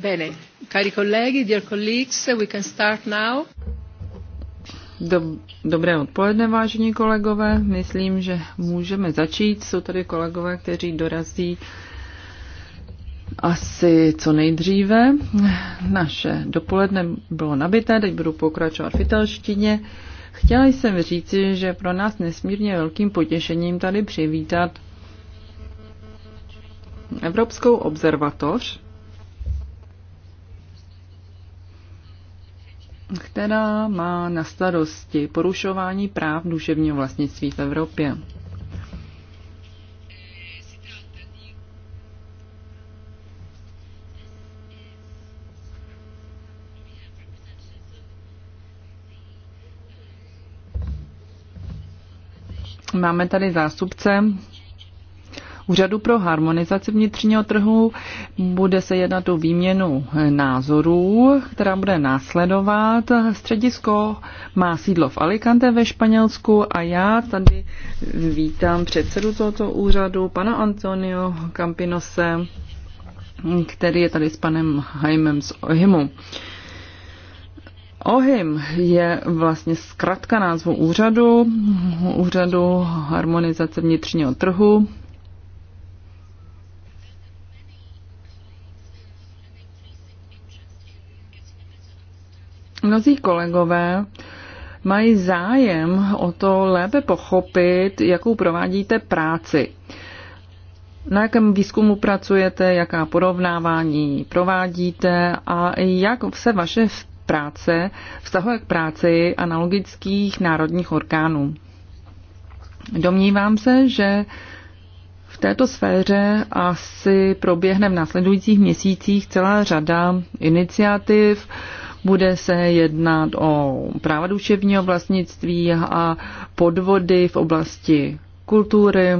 Bene, cari colleghi, dear colleagues, we can start now. Dobré odpoledne, vážení kolegové. Myslím, že můžeme začít. Jsou tady kolegové, kteří dorazí asi co nejdříve. Naše dopoledne bylo nabité, teď budu pokračovat v italštině. Chtěla jsem říci, že pro nás nesmírně velkým potěšením tady přivítat Evropskou observatoř která má na starosti porušování práv duševního vlastnictví v Evropě. Máme tady zástupce Úřadu pro harmonizaci vnitřního trhu. Bude se jednat o výměnu názorů, která bude následovat. Středisko má sídlo v Alicante ve Španělsku a já tady vítám předsedu tohoto úřadu, pana Antonio Campinose, který je tady s panem Haimem z Ohimu. OHIM je vlastně zkrátka názvu úřadu, úřadu harmonizace vnitřního trhu. mnozí kolegové mají zájem o to lépe pochopit, jakou provádíte práci. Na jakém výzkumu pracujete, jaká porovnávání provádíte a jak se vaše práce vztahuje k práci analogických národních orgánů. Domnívám se, že v této sféře asi proběhne v následujících měsících celá řada iniciativ, bude se jednat o práva duševního vlastnictví a podvody v oblasti kultury.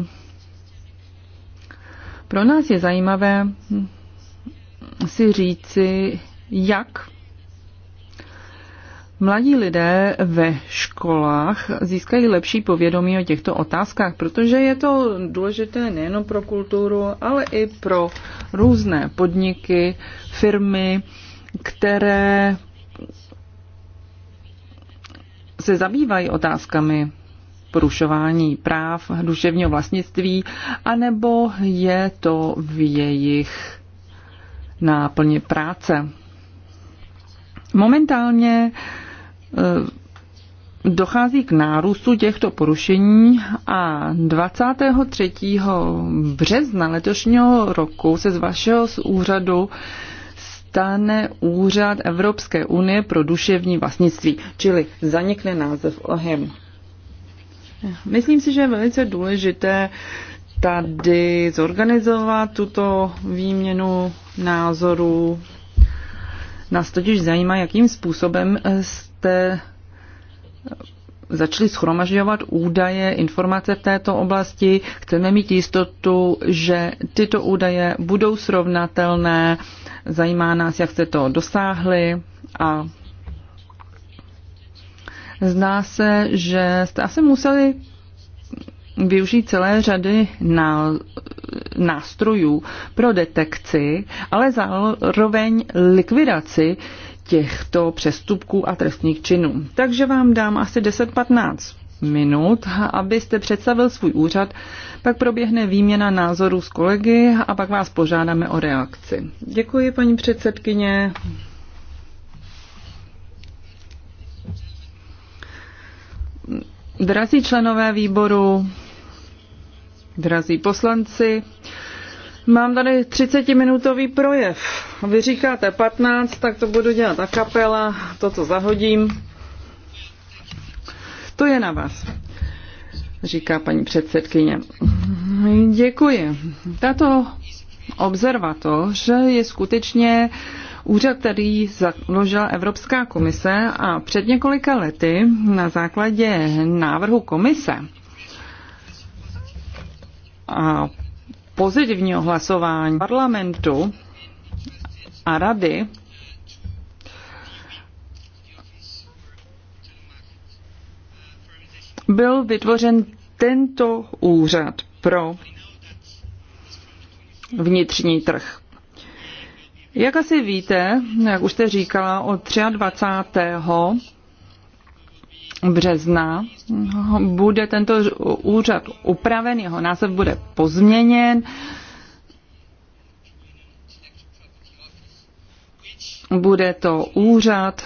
Pro nás je zajímavé si říci, jak mladí lidé ve školách získají lepší povědomí o těchto otázkách, protože je to důležité nejen pro kulturu, ale i pro různé podniky, firmy, které se zabývají otázkami porušování práv duševního vlastnictví, anebo je to v jejich náplně práce. Momentálně eh, dochází k nárůstu těchto porušení a 23. března letošního roku se z vašeho úřadu stane úřad Evropské unie pro duševní vlastnictví, čili zanikne název OHEM. Myslím si, že je velice důležité tady zorganizovat tuto výměnu názorů. Nás totiž zajímá, jakým způsobem jste začali schromažďovat údaje, informace v této oblasti. Chceme mít jistotu, že tyto údaje budou srovnatelné Zajímá nás, jak jste to dosáhli a zdá se, že jste asi museli využít celé řady na, nástrojů pro detekci, ale zároveň likvidaci těchto přestupků a trestních činů. Takže vám dám asi 10-15 minut, abyste představil svůj úřad, pak proběhne výměna názorů s kolegy a pak vás požádáme o reakci. Děkuji, paní předsedkyně. Drazí členové výboru, drazí poslanci, Mám tady 30-minutový projev. Vy říkáte 15, tak to budu dělat a kapela, to, co zahodím. To je na vás, říká paní předsedkyně. Děkuji. Tato observatoř je skutečně úřad, který založila Evropská komise a před několika lety na základě návrhu komise a pozitivního hlasování parlamentu a rady byl vytvořen tento úřad pro vnitřní trh. Jak asi víte, jak už jste říkala, od 23. března bude tento úřad upraven, jeho název bude pozměněn. Bude to úřad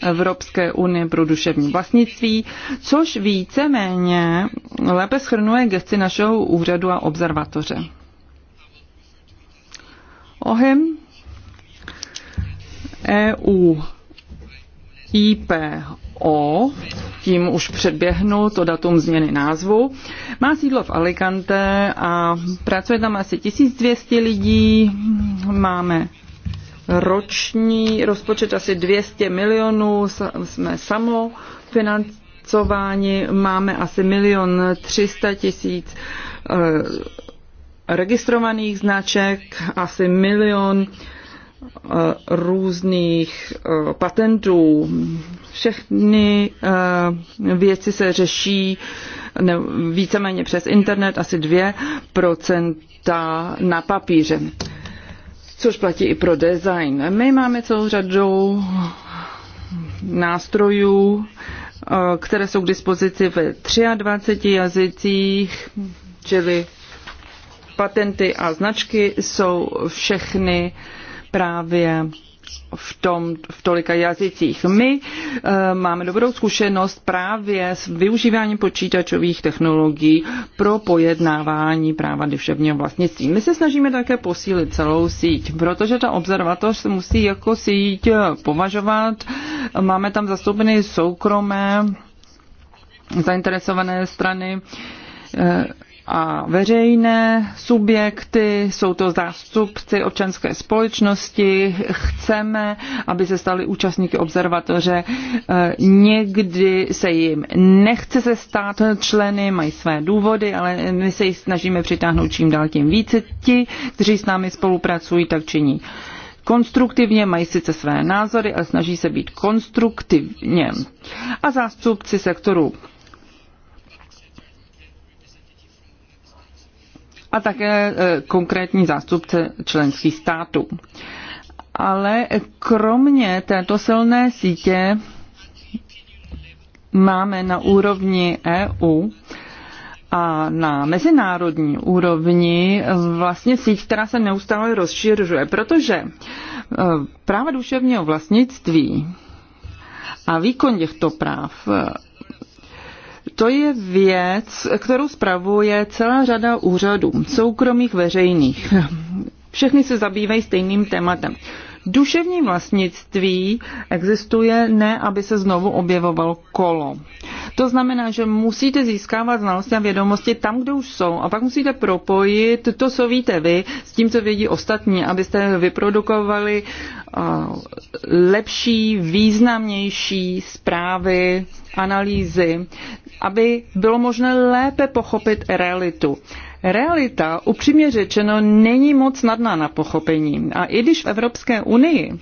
Evropské unie pro duševní vlastnictví, což víceméně lépe schrnuje gesty našeho úřadu a observatoře. Ohem EU IPO, tím už předběhnu to datum změny názvu, má sídlo v Alicante a pracuje tam asi 1200 lidí, máme roční rozpočet asi 200 milionů, jsme samofinancováni, máme asi milion 300 tisíc eh, registrovaných značek, asi milion eh, různých eh, patentů. Všechny věci se řeší víceméně přes internet, asi 2% na papíře což platí i pro design. My máme celou řadu nástrojů, eh, které jsou k dispozici ve 23 jazycích, čili patenty a značky jsou všechny právě v, tom, v tolika jazycích. My e, máme dobrou zkušenost právě s využíváním počítačových technologií pro pojednávání práva duševního vlastnictví. My se snažíme také posílit celou síť, protože ta observatoř se musí jako síť považovat. Máme tam zastoupeny soukromé zainteresované strany. E, a veřejné subjekty, jsou to zástupci občanské společnosti, chceme, aby se stali účastníky observatoře. E, někdy se jim nechce se stát členy, mají své důvody, ale my se jich snažíme přitáhnout čím dál tím více. Ti, kteří s námi spolupracují, tak činí konstruktivně, mají sice své názory, ale snaží se být konstruktivně. A zástupci sektoru a také e, konkrétní zástupce členských států. Ale kromě této silné sítě máme na úrovni EU a na mezinárodní úrovni vlastně síť, která se neustále rozšiřuje, protože e, práva duševního vlastnictví a výkon těchto práv to je věc, kterou spravuje celá řada úřadů, soukromých, veřejných. Všechny se zabývají stejným tématem. Duševní vlastnictví existuje ne, aby se znovu objevovalo kolo. To znamená, že musíte získávat znalosti a vědomosti tam, kde už jsou a pak musíte propojit to, co víte vy, s tím, co vědí ostatní, abyste vyprodukovali lepší, významnější zprávy, analýzy aby bylo možné lépe pochopit realitu. Realita, upřímně řečeno, není moc snadná na pochopení. A i když v Evropské unii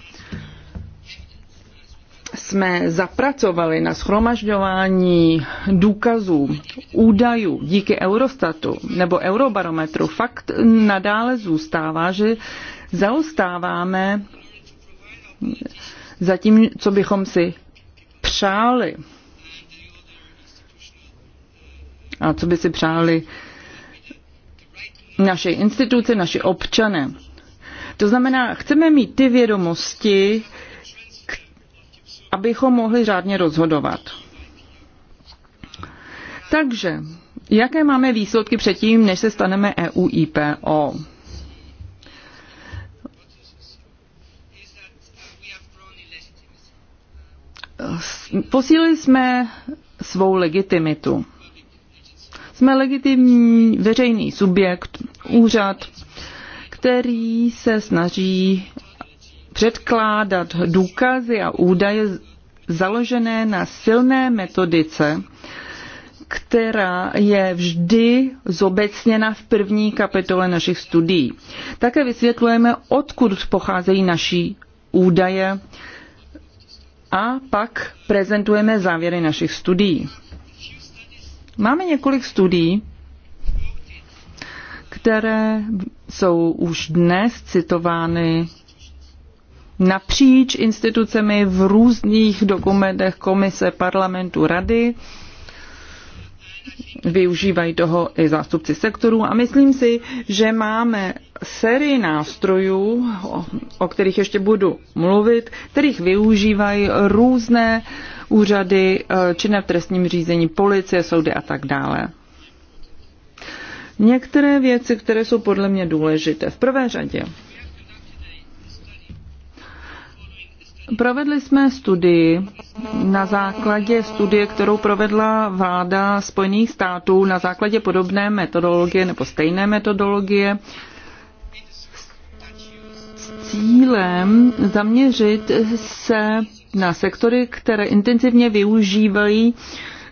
jsme zapracovali na schromažďování důkazů, údajů díky Eurostatu nebo Eurobarometru, fakt nadále zůstává, že zaostáváme za tím, co bychom si přáli a co by si přáli naše instituce, naši občané. To znamená, chceme mít ty vědomosti, abychom mohli řádně rozhodovat. Takže, jaké máme výsledky předtím, než se staneme EU IPO? Posílili jsme svou legitimitu. Jsme legitimní veřejný subjekt, úřad, který se snaží předkládat důkazy a údaje založené na silné metodice, která je vždy zobecněna v první kapitole našich studií. Také vysvětlujeme, odkud pocházejí naší údaje a pak prezentujeme závěry našich studií. Máme několik studií, které jsou už dnes citovány napříč institucemi v různých dokumentech komise, parlamentu, rady využívají toho i zástupci sektorů a myslím si, že máme sérii nástrojů, o, o kterých ještě budu mluvit, kterých využívají různé úřady e, činné v trestním řízení, policie, soudy a tak dále. Některé věci, které jsou podle mě důležité. V prvé řadě Provedli jsme studii na základě studie, kterou provedla vláda Spojených států na základě podobné metodologie nebo stejné metodologie s cílem zaměřit se na sektory, které intenzivně využívají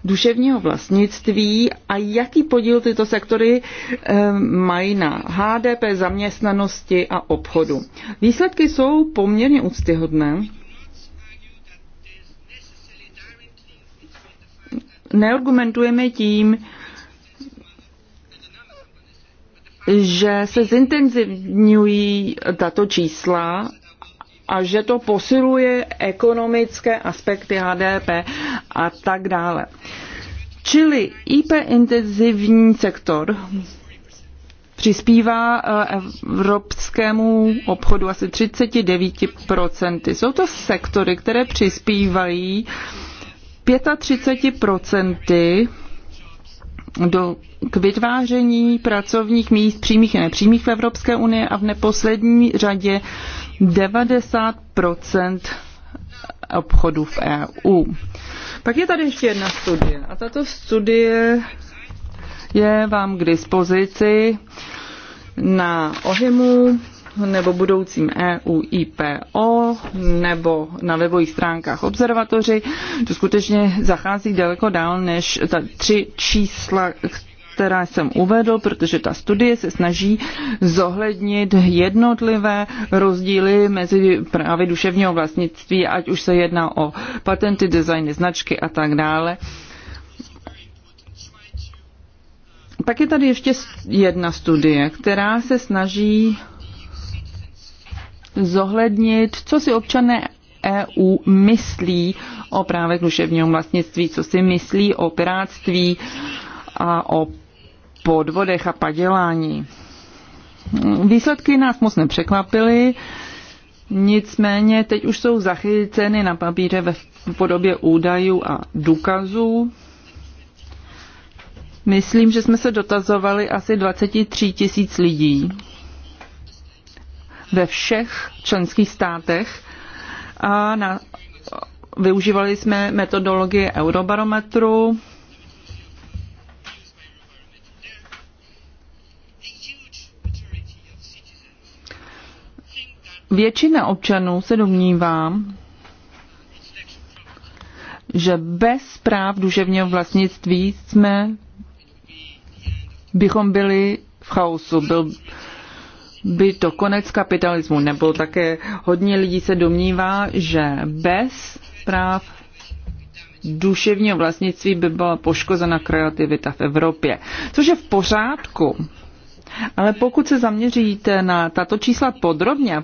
duševního vlastnictví a jaký podíl tyto sektory ehm, mají na HDP, zaměstnanosti a obchodu. Výsledky jsou poměrně úctyhodné. neargumentujeme tím, že se zintenzivňují tato čísla a že to posiluje ekonomické aspekty HDP a tak dále. Čili IP intenzivní sektor přispívá eh, evropskému obchodu asi 39%. Jsou to sektory, které přispívají uh, 35% do, k vytváření pracovních míst přímých a nepřímých v Evropské unii a v neposlední řadě 90% obchodu v EU. Pak je tady ještě jedna studie a tato studie je vám k dispozici na Ohimu nebo budoucím EU IPO nebo na webových stránkách observatoři, to skutečně zachází daleko dál než ta tři čísla, která jsem uvedl, protože ta studie se snaží zohlednit jednotlivé rozdíly mezi právě duševního vlastnictví, ať už se jedná o patenty, designy, značky a tak dále. Pak je tady ještě jedna studie, která se snaží zohlednit, co si občané EU myslí o právech duševního vlastnictví, co si myslí o piráctví a o podvodech a padělání. Výsledky nás moc nepřekvapily, nicméně teď už jsou zachyceny na papíře ve podobě údajů a důkazů. Myslím, že jsme se dotazovali asi 23 tisíc lidí ve všech členských státech a na, využívali jsme metodologie eurobarometru. Většina občanů se domnívá, že bez práv duševního vlastnictví jsme bychom byli v chaosu. Byl, by to konec kapitalismu nebyl. Také hodně lidí se domnívá, že bez práv duševního vlastnictví by byla poškozena kreativita v Evropě, což je v pořádku. Ale pokud se zaměříte na tato čísla podrobně a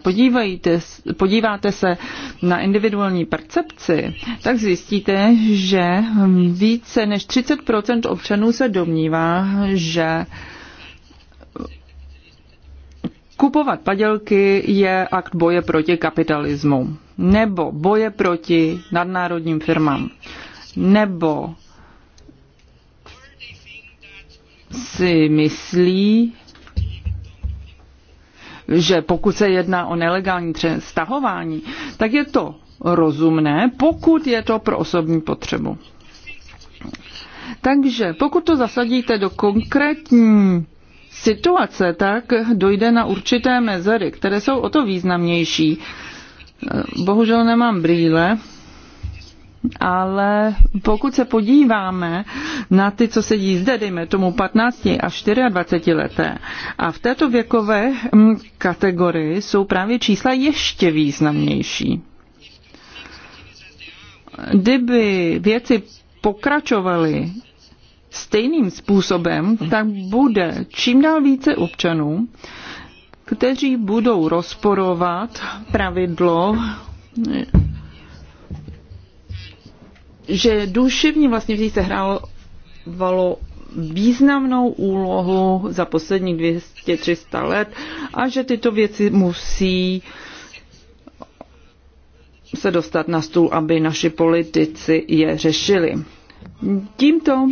podíváte se na individuální percepci, tak zjistíte, že více než 30 občanů se domnívá, že Kupovat padělky je akt boje proti kapitalismu, nebo boje proti nadnárodním firmám, nebo si myslí, že pokud se jedná o nelegální stahování, tak je to rozumné, pokud je to pro osobní potřebu. Takže pokud to zasadíte do konkrétní situace, tak dojde na určité mezery, které jsou o to významnější. Bohužel nemám brýle, ale pokud se podíváme na ty, co sedí zde, dejme tomu 15 a 24 leté, a v této věkové hm, kategorii jsou právě čísla ještě významnější. Kdyby věci pokračovaly stejným způsobem, tak bude čím dál více občanů, kteří budou rozporovat pravidlo, že duševní vždy se hrálo významnou úlohu za posledních 200-300 let a že tyto věci musí se dostat na stůl, aby naši politici je řešili. Tímto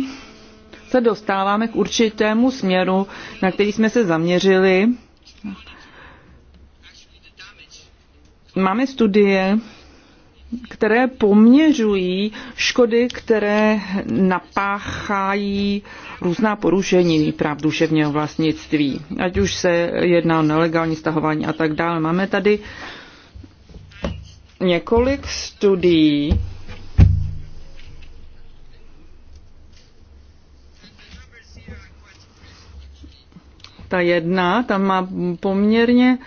se dostáváme k určitému směru, na který jsme se zaměřili. Máme studie, které poměřují škody, které napáchají různá porušení práv duševního vlastnictví, ať už se jedná o nelegální stahování a tak dále. Máme tady několik studií, ta jedna, tam má poměrně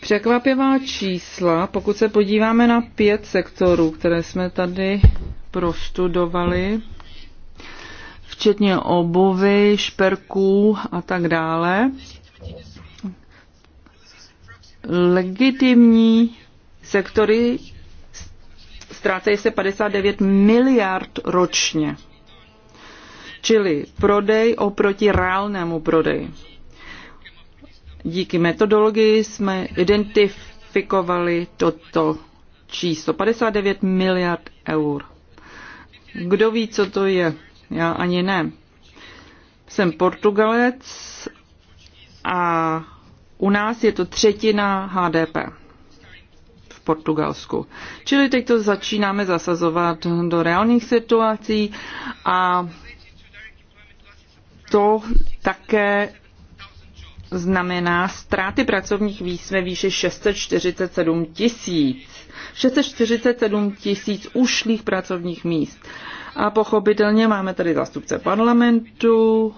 překvapivá čísla, pokud se podíváme na pět sektorů, které jsme tady prostudovali, včetně obuvy, šperků a tak dále. Legitimní sektory ztrácejí se 59 miliard ročně čili prodej oproti reálnému prodeji. Díky metodologii jsme identifikovali toto číslo 59 miliard eur. Kdo ví, co to je? Já ani ne. Jsem Portugalec a u nás je to třetina HDP v Portugalsku. Čili teď to začínáme zasazovat do reálných situací a to také znamená ztráty pracovních míst ve výši 647 tisíc. 647 tisíc ušlých pracovních míst. A pochopitelně máme tady zástupce parlamentu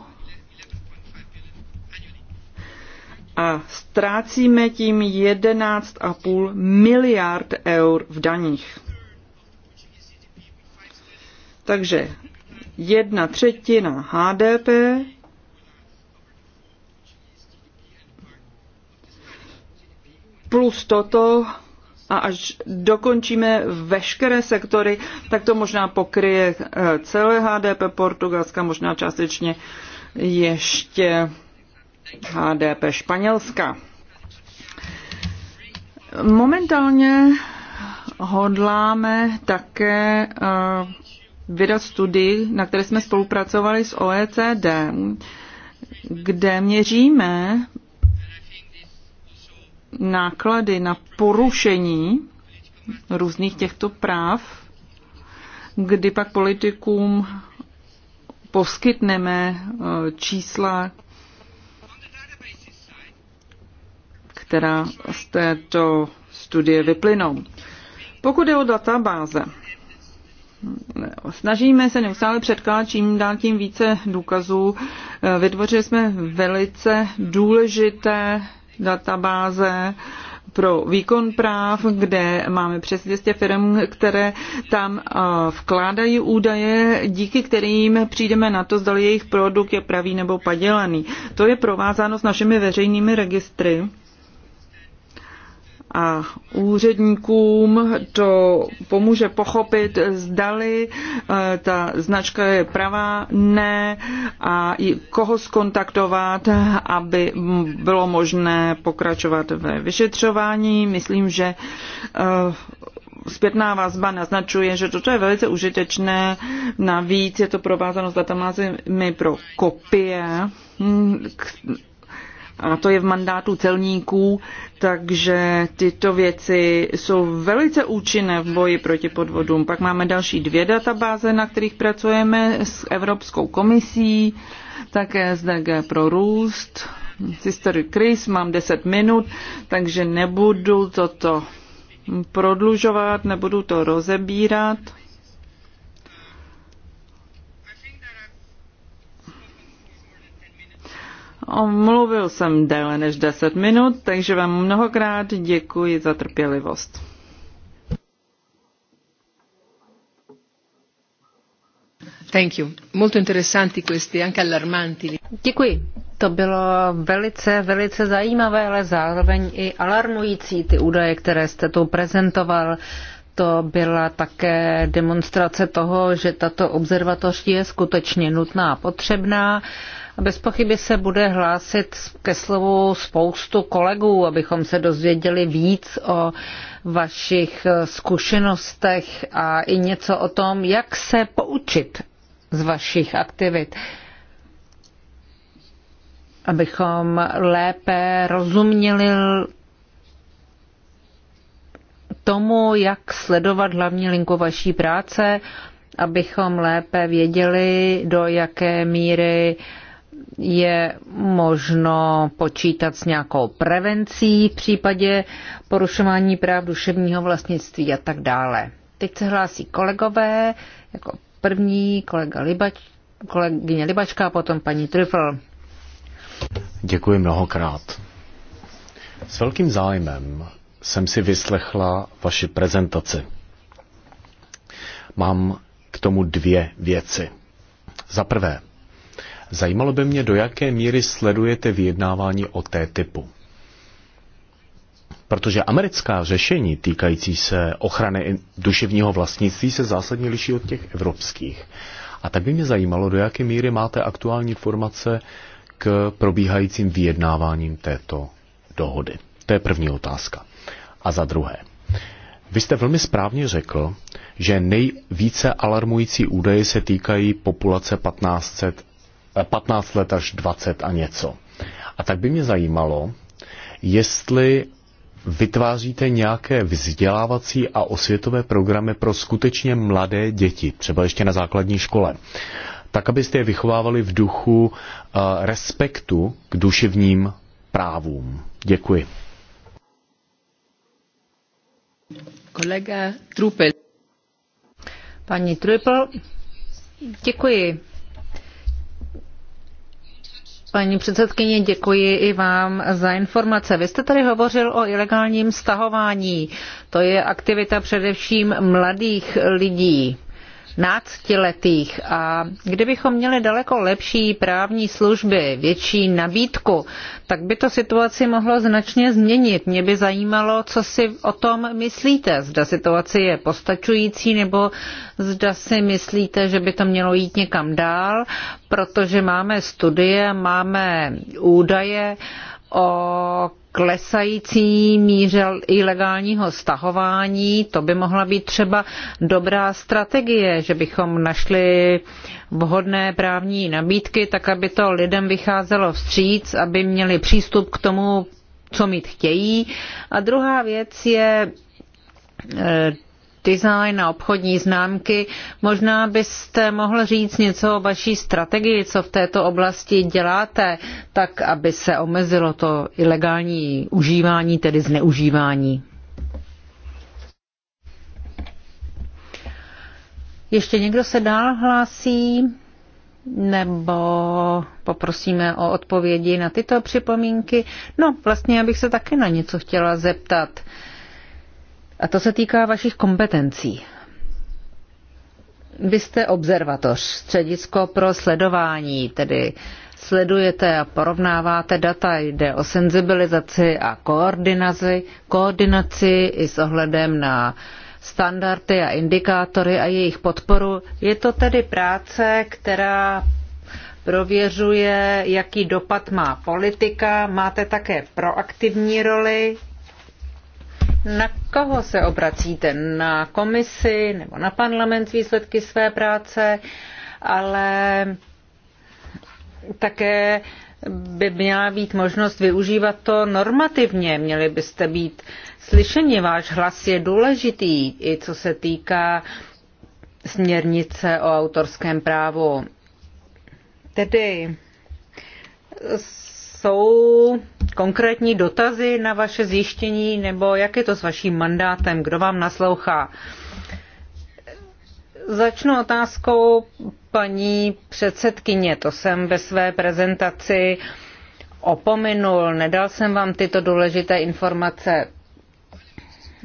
a ztrácíme tím 11,5 miliard eur v daních. Takže jedna třetina HDP, plus toto a až dokončíme veškeré sektory, tak to možná pokryje eh, celé HDP Portugalska, možná částečně ještě HDP Španělska. Momentálně hodláme také eh, vydat studii, na které jsme spolupracovali s OECD, kde měříme náklady na porušení různých těchto práv, kdy pak politikům poskytneme eh, čísla, která z této studie vyplynou. Pokud je o databáze, Snažíme se neustále předkládat čím dál tím více důkazů. Vytvořili jsme velice důležité databáze pro výkon práv, kde máme přes 200 firm, které tam eh, vkládají údaje, díky kterým přijdeme na to, zda jejich produkt je pravý nebo padělaný. To je provázáno s našimi veřejnými registry a úředníkům to pomůže pochopit, zdali eh, ta značka je pravá, ne a koho skontaktovat, aby bylo možné pokračovat ve vyšetřování. Myslím, že eh, zpětná vazba naznačuje, že toto je velice užitečné. Navíc je to provázáno s databázemi pro kopie, a to je v mandátu celníků, takže tyto věci jsou velice účinné v boji proti podvodům. Pak máme další dvě databáze, na kterých pracujeme s Evropskou komisí, také s DG pro růst. Sister Chris, mám 10 minut, takže nebudu toto prodlužovat, nebudu to rozebírat. Mluvil jsem déle než 10 minut, takže vám mnohokrát děkuji za trpělivost. Thank you. Molto interessanti questi, anche allarmanti. Děkuji. To bylo velice, velice zajímavé, ale zároveň i alarmující ty údaje, které jste tu prezentoval. To byla také demonstrace toho, že tato observatoř je skutečně nutná a potřebná. Uh, Bezpochyby se bude hlásit ke slovu spoustu kolegů, abychom se dozvěděli víc o vašich eh, zkušenostech a i něco o tom, jak se poučit z vašich aktivit abychom lépe rozuměli tomu, jak sledovat hlavní linku vaší práce, abychom lépe věděli, do jaké míry je možno počítat s nějakou prevencí v případě porušování práv duševního vlastnictví a tak dále. Teď se hlásí kolegové, jako první kolega Libač, kolegyně Libačka a potom paní Trifl. Děkuji mnohokrát. S velkým zájmem jsem si vyslechla vaši prezentaci. Mám k tomu dvě věci. Za prvé, Zajímalo by mě, do jaké míry sledujete vyjednávání o té typu. Protože americká řešení týkající se ochrany duševního vlastnictví se zásadně liší od těch evropských. A tak by mě zajímalo, do jaké míry máte aktuální informace k probíhajícím vyjednáváním této dohody. To je první otázka. A za druhé, vy jste velmi správně řekl, že nejvíce alarmující údaje se týkají populace 1500 15 let až 20 a něco. A tak by mě zajímalo, jestli vytváříte nějaké vzdělávací a osvětové programy pro skutečně mladé děti, třeba ještě na základní škole, tak abyste je vychovávali v duchu uh, respektu k duševním právům. Děkuji. Kolega Trupel. Paní Trupel, děkuji paní předsedkyně, děkuji i vám za informace. Vy jste tady hovořil o ilegálním stahování. To je aktivita především mladých lidí náctiletých. A kdybychom měli daleko lepší právní služby, větší nabídku, tak by to situaci mohlo značně změnit. Mě by zajímalo, co si o tom myslíte. Zda situace je postačující, nebo zda si myslíte, že by to mělo jít někam dál, protože máme studie, máme údaje o klesající míře ilegálního stahování, to by mohla být třeba dobrá strategie, že bychom našli vhodné právní nabídky, tak aby to lidem vycházelo vstříc, aby měli přístup k tomu, co mít chtějí. A druhá věc je eh, design a obchodní známky. Možná byste mohl říct něco o vaší strategii, co v této oblasti děláte, tak aby se omezilo to ilegální užívání, tedy zneužívání. Ještě někdo se dál hlásí? Nebo poprosíme o odpovědi na tyto připomínky? No, vlastně já bych se taky na něco chtěla zeptat. Uh, a to se týká vašich kompetencí. Vy jste observatoř, středisko pro sledování, tedy sledujete a porovnáváte data, jde o senzibilizaci a koordinaci, koordinaci i s ohledem na standardy a indikátory a jejich podporu. Je to tedy práce, která prověřuje, jaký dopad má politika, máte také proaktivní roli, na koho se obracíte? Na komisi nebo na parlament s výsledky své práce, ale také by měla být možnost využívat to normativně. Měli byste být slyšeni, váš hlas je důležitý, i co se týká směrnice o autorském právu. Tedy jsou konkrétní dotazy na vaše zjištění, nebo jak je to s vaším mandátem, kdo vám naslouchá? Začnu otázkou paní předsedkyně. To jsem ve své prezentaci opominul. Nedal jsem vám tyto důležité informace.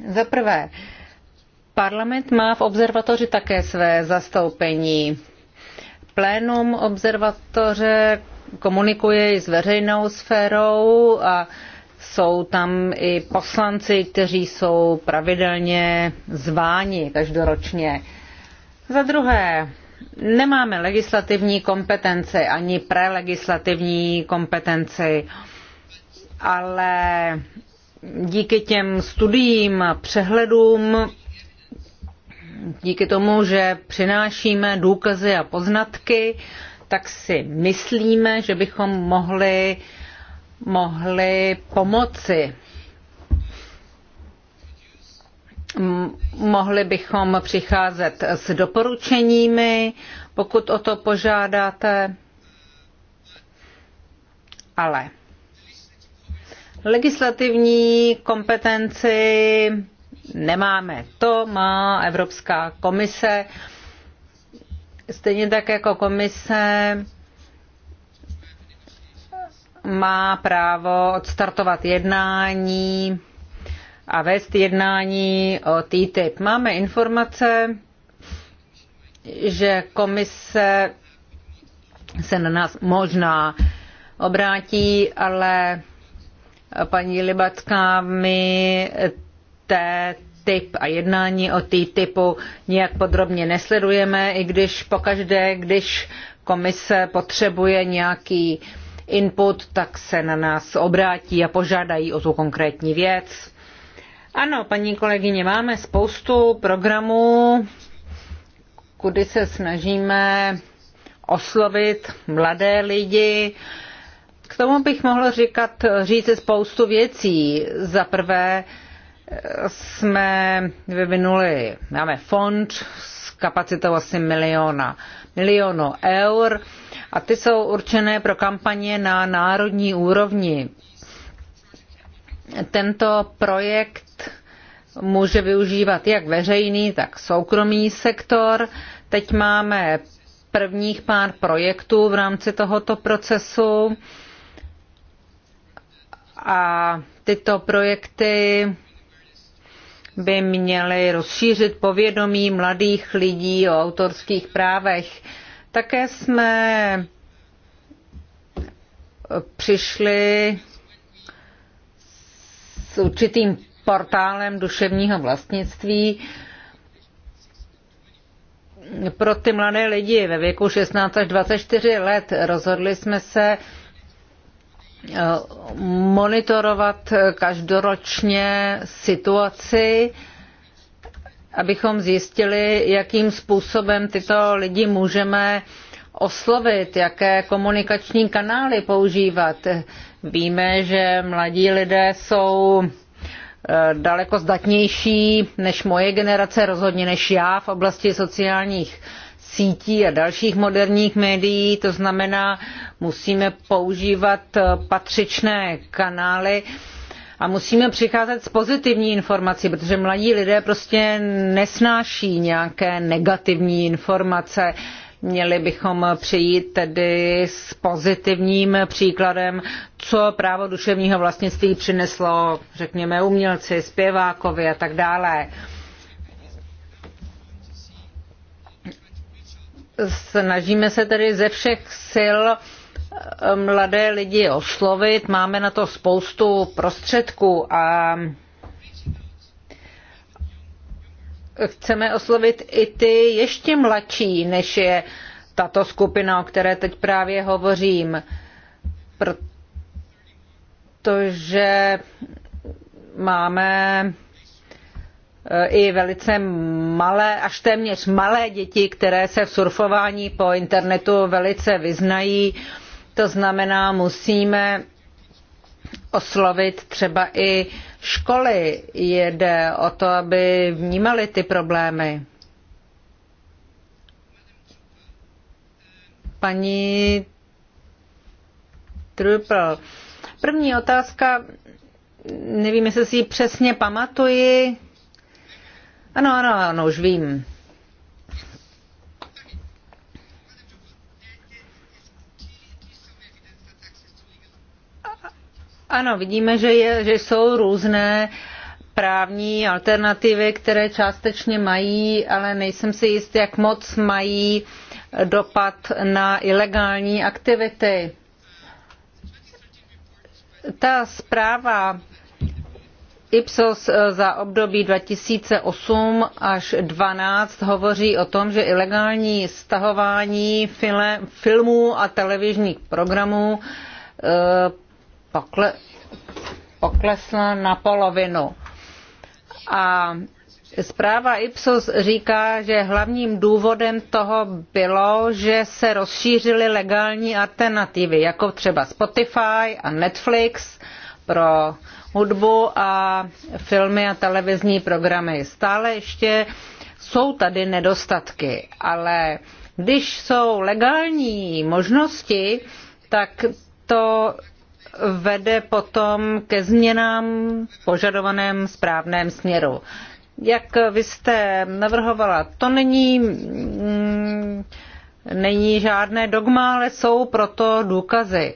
Za prvé, parlament má v observatoři také své zastoupení. Plénum observatoře komunikuje i s veřejnou sférou a jsou tam i poslanci, kteří jsou pravidelně zváni každoročně. Za druhé, nemáme legislativní kompetence ani prelegislativní kompetenci, ale díky těm studiím a přehledům, díky tomu, že přinášíme důkazy a poznatky, tak si myslíme, že bychom mohli, mohli pomoci. Mohli bychom přicházet s doporučeními, pokud o to požádáte. Ale legislativní kompetenci nemáme. To má Evropská komise Stejně tak jako komise má právo odstartovat jednání a vést jednání o TTIP. Máme informace, že komise se na nás možná obrátí, ale paní Libacká mi té Typ a jednání o TTIPu nijak podrobně nesledujeme, i když pokaždé, když komise potřebuje nějaký input, tak se na nás obrátí a požádají o tu konkrétní věc. Ano, paní kolegyně, máme spoustu programů, kudy se snažíme oslovit mladé lidi. K tomu bych mohla říkat, říct spoustu věcí. Za prvé, jsme vyvinuli, máme fond s kapacitou asi miliona, milionu eur a ty jsou určené pro kampaně na národní úrovni. Tento projekt může využívat jak veřejný, tak soukromý sektor. Teď máme prvních pár projektů v rámci tohoto procesu a tyto projekty by měly rozšířit povědomí mladých lidí o autorských právech. Také jsme přišli s určitým portálem duševního vlastnictví pro ty mladé lidi ve věku 16 až 24 let. Rozhodli jsme se, Eh, monitorovat každoročně situaci, abychom zjistili, jakým způsobem tyto lidi můžeme oslovit, jaké komunikační kanály používat. Víme, že mladí lidé jsou eh, daleko zdatnější než moje generace, rozhodně než já v oblasti sociálních sítí a dalších moderních médií, to znamená, musíme používat eh, patřičné kanály a musíme přicházet s pozitivní informací, protože mladí lidé prostě nesnáší nějaké negativní informace. Měli bychom přijít tedy s pozitivním příkladem, co právo duševního vlastnictví přineslo, řekněme, umělci, zpěvákovi a tak dále. Snažíme se tedy ze všech sil eh, mladé lidi oslovit, máme na to spoustu prostředků a chceme oslovit i ty ještě mladší, než je tato skupina, o které teď právě hovořím, protože máme i velice malé, až téměř malé děti, které se v surfování po internetu velice vyznají. To znamená, musíme oslovit třeba i školy. Jde o to, aby vnímali ty problémy. Paní Trupl, První otázka, nevím, jestli si ji přesně pamatuji, ano, ano, ano, už vím. Ano, vidíme, že, je, že jsou různé právní alternativy, které částečně mají, ale nejsem si jist, jak moc mají dopad na ilegální aktivity. Ta zpráva Ipsos eh, za období 2008 až 2012 hovoří o tom, že ilegální stahování file, filmů a televizních programů eh, pokle, poklesla na polovinu. A Zpráva Ipsos říká, že hlavním důvodem toho bylo, že se rozšířily legální alternativy, jako třeba Spotify a Netflix pro hudbu a filmy a televizní programy. Stále ještě jsou tady nedostatky, ale když jsou legální možnosti, tak to vede potom ke změnám v požadovaném správném směru. Jak vy jste navrhovala, to není, mm, není žádné dogma, ale jsou proto důkazy.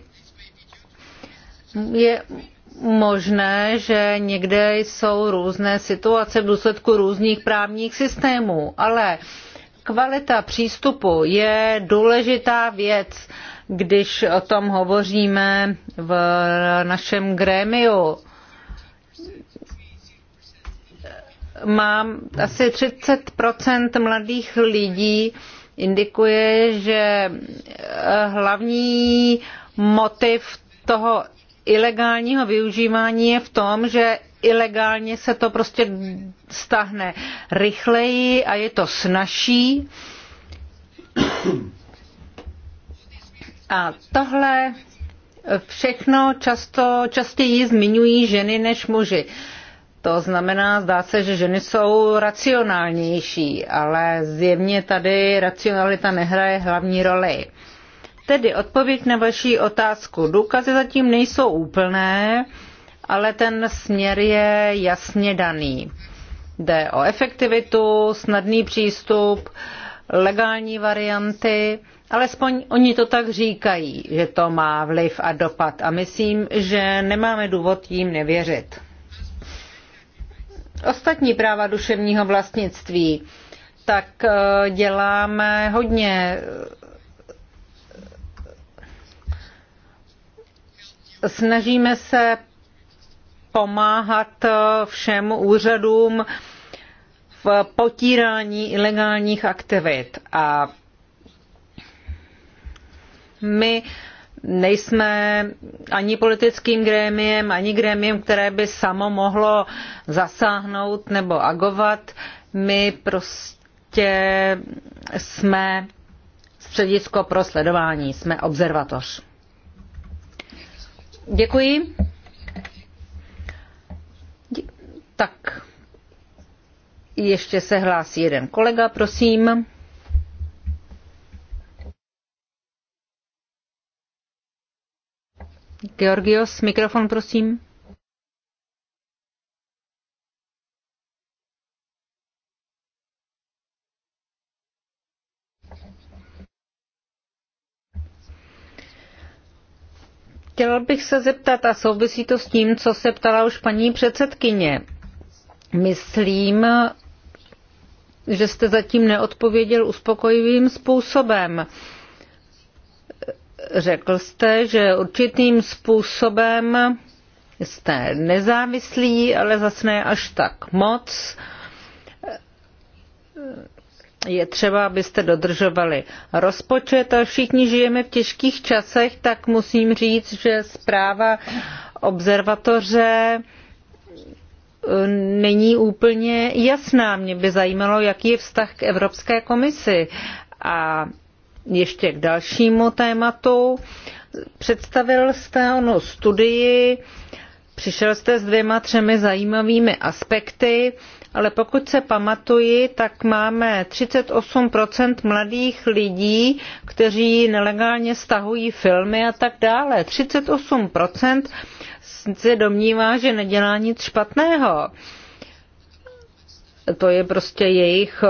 Je, možné, že někde jsou různé situace v důsledku různých právních systémů, ale kvalita přístupu je důležitá věc, když o tom hovoříme v našem grémiu. Mám asi 30 mladých lidí indikuje, že hlavní motiv toho ilegálního využívání je v tom, že ilegálně se to prostě stahne rychleji a je to snažší. A tohle všechno často, častěji zmiňují ženy než muži. To znamená, zdá se, že ženy jsou racionálnější, ale zjevně tady racionalita nehraje hlavní roli. Tedy odpověď na vaši otázku. Důkazy zatím nejsou úplné, ale ten směr je jasně daný. Jde o efektivitu, snadný přístup, legální varianty, alespoň oni to tak říkají, že to má vliv a dopad a myslím, že nemáme důvod jim nevěřit. Ostatní práva duševního vlastnictví, tak eh, děláme hodně Snažíme se pomáhat eh, všem úřadům v potírání ilegálních aktivit. A my nejsme ani politickým grémiem, ani grémiem, které by samo mohlo zasáhnout nebo agovat. My prostě jsme středisko pro sledování, jsme observatoř. Děkuji. Tak, ještě se hlásí jeden kolega, prosím. Georgios, mikrofon, prosím. Chtěla bych se zeptat, a souvisí to s tím, co se ptala už paní předsedkyně. Myslím, že jste zatím neodpověděl uspokojivým způsobem. Řekl jste, že určitým způsobem jste nezávislí, ale zase ne až tak moc je třeba, abyste dodržovali rozpočet a všichni žijeme v těžkých časech, tak musím říct, že zpráva observatoře eh, není úplně jasná. Mě by zajímalo, jaký je vztah k Evropské komisi. A ještě k dalšímu tématu. Představil jste ono studii, přišel jste s dvěma, třemi zajímavými aspekty ale pokud se pamatuji, tak máme 38 mladých lidí, kteří nelegálně stahují filmy a tak dále. 38 se domnívá, že nedělá nic špatného. To je prostě jejich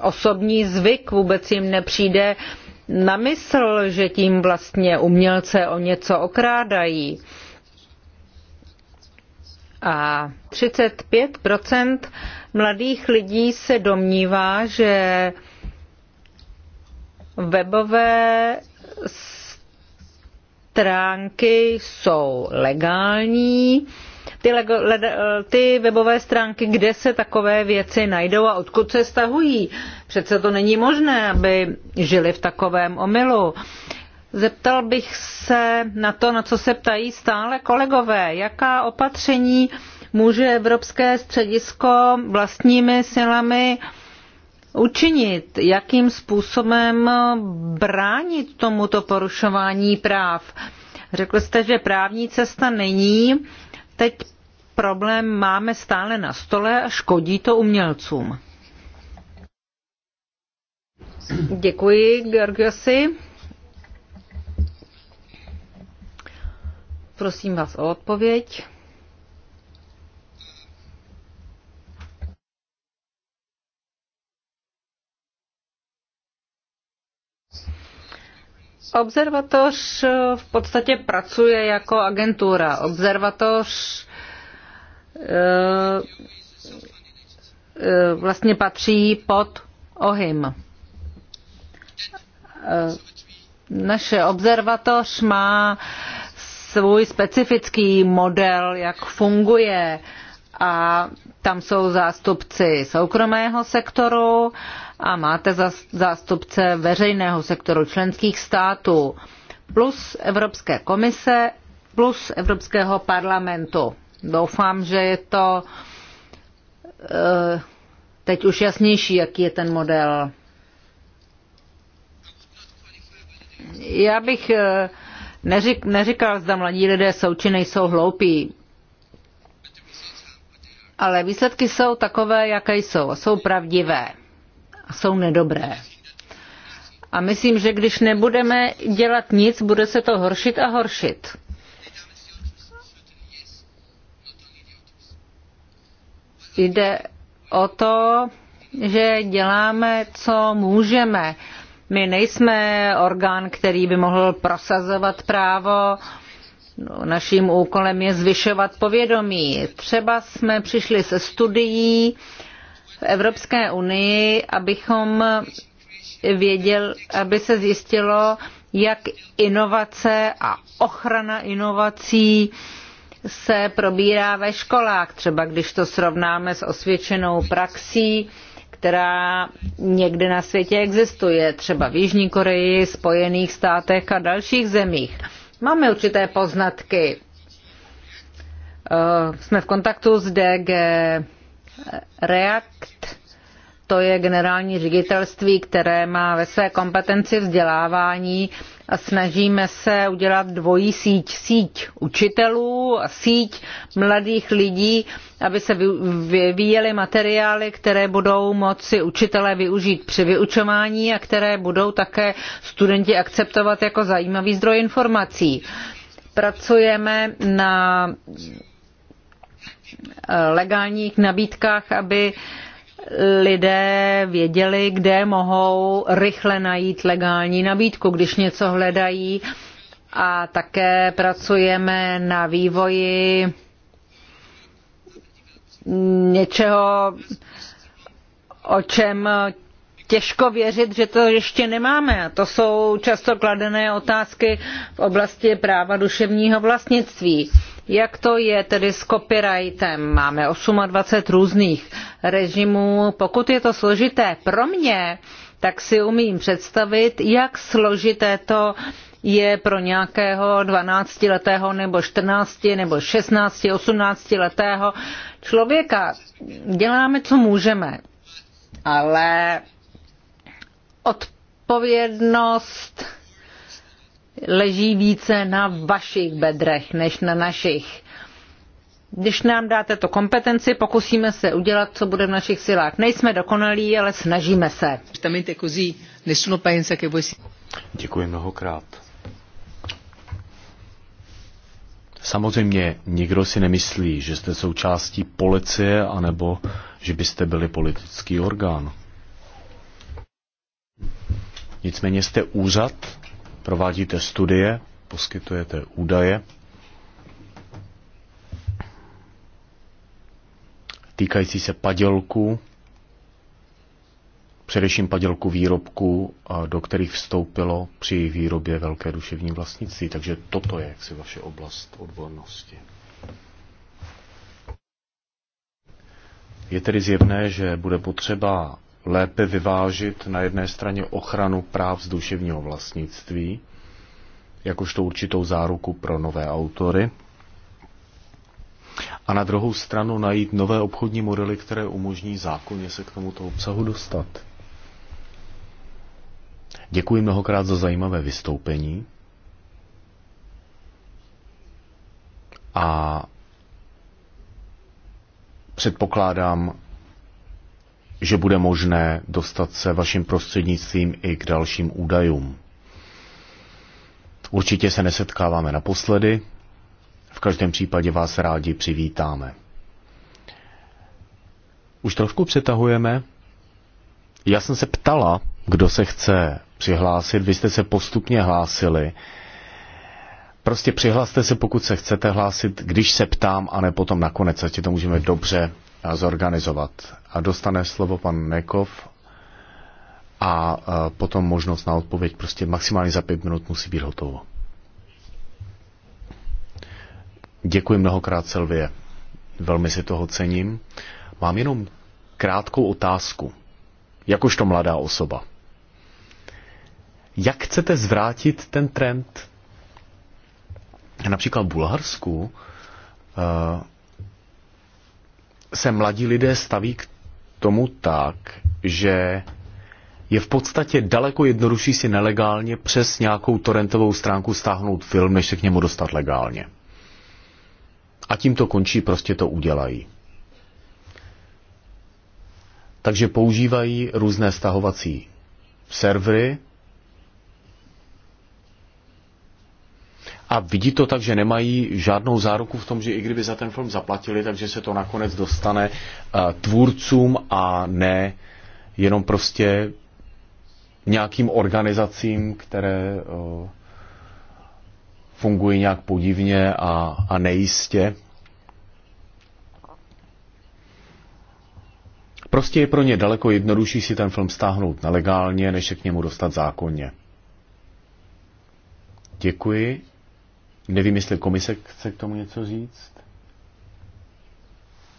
osobní zvyk, vůbec jim nepřijde na mysl, že tím vlastně umělce o něco okrádají a 35 mladých lidí se domnívá, že webové stránky jsou legální. Ty, lego, le, ty webové stránky, kde se takové věci najdou a odkud se stahují. Přece to není možné, aby žili v takovém omylu. Uh, Zeptal bych se na to, na co se ptají stále kolegové. Jaká opatření může Evropské středisko vlastními silami učinit? Jakým způsobem bránit tomuto porušování práv? Řekl jste, že právní cesta není. Teď problém máme stále na stole a škodí to umělcům. Děkuji, Georgiosi. Prosím vás o odpověď. Observatoř v podstatě pracuje jako agentura. Observatoř eh, eh, vlastně patří pod OHIM. Eh, naše observatoř má svůj specifický model, jak funguje a tam jsou zástupci soukromého sektoru a máte zástupce veřejného sektoru členských států plus Evropské komise plus Evropského parlamentu. Doufám, že je to eh, teď už jasnější, jaký je ten model. Já bych eh, Neřik, neříkal, zda mladí lidé jsou či nejsou hloupí. Ale výsledky jsou takové, jaké jsou. Jsou pravdivé. Jsou nedobré. A myslím, že když nebudeme dělat nic, bude se to horšit a horšit. Jde o to, že děláme, co můžeme. My nejsme orgán, který by mohl prosazovat právo. Naším úkolem je zvyšovat povědomí. Třeba jsme přišli se studií v Evropské unii, abychom věděl, aby se zjistilo, jak inovace a ochrana inovací se probírá ve školách. Třeba když to srovnáme s osvědčenou praxí, která někde na světě existuje, třeba v Jižní Koreji, Spojených státech a dalších zemích. Máme určité poznatky. Eh, jsme v kontaktu s DG React, to je generální ředitelství, které má ve své kompetenci vzdělávání a snažíme se udělat dvojí síť. Síť učitelů a síť mladých lidí, aby se vyvíjely materiály, které budou moci učitelé využít při vyučování a které budou také studenti akceptovat jako zajímavý zdroj informací. Pracujeme na eh, legálních nabídkách, aby uh, lidé věděli, kde mohou rychle najít legální nabídku, když něco hledají. A také pracujeme na vývoji něčeho, o čem těžko věřit, že to ještě nemáme. To jsou často kladené otázky v oblasti práva duševního vlastnictví. Jak to je tedy s copyrightem? Máme 28 různých režimů. Pokud je to složité pro mě, tak si umím představit, jak složité to je pro nějakého 12-letého nebo 14 nebo 16, 18 letého člověka. Děláme, co můžeme, ale odpovědnost leží více na vašich bedrech než na našich. Když nám dáte to kompetenci, pokusíme se udělat, co bude v našich silách. Nejsme dokonalí, ale snažíme se. Děkuji mnohokrát. Samozřejmě nikdo si nemyslí, že jste součástí policie, anebo že byste byli politický orgán. Nicméně jste úřad, Provádíte studie, poskytujete údaje týkající se padělků, především padělku výrobků, do kterých vstoupilo při výrobě velké duševní vlastnictví. Takže toto je jaksi vaše oblast odbornosti. Je tedy zjevné, že bude potřeba lépe vyvážit na jedné straně ochranu práv z duševního vlastnictví, jakožto určitou záruku pro nové autory, a na druhou stranu najít nové obchodní modely, které umožní zákonně se k tomuto obsahu dostat. Děkuji mnohokrát za zajímavé vystoupení. A předpokládám, že bude možné dostat se vaším prostřednictvím i k dalším údajům. Určitě se nesetkáváme naposledy, v každém případě vás rádi přivítáme. Už trošku přetahujeme. Já jsem se ptala, kdo se chce přihlásit, vy jste se postupně hlásili. Prostě přihlaste se, pokud se chcete hlásit, když se ptám, a ne potom nakonec, ať to můžeme dobře zorganizovat. A dostane slovo pan Nekov a e, potom možnost na odpověď. Prostě maximálně za pět minut musí být hotovo. Děkuji mnohokrát, Silvie. Velmi si toho cením. Mám jenom krátkou otázku. Jakožto mladá osoba. Jak chcete zvrátit ten trend? Například v Bulharsku e, se mladí lidé staví k tomu tak, že je v podstatě daleko jednodušší si nelegálně přes nějakou torrentovou stránku stáhnout film, než se k němu dostat legálně. A tím to končí, prostě to udělají. Takže používají různé stahovací servery, a vidí to tak, že nemají žádnou záruku v tom, že i kdyby za ten film zaplatili, takže se to nakonec dostane eh, tvůrcům a ne jenom prostě nějakým organizacím, které eh, fungují nějak podivně a, a nejistě. Prostě je pro ně daleko jednodušší si ten film stáhnout nelegálně, než se k němu dostat zákonně. Děkuji. Nevím, jestli komise chce k tomu něco říct.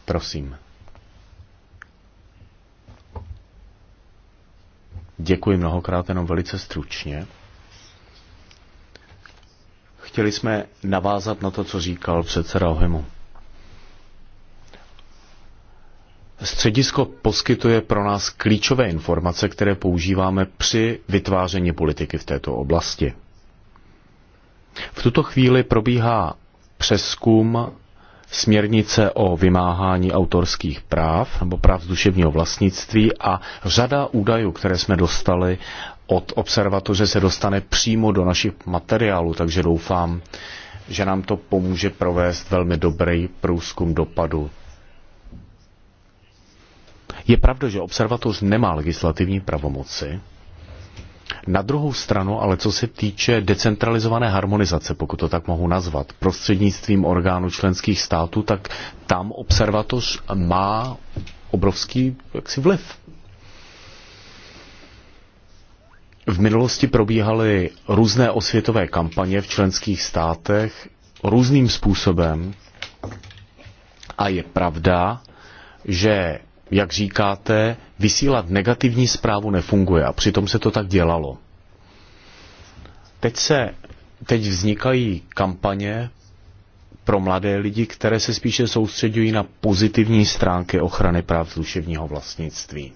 Prosím. Děkuji mnohokrát, jenom velice stručně. Chtěli jsme navázat na to, co říkal předseda Ohemu. Středisko poskytuje pro nás klíčové informace, které používáme při vytváření politiky v této oblasti. V tuto chvíli probíhá přeskum směrnice o vymáhání autorských práv nebo práv duševního vlastnictví a řada údajů, které jsme dostali od observatoře, se dostane přímo do našich materiálů, takže doufám, že nám to pomůže provést velmi dobrý průzkum dopadu. Je pravda, že observatoř nemá legislativní pravomoci, na druhou stranu, ale co se týče decentralizované harmonizace, pokud to tak mohu nazvat, prostřednictvím orgánů členských států, tak tam observatoř má obrovský jaksi, vliv. V minulosti probíhaly různé osvětové kampaně v členských státech různým způsobem a je pravda, že jak říkáte, vysílat negativní zprávu nefunguje a přitom se to tak dělalo. Teď se, teď vznikají kampaně pro mladé lidi, které se spíše soustředují na pozitivní stránky ochrany práv duševního vlastnictví.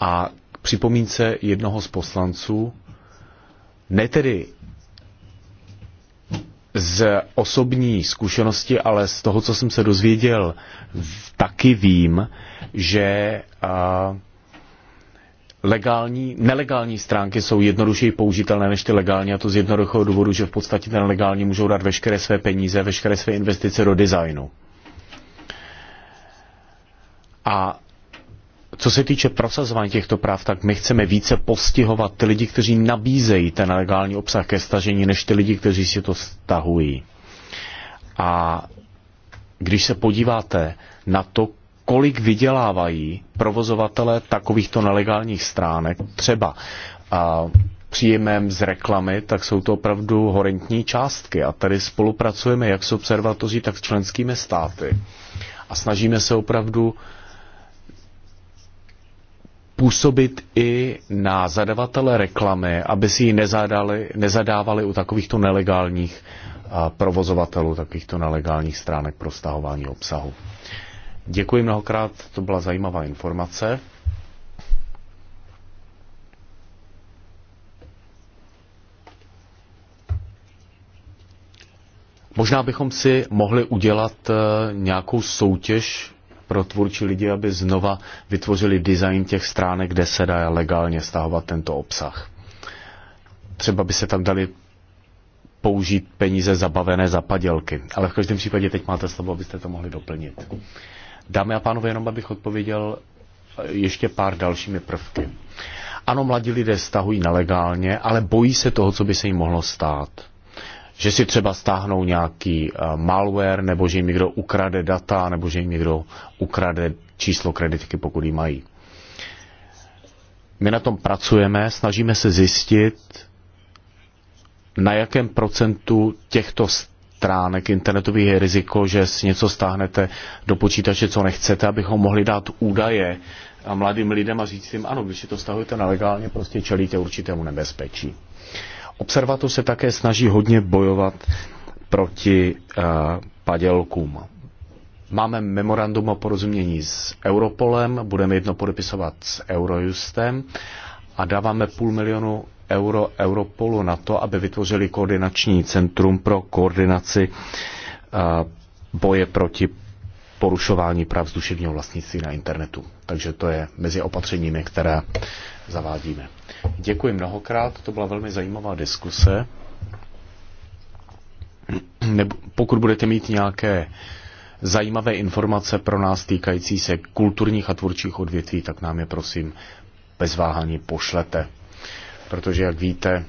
A připomínce jednoho z poslanců, ne tedy z osobní zkušenosti, ale z toho, co jsem se dozvěděl, taky vím, že legální, nelegální stránky jsou jednodušeji použitelné než ty legální a to z jednoduchého důvodu, že v podstatě ten legální můžou dát veškeré své peníze, veškeré své investice do designu. A co se týče prosazování těchto práv, tak my chceme více postihovat ty lidi, kteří nabízejí ten legální obsah ke stažení, než ty lidi, kteří si to stahují. A když se podíváte na to, kolik vydělávají provozovatelé takovýchto nelegálních stránek, třeba a, příjemem z reklamy, tak jsou to opravdu horentní částky. A tady spolupracujeme jak s observatoří, tak s členskými státy. A snažíme se opravdu působit i na zadavatele reklamy, aby si ji nezadali, nezadávali u takovýchto nelegálních provozovatelů, takovýchto nelegálních stránek pro stahování obsahu. Děkuji mnohokrát, to byla zajímavá informace. Možná bychom si mohli udělat e, nějakou soutěž pro tvůrčí lidi, aby znova vytvořili design těch stránek, kde se dá legálně stahovat tento obsah. Třeba by se tam dali použít peníze zabavené za padělky. Ale v každém případě teď máte slovo, abyste to mohli doplnit. Dámy a pánové, jenom abych odpověděl ještě pár dalšími prvky. Ano, mladí lidé stahují nelegálně, ale bojí se toho, co by se jim mohlo stát že si třeba stáhnou nějaký eh, malware, nebo že jim někdo ukrade data, nebo že jim někdo ukrade číslo kreditky, pokud ji mají. My na tom pracujeme, snažíme se zjistit, na jakém procentu těchto stránek internetových je riziko, že si něco stáhnete do počítače, co nechcete, abychom mohli dát údaje a mladým lidem a říct jim, ano, když si to stahujete nelegálně, prostě čelíte určitému nebezpečí. Observatoř se také snaží hodně bojovat proti eh, padělkům. Máme memorandum o porozumění s Europolem, budeme jedno podepisovat s Eurojustem a dáváme půl milionu euro Europolu na to, aby vytvořili koordinační centrum pro koordinaci eh, boje proti porušování práv duševního vlastnictví na internetu. Takže to je mezi opatřeními, které zavádíme. Děkuji mnohokrát, to byla velmi zajímavá diskuse. Nebo pokud budete mít nějaké zajímavé informace pro nás týkající se kulturních a tvůrčích odvětví, tak nám je prosím bez váhání pošlete. Protože, jak víte,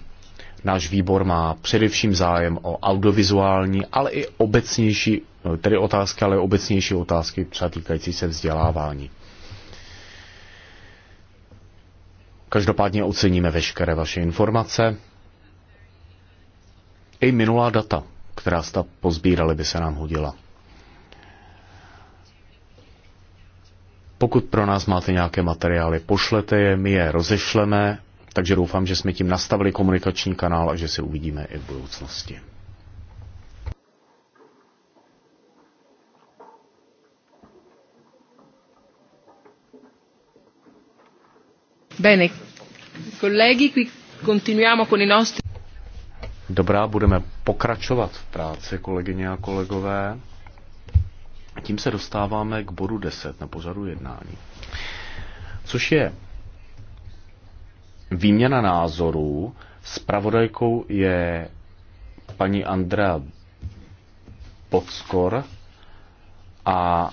náš výbor má především zájem o audiovizuální, ale i obecnější No, tedy otázky, ale obecnější otázky třeba týkající se vzdělávání. Každopádně oceníme veškeré vaše informace. I minulá data, která jste pozbírali, by se nám hodila. Pokud pro nás máte nějaké materiály, pošlete je, my je rozešleme, takže doufám, že jsme tím nastavili komunikační kanál a že se uvidíme i v budoucnosti. Bene, colleghi, qui continuiamo con i nostri... Dobrá, budeme pokračovat v práci, kolegyně a kolegové. Tím se dostáváme k bodu 10 na pořadu jednání, což je výměna názorů. Spravodajkou je paní Andrea podskor a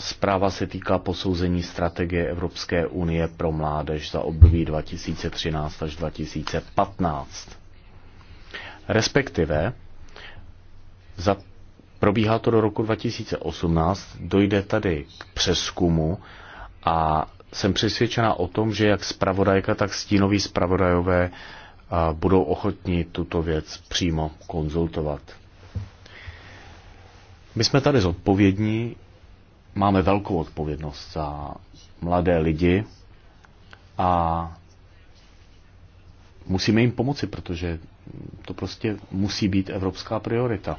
Zpráva se týká posouzení strategie Evropské unie pro mládež za období 2013 až 2015. Respektive za, probíhá to do roku 2018, dojde tady k přeskumu a jsem přesvědčena o tom, že jak zpravodajka, tak stínoví zpravodajové budou ochotní tuto věc přímo konzultovat. My jsme tady zodpovědní máme velkou odpovědnost za mladé lidi a musíme jim pomoci, protože to prostě musí být evropská priorita.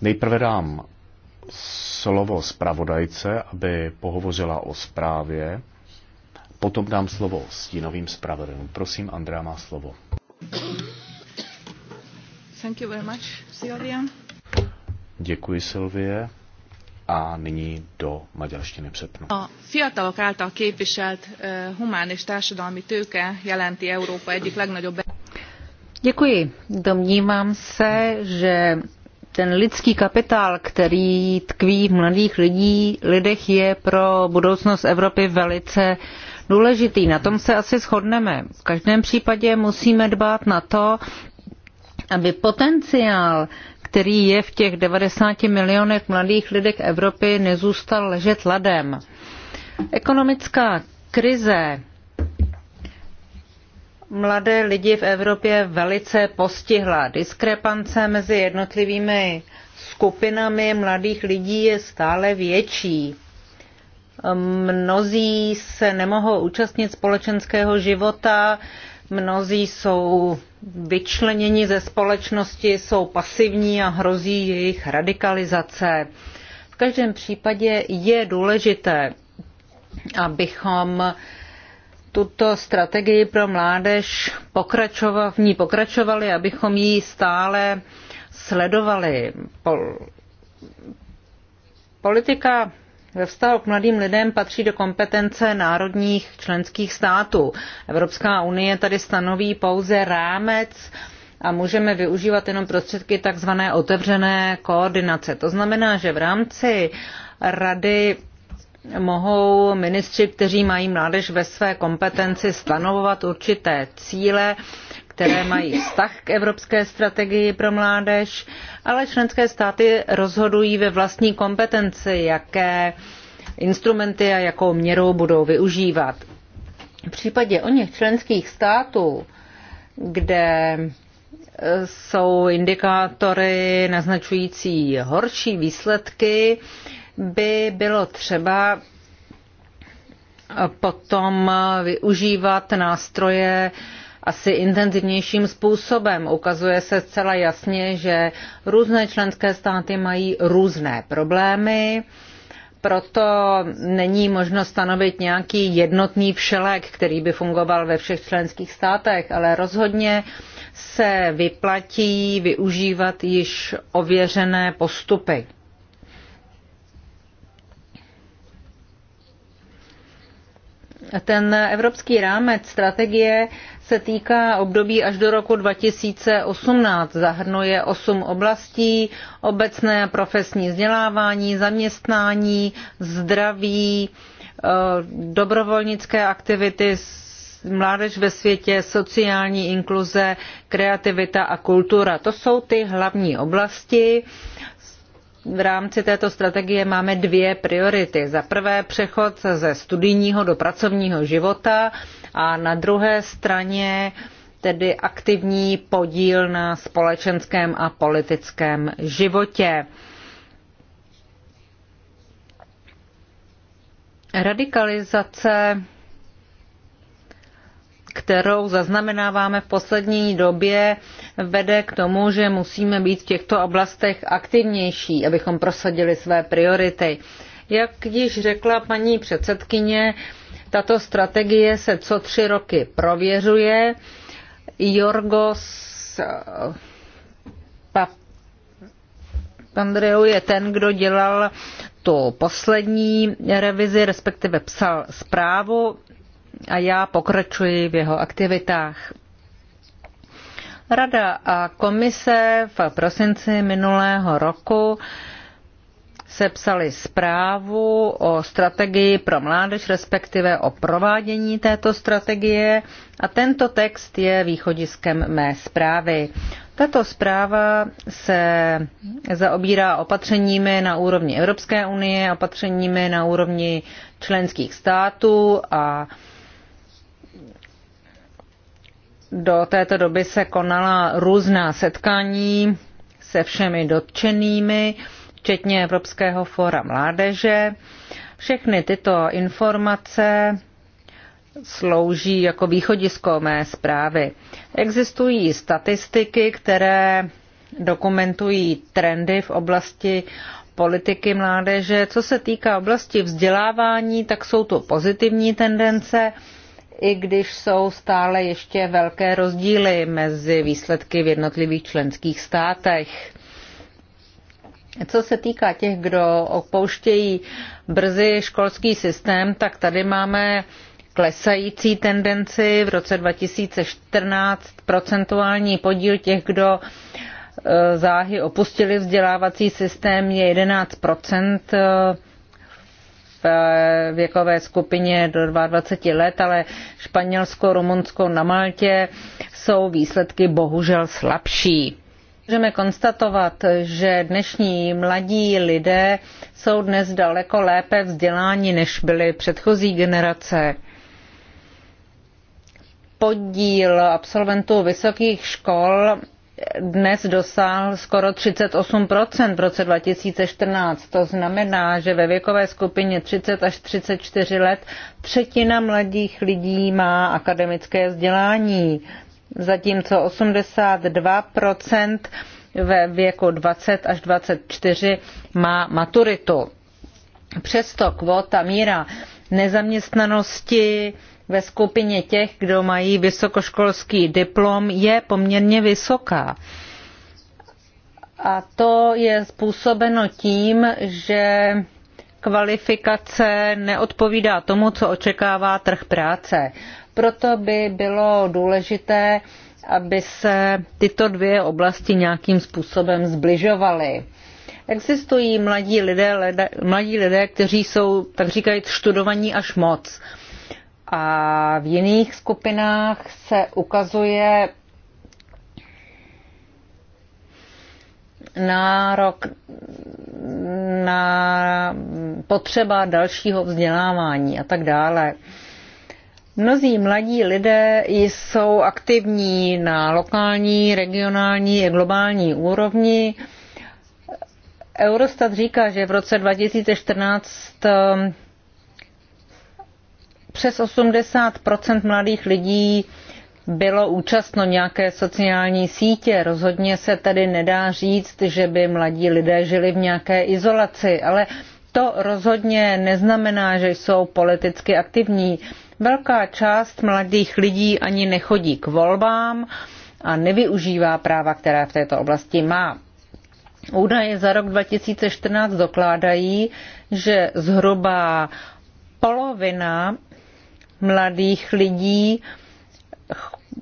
Nejprve dám slovo zpravodajce, aby pohovořila o zprávě. Potom dám slovo stínovým zpravodajům. Prosím, Andrea má slovo. Thank you very much, Silvia. Děkuji, Silvie. A nyní do maďarštiny přepnu. A fiatalok által képviselt uh, humán és társadalmi tőke jelenti Európa egyik legnagyobb... Děkuji. Domnívám se, že ten lidský kapitál, který tkví v mladých lidí, lidech, je pro budoucnost Evropy velice důležitý. Na tom se asi shodneme. V každém případě musíme dbát na to, aby potenciál, který je v těch 90 milionech mladých lidek Evropy, nezůstal ležet ladem. Ekonomická krize mladé lidi v Evropě velice postihla. Diskrepance mezi jednotlivými skupinami mladých lidí je stále větší. Mnozí se nemohou účastnit společenského života, Mnozí jsou vyčleněni ze společnosti, jsou pasivní a hrozí jejich radikalizace. V každém případě je důležité, abychom tuto strategii pro mládež v ní pokračovali, abychom ji stále sledovali. politika ve vztahu k mladým lidem patří do kompetence národních členských států. Evropská unie tady stanoví pouze rámec a můžeme využívat jenom prostředky tzv. otevřené koordinace. To znamená, že v rámci rady mohou ministři, kteří mají mládež ve své kompetenci, stanovovat určité cíle, které mají vztah k Evropské strategii pro mládež, ale členské státy rozhodují ve vlastní kompetenci, jaké instrumenty a jakou měrou budou využívat. V případě o něch členských států, kde eh, jsou indikátory naznačující horší výsledky, by bylo třeba eh, potom eh, využívat nástroje asi intenzivnějším způsobem. Ukazuje se zcela jasně, že různé členské státy mají různé problémy, proto není možno stanovit nějaký jednotný všelek, který by fungoval ve všech členských státech, ale rozhodně se vyplatí využívat již ověřené postupy. Ten evropský rámec strategie se týká období až do roku 2018. Zahrnuje osm oblastí, obecné profesní vzdělávání, zaměstnání, zdraví, eh, dobrovolnické aktivity, mládež ve světě, sociální inkluze, kreativita a kultura. To jsou ty hlavní oblasti v rámci této strategie máme dvě priority. Za prvé přechod ze studijního do pracovního života a na druhé straně tedy aktivní podíl na společenském a politickém životě. Radikalizace kterou zaznamenáváme v poslední době, vede k tomu, že musíme být v těchto oblastech aktivnější, abychom prosadili své priority. Jak již řekla paní předsedkyně, tato strategie se co tři roky prověřuje. Jorgos eh, Pandreou je ten, kdo dělal tu poslední revizi, respektive psal zprávu a já pokračuji v jeho aktivitách. Rada a komise v prosinci minulého roku sepsali zprávu o strategii pro mládež, respektive o provádění této strategie a tento text je východiskem mé zprávy. Tato zpráva se zaobírá opatřeními na úrovni Evropské unie, opatřeními na úrovni členských států a do této doby se konala různá setkání se všemi dotčenými, včetně Evropského fóra mládeže. Všechny tyto informace slouží jako východisko mé zprávy. Existují statistiky, které dokumentují trendy v oblasti politiky mládeže. Co se týká oblasti vzdělávání, tak jsou to pozitivní tendence i když jsou stále ještě velké rozdíly mezi výsledky v jednotlivých členských státech. Co se týká těch, kdo opouštějí brzy školský systém, tak tady máme klesající tendenci. V roce 2014 procentuální podíl těch, kdo e, záhy opustili vzdělávací systém, je 11 Eh, věkové skupině do 22 let, ale Španělsko, Rumunsko na Maltě jsou výsledky bohužel slabší. Můžeme konstatovat, že dnešní mladí lidé jsou dnes daleko lépe vzděláni, než byly předchozí generace. Podíl absolventů vysokých škol dnes dosáhl skoro 38% v roce 2014. To znamená, že ve věkové skupině 30 až 34 let třetina mladých lidí má akademické vzdělání, zatímco 82% ve věku 20 až 24 má maturitu. Přesto kvota míra nezaměstnanosti ve skupině těch, kdo mají vysokoškolský diplom, je poměrně vysoká. A to je způsobeno tím, že kvalifikace neodpovídá tomu, co očekává trh práce. Proto by bylo důležité, aby se tyto dvě oblasti nějakým způsobem zbližovaly. Existují mladí lidé, mladí lidé kteří jsou, tak říkajíc, studovaní až moc a v jiných skupinách se ukazuje nárok na potřeba dalšího vzdělávání a tak dále. Mnozí mladí lidé jsou aktivní na lokální, regionální i globální úrovni. Eurostat říká, že v roce 2014 přes 80 mladých lidí bylo účastno nějaké sociální sítě. Rozhodně se tedy nedá říct, že by mladí lidé žili v nějaké izolaci, ale to rozhodně neznamená, že jsou politicky aktivní. Velká část mladých lidí ani nechodí k volbám a nevyužívá práva, která v této oblasti má. Údaje za rok 2014 dokládají, že zhruba polovina mladých lidí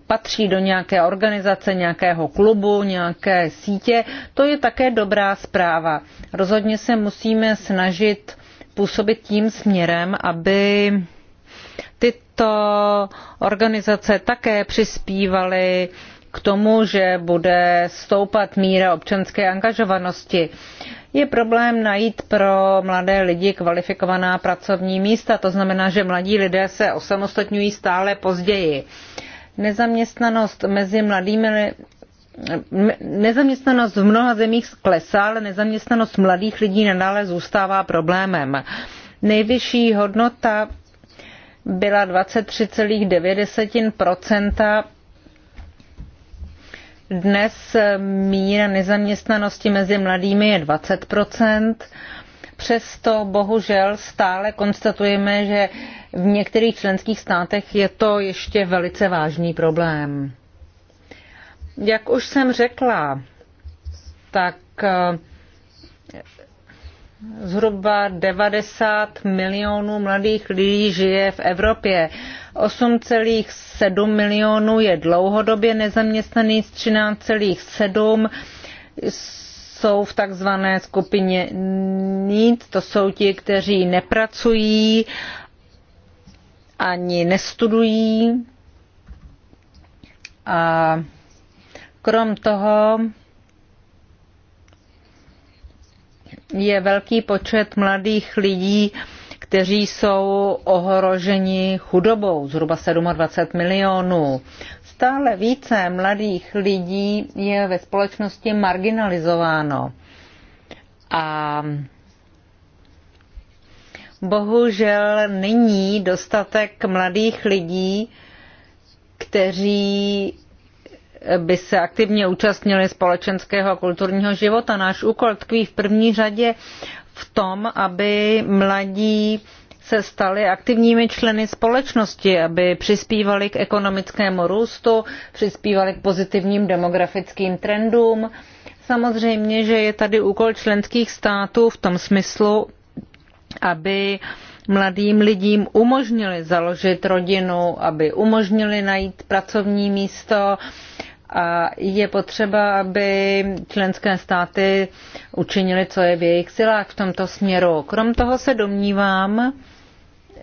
patří do nějaké organizace, nějakého klubu, nějaké sítě, to je také dobrá zpráva. Rozhodně se musíme snažit působit tím směrem, aby tyto organizace také přispívaly k tomu, že bude stoupat míra občanské angažovanosti je problém najít pro mladé lidi kvalifikovaná pracovní místa. To znamená, že mladí lidé se osamostatňují stále později. Nezaměstnanost mezi mladými Nezaměstnanost v mnoha zemích klesá, ale nezaměstnanost mladých lidí nadále zůstává problémem. Nejvyšší hodnota byla 23,9 dnes míra nezaměstnanosti mezi mladými je 20 Přesto bohužel stále konstatujeme, že v některých členských státech je to ještě velice vážný problém. Jak už jsem řekla, tak Zhruba 90 milionů mladých lidí žije v Evropě. 8,7 milionů je dlouhodobě nezaměstnaný. 13,7 jsou v takzvané skupině NEED, to jsou ti, kteří nepracují ani nestudují. A krom toho je velký počet mladých lidí, kteří jsou ohroženi chudobou, zhruba 27 milionů. Stále více mladých lidí je ve společnosti marginalizováno. A bohužel není dostatek mladých lidí, kteří by se aktivně účastnili společenského a kulturního života. Náš úkol tkví v první řadě v tom, aby mladí se stali aktivními členy společnosti, aby přispívali k ekonomickému růstu, přispívali k pozitivním demografickým trendům. Samozřejmě, že je tady úkol členských států v tom smyslu, aby mladým lidím umožnili založit rodinu, aby umožnili najít pracovní místo, a je potřeba, aby členské státy učinili, co je v jejich silách v tomto směru. Krom toho se domnívám,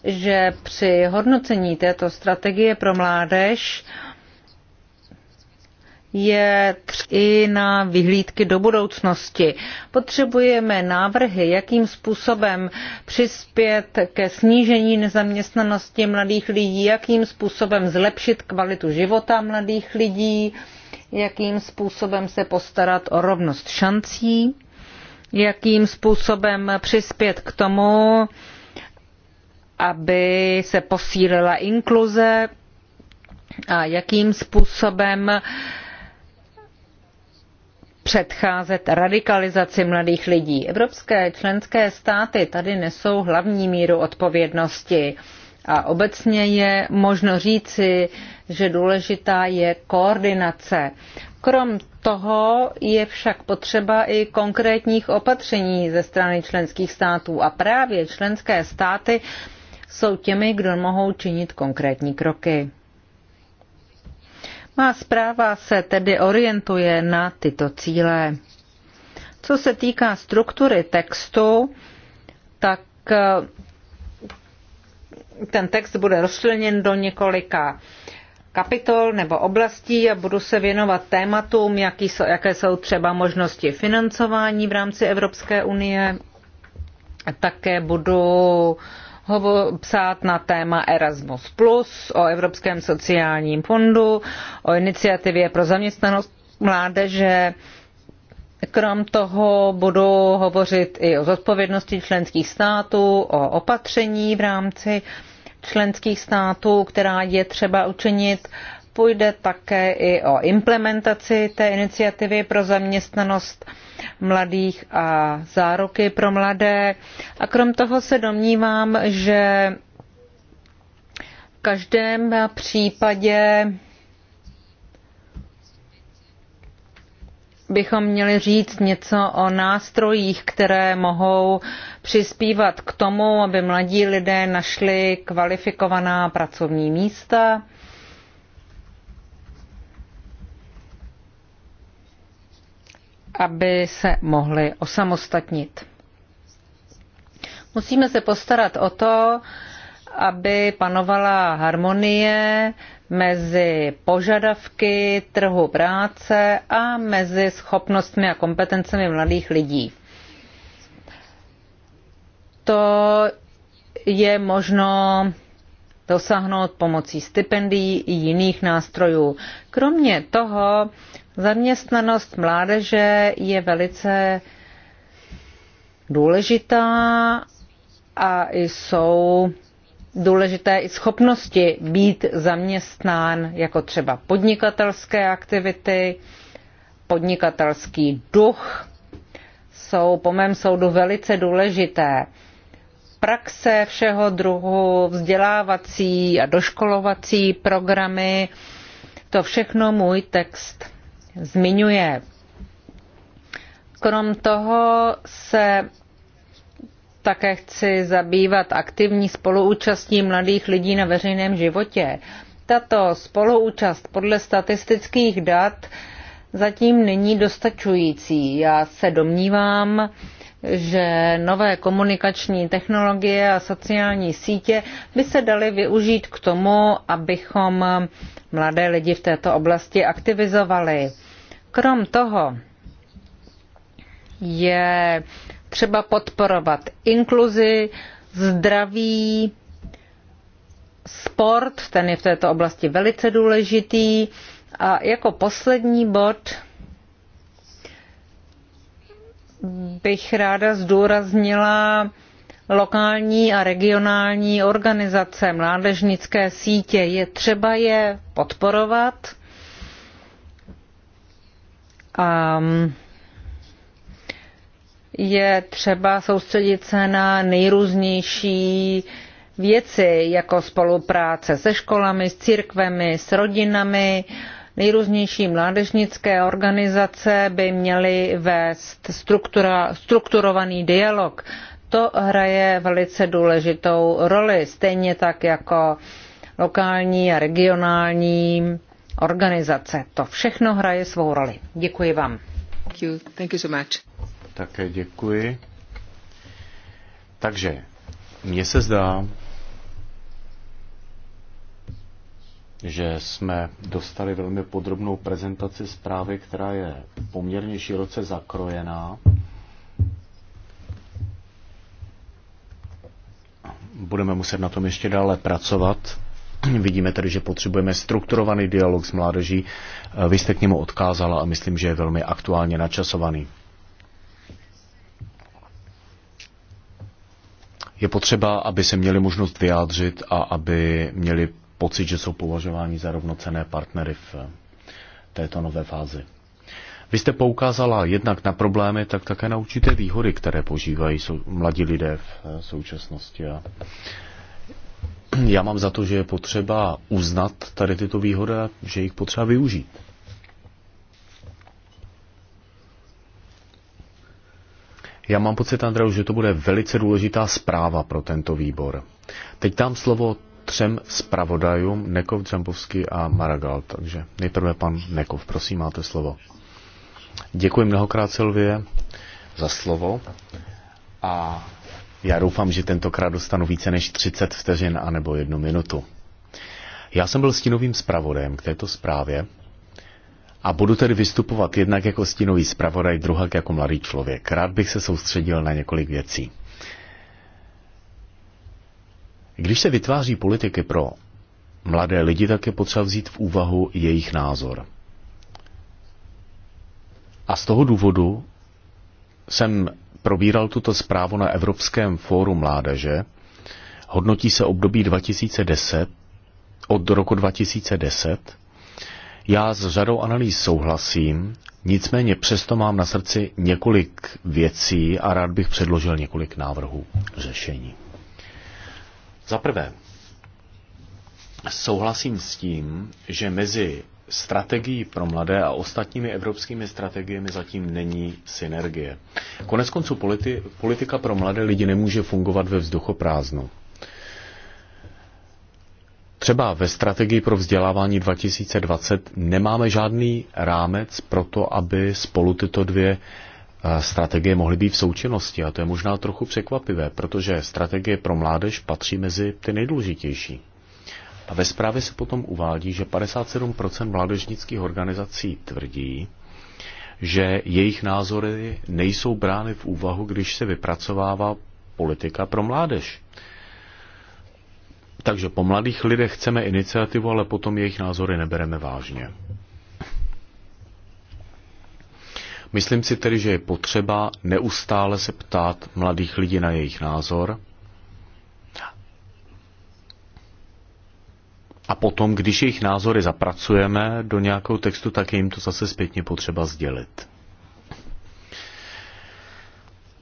že při hodnocení této strategie pro mládež je i na vyhlídky do budoucnosti. Potřebujeme návrhy, jakým způsobem přispět ke snížení nezaměstnanosti mladých lidí, jakým způsobem zlepšit kvalitu života mladých lidí, jakým způsobem se postarat o rovnost šancí, jakým způsobem přispět k tomu, aby se posílila inkluze a jakým způsobem předcházet radikalizaci mladých lidí. Evropské členské státy tady nesou hlavní míru odpovědnosti a obecně je možno říci, že důležitá je koordinace. Krom toho je však potřeba i konkrétních opatření ze strany členských států a právě členské státy jsou těmi, kdo mohou činit konkrétní kroky. Má zpráva se tedy orientuje na tyto cíle. Co se týká struktury textu, tak eh, ten text bude rozčleněn do několika kapitol nebo oblastí a budu se věnovat tématům, jaký jsou, jaké jsou třeba možnosti financování v rámci Evropské unie. Také budu psát na téma Erasmus+, o Evropském sociálním fondu, o iniciativě pro zaměstnanost mládeže. Krom toho budu hovořit i o zodpovědnosti členských států, o opatření v rámci uh, členských států, která je třeba učinit. Půjde také i o implementaci té iniciativy pro zaměstnanost mladých a záruky pro mladé. A krom toho se domnívám, že v každém případě bychom měli říct něco o nástrojích, které mohou přispívat k tomu, aby mladí lidé našli kvalifikovaná pracovní místa. aby se mohli osamostatnit. Musíme se postarat o to, aby panovala harmonie mezi požadavky trhu práce a mezi schopnostmi a kompetencemi mladých lidí. To je možno dosáhnout pomocí stipendií i jiných nástrojů. Kromě toho zaměstnanost mládeže je velice důležitá a jsou důležité i schopnosti být zaměstnán, jako třeba podnikatelské aktivity, podnikatelský duch, jsou po mém soudu velice důležité. Praxe všeho druhu, vzdělávací a doškolovací programy, to všechno můj text zmiňuje. Krom toho se také chci zabývat aktivní spoluúčastí mladých lidí na veřejném životě. Tato spoluúčast podle statistických dat zatím není dostačující. Já se domnívám, že nové komunikační technologie a sociální sítě by se daly využít k tomu, abychom mladé lidi v této oblasti aktivizovali. Krom toho je třeba podporovat inkluzi, zdraví, sport, ten je v této oblasti velice důležitý. A jako poslední bod bych ráda zdůraznila lokální a regionální organizace, mládežnické sítě. Je třeba je podporovat. Um, je třeba soustředit se na nejrůznější věci, jako spolupráce se školami, s církvemi, s rodinami. Nejrůznější mládežnické organizace by měly vést struktura, strukturovaný dialog. To hraje velice důležitou roli, stejně tak jako lokální a regionální organizace. To všechno hraje svou roli. Děkuji vám. Thank you. Thank you so much. Také děkuji. Takže, mně se zdá, že jsme dostali velmi podrobnou prezentaci zprávy, která je poměrně široce zakrojená. Budeme muset na tom ještě dále pracovat. Vidíme tedy, že potřebujeme strukturovaný dialog s mládeží. Vy jste k němu odkázala a myslím, že je velmi aktuálně načasovaný. Je potřeba, aby se měli možnost vyjádřit a aby měli pocit, že jsou považováni za rovnocené partnery v eh, této nové fázi. Vy jste poukázala jednak na problémy, tak také na určité výhody, které požívají mladí lidé v eh, současnosti. A já mám za to, že je potřeba uznat tady tyto výhody, že jich potřeba využít. Já mám pocit, Andreu, že to bude velice důležitá zpráva pro tento výbor. Teď tam slovo třem zpravodajům, Nekov, Dřambovský a Maragal. Takže nejprve pan Nekov, prosím, máte slovo. Děkuji mnohokrát, Silvie, za slovo. A já doufám, že tentokrát dostanu více než 30 vteřin anebo jednu minutu. Já jsem byl stínovým zpravodajem k této zprávě a budu tedy vystupovat jednak jako stínový zpravodaj, druhak jako mladý člověk. Rád bych se soustředil na několik věcí. Když se vytváří politiky pro mladé lidi, tak je potřeba vzít v úvahu jejich názor. A z toho důvodu jsem probíral tuto zprávu na Evropském fóru mládeže. Hodnotí se období 2010 od roku 2010 já s řadou analýz souhlasím, nicméně přesto mám na srdci několik věcí a rád bych předložil několik návrhů řešení. Za prvé, souhlasím s tím, že mezi strategií pro mladé a ostatními evropskými strategiemi zatím není synergie. Konec konců politi- politika pro mladé lidi nemůže fungovat ve vzduchoprázdnu. Třeba ve strategii pro vzdělávání 2020 nemáme žádný rámec pro to, aby spolu tyto dvě eh, strategie mohly být v součinnosti. A to je možná trochu překvapivé, protože strategie pro mládež patří mezi ty nejdůležitější. A ve zprávě se potom uvádí, že 57% mládežnických organizací tvrdí, že jejich názory nejsou brány v úvahu, když se vypracovává politika pro mládež. Takže po mladých lidech chceme iniciativu, ale potom jejich názory nebereme vážně. Myslím si tedy, že je potřeba neustále se ptát mladých lidí na jejich názor. A potom, když jejich názory zapracujeme do nějakého textu, tak je jim to zase zpětně potřeba sdělit.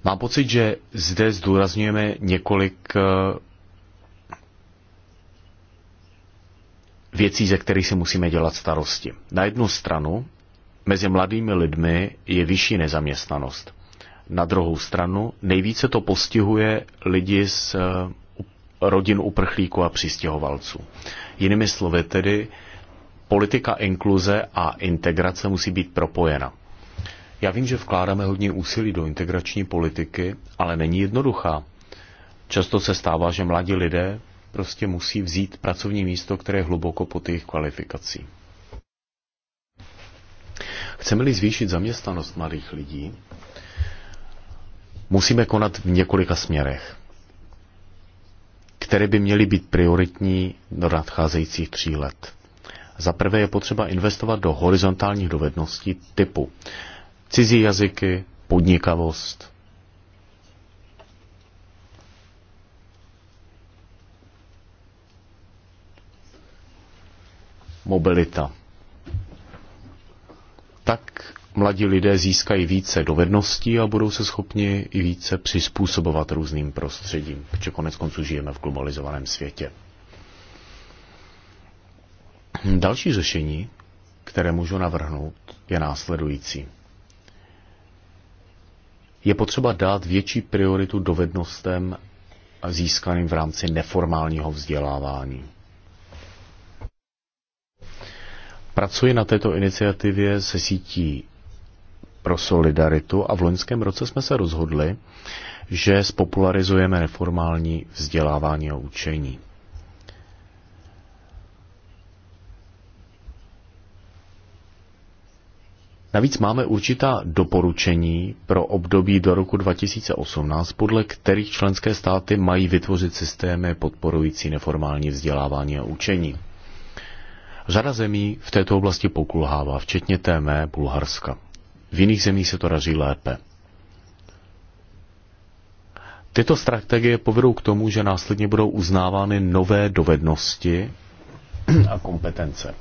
Mám pocit, že zde zdůrazňujeme několik eh, věcí, ze kterých si musíme dělat starosti. Na jednu stranu mezi mladými lidmi je vyšší nezaměstnanost. Na druhou stranu nejvíce to postihuje lidi z eh, rodin uprchlíků a přistěhovalců. Jinými slovy tedy, politika inkluze a integrace musí být propojena. Já vím, že vkládáme hodně úsilí do integrační politiky, ale není jednoduchá. Často se stává, že mladí lidé prostě musí vzít pracovní místo, které je hluboko pod jejich kvalifikací. Chceme-li zvýšit zaměstnanost mladých lidí, musíme konat v několika směrech, které by měly být prioritní do nadcházejících tří let. Za prvé je potřeba investovat do horizontálních dovedností typu cizí jazyky, podnikavost, mobilita. Tak mladí lidé získají více dovedností a budou se schopni i více přizpůsobovat různým prostředím, protože konec konců žijeme v globalizovaném světě. Další řešení, které můžu navrhnout, je následující. Je potřeba dát větší prioritu dovednostem získaným v rámci neformálního vzdělávání. Pracuji na této iniciativě se sítí pro solidaritu a v loňském roce jsme se rozhodli, že spopularizujeme neformální vzdělávání a učení. Navíc máme určitá doporučení pro období do roku 2018, podle kterých členské státy mají vytvořit systémy podporující neformální vzdělávání a učení. Řada zemí v této oblasti pokulhává, včetně té mé Bulharska. V jiných zemích se to daří lépe. Tyto strategie povedou k tomu, že následně budou uznávány nové dovednosti a kompetence.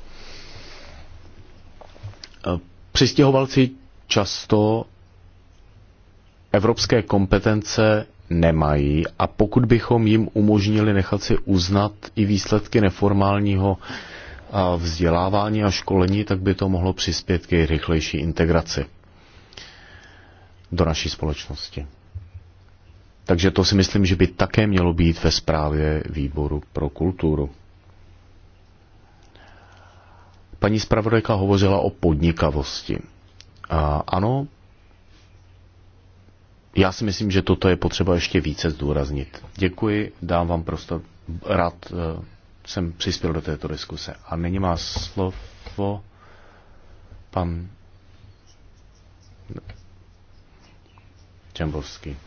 Přistěhovalci často evropské kompetence nemají a pokud bychom jim umožnili nechat si uznat i výsledky neformálního vzdělávání a školení, tak by to mohlo přispět k jejich rychlejší integraci do naší společnosti. Takže to si myslím, že by také mělo být ve zprávě výboru pro kulturu. Paní zpravodajka hovořila o podnikavosti. A ano, já si myslím, že toto je potřeba ještě více zdůraznit. Děkuji, dám vám prostor, rád eh, jsem přispěl do této diskuse. A nyní má slovo pan Čambovský.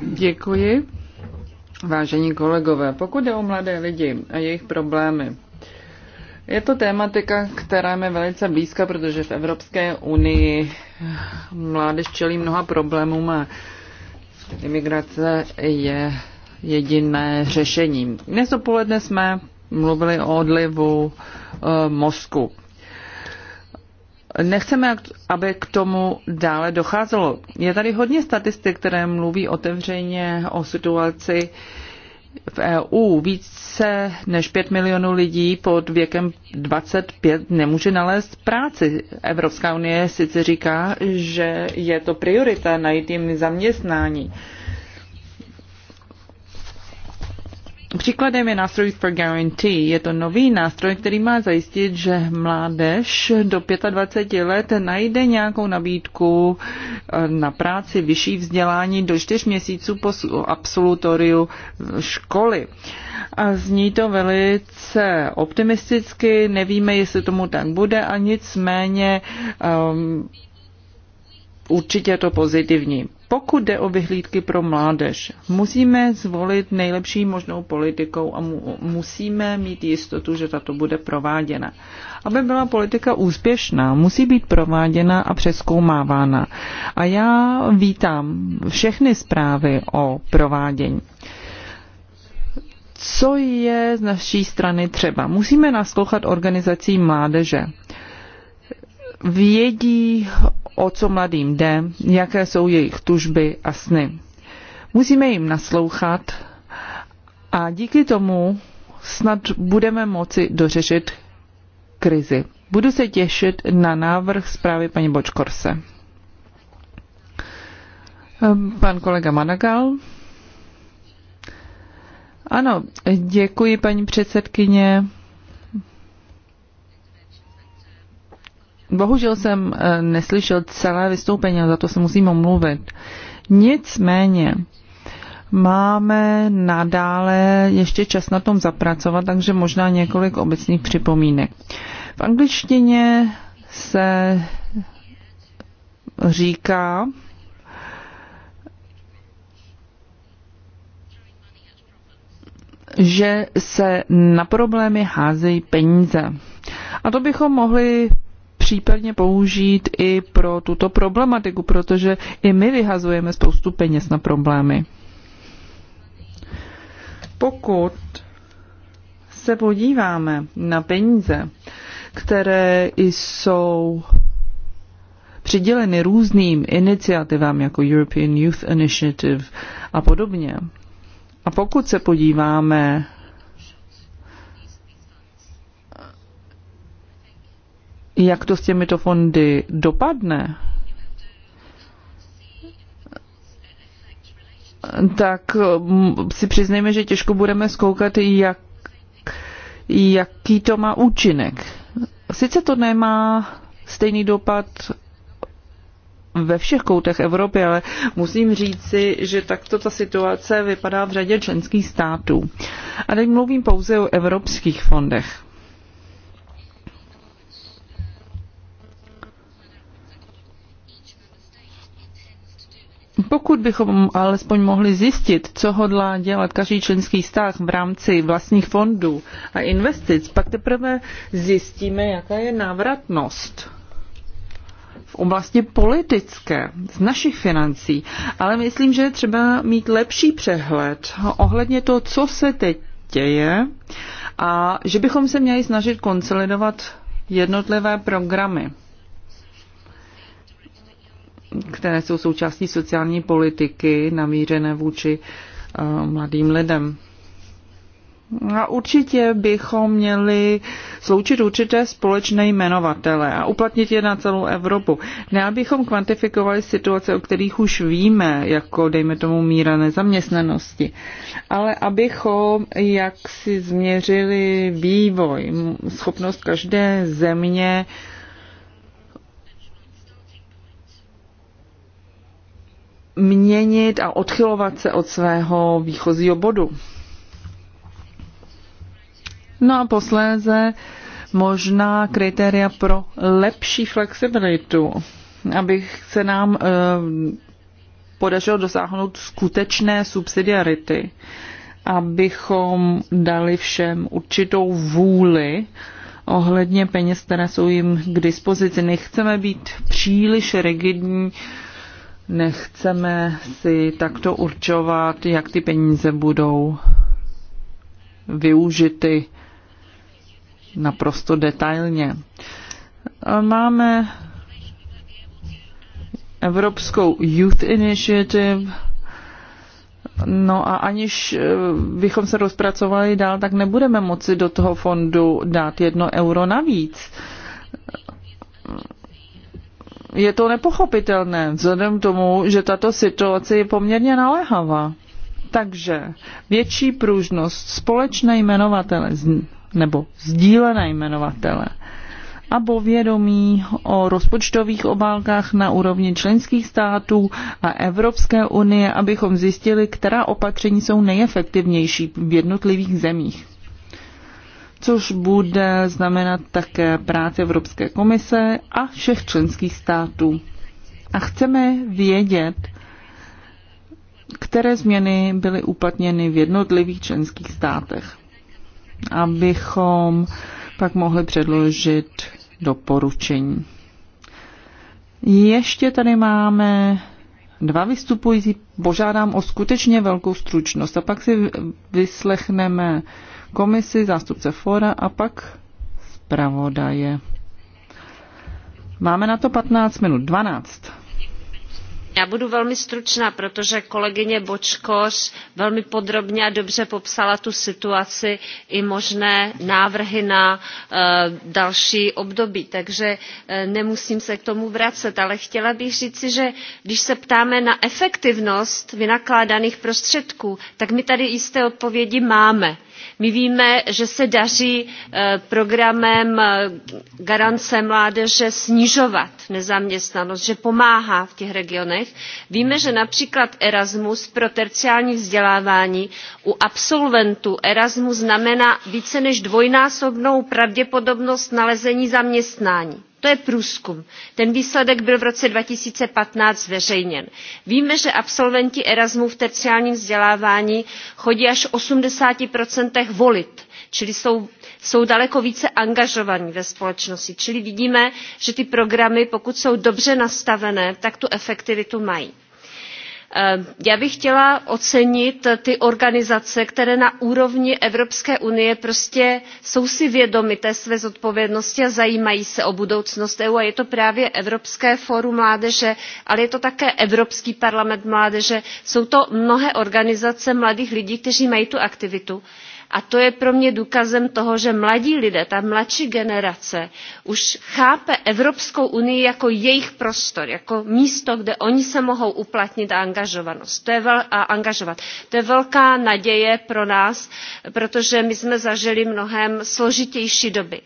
Děkuji. Vážení kolegové, pokud je o mladé lidi a jejich problémy, je to tématika, která je velice blízka, protože v Evropské unii mládež čelí mnoha problémům a imigrace je jediné řešení. Dnes dopoledne jsme mluvili o odlivu eh, mozku. Nechceme, aby k tomu dále docházelo. Je tady hodně statistik, které mluví otevřeně o situaci v EU. Více než 5 milionů lidí pod věkem 25 nemůže nalézt práci. Evropská unie sice říká, že je to priorita najít jim zaměstnání. Uh, Příkladem je nástroj for Guarantee. Je to nový nástroj, který má zajistit, že mládež do 25 let najde nějakou nabídku eh, na práci, vyšší vzdělání do 4 měsíců po absolutoriu školy. A zní to velice optimisticky, nevíme, jestli tomu tak bude, a nicméně um, určitě to pozitivní. Pokud jde o vyhlídky pro mládež, musíme zvolit nejlepší možnou politikou a mu, musíme mít jistotu, že tato bude prováděna. Aby byla politika úspěšná, musí být prováděna a přeskoumávána. A já vítám všechny zprávy o provádění co je z naší strany třeba. Musíme naslouchat organizacím mládeže vědí, o co mladým jde, jaké jsou jejich tužby a sny. Musíme jim naslouchat a díky tomu snad budeme moci dořešit krizi. Budu se těšit na návrh zprávy paní Bočkorse. Pan kolega Managal. Ano, děkuji paní předsedkyně. Bohužel jsem eh, neslyšel celé vystoupení a za to se musím omluvit. Nicméně máme nadále ještě čas na tom zapracovat, takže možná několik obecných připomínek. V angličtině se říká, že se na problémy házejí peníze. A to bychom mohli případně použít i pro tuto problematiku, protože i my vyhazujeme spoustu peněz na problémy. Pokud se podíváme na peníze, které jsou přiděleny různým iniciativám jako European Youth Initiative a podobně. A pokud se podíváme jak to s těmito fondy dopadne, tak mm, si přiznejme, že těžko budeme zkoukat, jak, jaký to má účinek. Sice to nemá stejný dopad ve všech koutech Evropy, ale musím říci, že takto ta situace vypadá v řadě členských států. A teď mluvím pouze o evropských fondech. Pokud bychom alespoň mohli zjistit, co hodlá dělat každý členský stát v rámci vlastních fondů a investic, pak teprve zjistíme, jaká je návratnost v oblasti politické z našich financí. Ale myslím, že je třeba mít lepší přehled ohledně toho, co se teď děje a že bychom se měli snažit konsolidovat jednotlivé programy které jsou součástí sociální politiky namířené vůči eh, mladým lidem. A určitě bychom měli sloučit určité společné jmenovatele a uplatnit je na celou Evropu. Ne, abychom kvantifikovali situace, o kterých už víme, jako dejme tomu míra nezaměstnanosti, ale abychom jak si změřili vývoj, schopnost každé země uh, měnit a odchylovat se od svého výchozího bodu. No a posléze možná kritéria pro lepší flexibilitu, aby se nám eh, podařilo dosáhnout skutečné subsidiarity, abychom dali všem určitou vůli ohledně peněz, které jsou jim k dispozici. Nechceme být příliš rigidní Nechceme si takto určovat, jak ty peníze budou využity naprosto detailně. Máme Evropskou Youth Initiative, No a aniž eh, bychom se rozpracovali dál, tak nebudeme moci do toho fondu dát jedno euro navíc je to nepochopitelné vzhledem k tomu, že tato situace je poměrně naléhavá. Takže větší pružnost, společné jmenovatele nebo sdílené jmenovatele a povědomí o rozpočtových obálkách na úrovni členských států a Evropské unie, abychom zjistili, která opatření jsou nejefektivnější v jednotlivých zemích což bude znamenat také práce Evropské komise a všech členských států. A chceme vědět, které změny byly uplatněny v jednotlivých členských státech, abychom pak mohli předložit doporučení. Ještě tady máme dva vystupující. Požádám o skutečně velkou stručnost a pak si vyslechneme komisi, zástupce fora a pak zpravodaje. Máme na to 15 minut, 12. Já budu velmi stručná, protože kolegyně Bočkoř velmi podrobně a dobře popsala tu situaci i možné návrhy na e, další období, takže e, nemusím se k tomu vracet, ale chtěla bych říci, že když se ptáme na efektivnost vynakládaných prostředků, tak my tady jisté odpovědi máme. My víme, že se daří eh, programem eh, garance mládeže snižovat nezaměstnanost, že pomáhá v těch regionech. Víme, že například Erasmus pro terciální vzdělávání u absolventů Erasmus znamená více než dvojnásobnou pravděpodobnost nalezení zaměstnání to je průzkum. Ten výsledek byl v roce 2015 zveřejněn. Víme, že absolventi Erasmu v terciálním vzdělávání chodí až v 80% volit, čili jsou, jsou daleko více angažovaní ve společnosti. Čili vidíme, že ty programy, pokud jsou dobře nastavené, tak tu efektivitu mají Ehm, já bych chtěla ocenit ty organizace které na úrovni evropské unie prostě jsou si vědomy té své zodpovědnosti a zajímají se o budoucnost eu a je to právě evropské fórum mládeže ale je to také evropský parlament mládeže jsou to mnohé organizace mladých lidí kteří mají tu aktivitu a to je pro mě důkazem toho že mladí lidé ta mladší generace už chápe evropskou unii jako jejich prostor jako místo kde oni se mohou uplatnit a, angažovanost. angažovat. to je velká naděje pro nás protože my jsme zažili mnohem složitější doby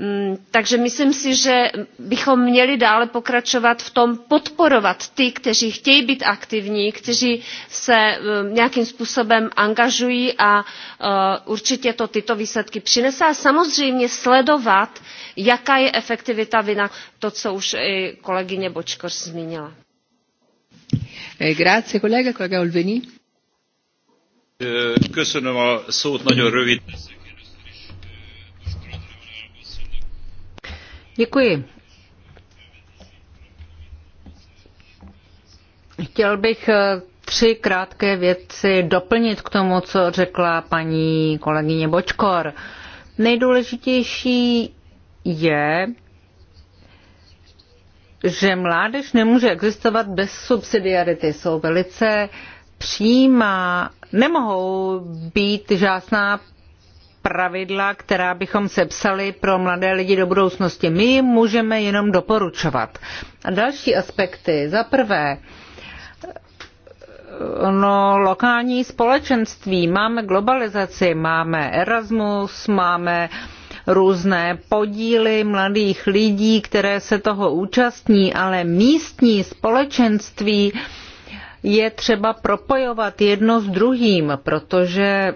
Mm, takže myslím si že bychom měli dále pokračovat v tom podporovat ty kteří chtějí být aktivní kteří se mm, nějakým způsobem angažují a uh, určitě to tyto výsledky přinese a samozřejmě sledovat jaká je efektivita vynakladání to co už i kolegyně bozkurt zmínila. kolega, eh, eh, Köszönöm a szót, nagyon rövid leszek Děkuji. Chtěl bych eh, tři krátké věci doplnit k tomu, co řekla paní kolegyně Bočkor. Nejdůležitější je, že mládež nemůže existovat bez subsidiarity. Jsou velice přímá, nemohou být žásná pravidla, která bychom sepsali pro mladé lidi do budoucnosti. My jim můžeme jenom doporučovat. A další aspekty. Za prvé, no, lokální společenství. Máme globalizaci, máme Erasmus, máme různé podíly mladých lidí, které se toho účastní, ale místní společenství je třeba propojovat jedno s druhým, protože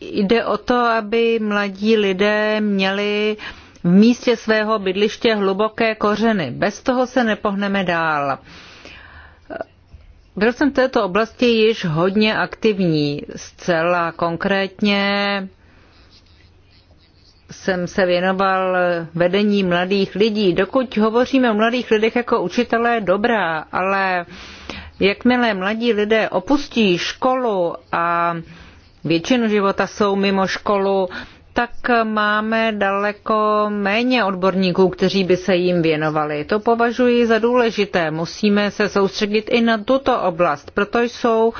jde o to, aby mladí lidé měli v místě svého bydliště hluboké kořeny. Bez toho se nepohneme dál. Byl jsem v této oblasti již hodně aktivní. Zcela konkrétně jsem se věnoval vedení mladých lidí. Dokud hovoříme o mladých lidech jako učitelé, dobrá, ale Jakmile mladí lidé opustí školu a většinu života jsou mimo školu, tak máme daleko méně odborníků, kteří by se jim věnovali. To považuji za důležité. Musíme se soustředit i na tuto oblast, proto jsou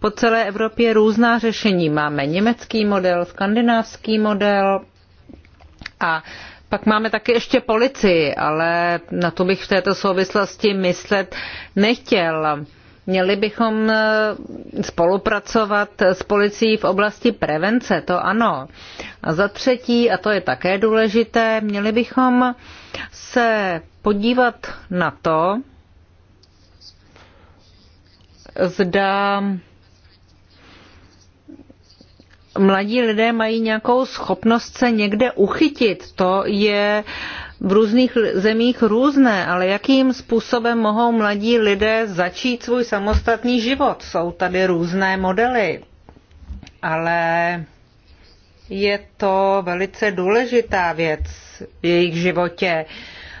po celé Evropě různá řešení. Máme německý model, skandinávský model a pak máme taky ještě policii, ale na to bych v této souvislosti myslet nechtěl Měli bychom eh, spolupracovat s policií v oblasti prevence, to ano. A za třetí, a to je také důležité, měli bychom se podívat na to, zda mladí lidé mají nějakou schopnost se někde uchytit. To je uh, v různých zemích různé, ale jakým způsobem mohou mladí lidé začít svůj samostatný život? Jsou tady různé modely, ale je to velice důležitá věc v jejich životě.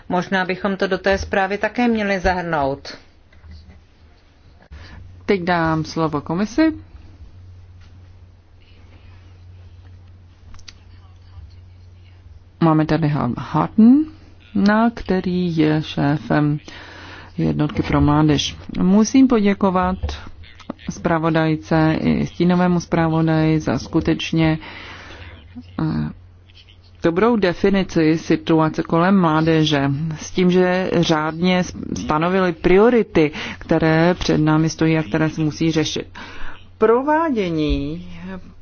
Možná bychom to do té zprávy také měli zahrnout. Teď dám slovo komisi, Máme tady na který je šéfem jednotky pro mládež. Musím poděkovat zpravodajce i stínovému zpravodaji za skutečně eh, dobrou definici situace kolem mládeže s tím, že řádně stanovili priority, které před námi stojí a které se musí řešit. Provádění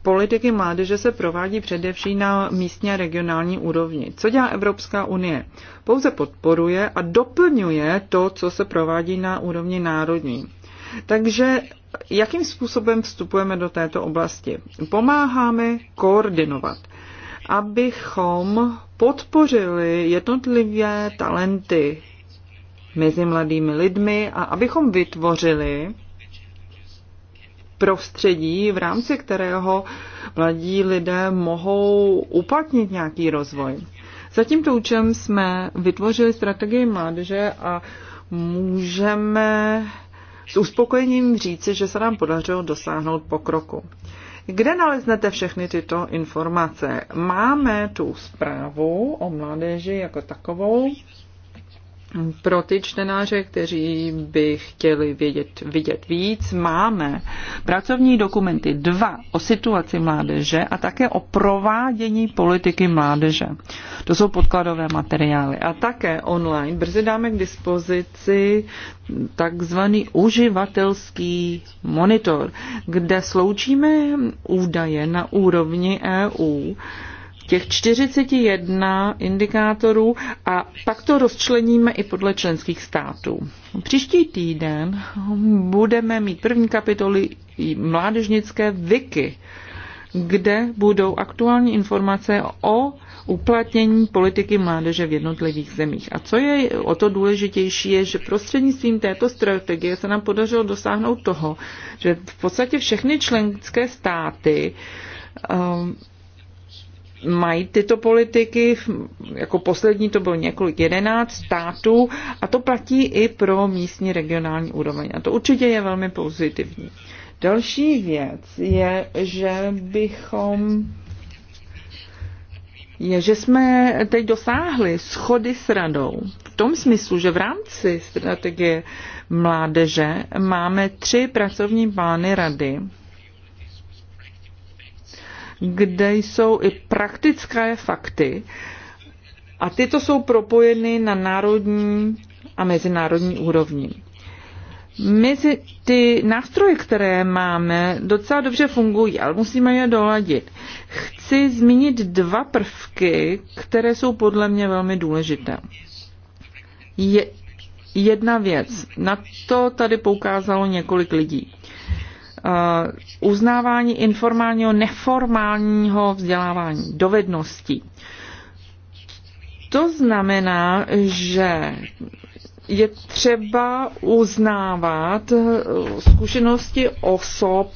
politiky mládeže se provádí především na místní a regionální úrovni. Co dělá Evropská unie? Pouze podporuje a doplňuje to, co se provádí na úrovni národní. Takže jakým způsobem vstupujeme do této oblasti? Pomáháme koordinovat, abychom podpořili jednotlivé talenty mezi mladými lidmi a abychom vytvořili prostředí, v rámci kterého mladí lidé mohou uplatnit nějaký rozvoj. Za tímto účem jsme vytvořili strategii mládeže a můžeme s uspokojením říci, že se nám podařilo dosáhnout pokroku. Kde naleznete všechny tyto informace? Máme tu zprávu o mládeži jako takovou, pro ty čtenáře, kteří by chtěli vědět, vidět víc, máme pracovní dokumenty dva o situaci mládeže a také o provádění politiky mládeže. To jsou podkladové materiály. A také online brzy dáme k dispozici takzvaný uživatelský monitor, kde sloučíme údaje na úrovni EU těch 41 indikátorů a pak to rozčleníme i podle členských států. Příští týden budeme mít první kapitoly mládežnické Viky, kde budou aktuální informace o uplatnění politiky mládeže v jednotlivých zemích. A co je o to důležitější, je, že prostřednictvím této strategie se nám podařilo dosáhnout toho, že v podstatě všechny členské státy um, mají tyto politiky, jako poslední to bylo několik jedenáct států a to platí i pro místní regionální úroveň. A to určitě je velmi pozitivní. Další věc je, že bychom je, že jsme teď dosáhli schody s radou v tom smyslu, že v rámci strategie mládeže máme tři pracovní plány rady, kde jsou i praktické fakty a tyto jsou propojeny na národní a mezinárodní úrovni. Mezi ty nástroje, které máme, docela dobře fungují, ale musíme je doladit. Chci zmínit dva prvky, které jsou podle mě velmi důležité. Je jedna věc, na to tady poukázalo několik lidí. Eh, uznávání informálního, neformálního vzdělávání, dovedností. To znamená, že je třeba uznávat eh, zkušenosti osob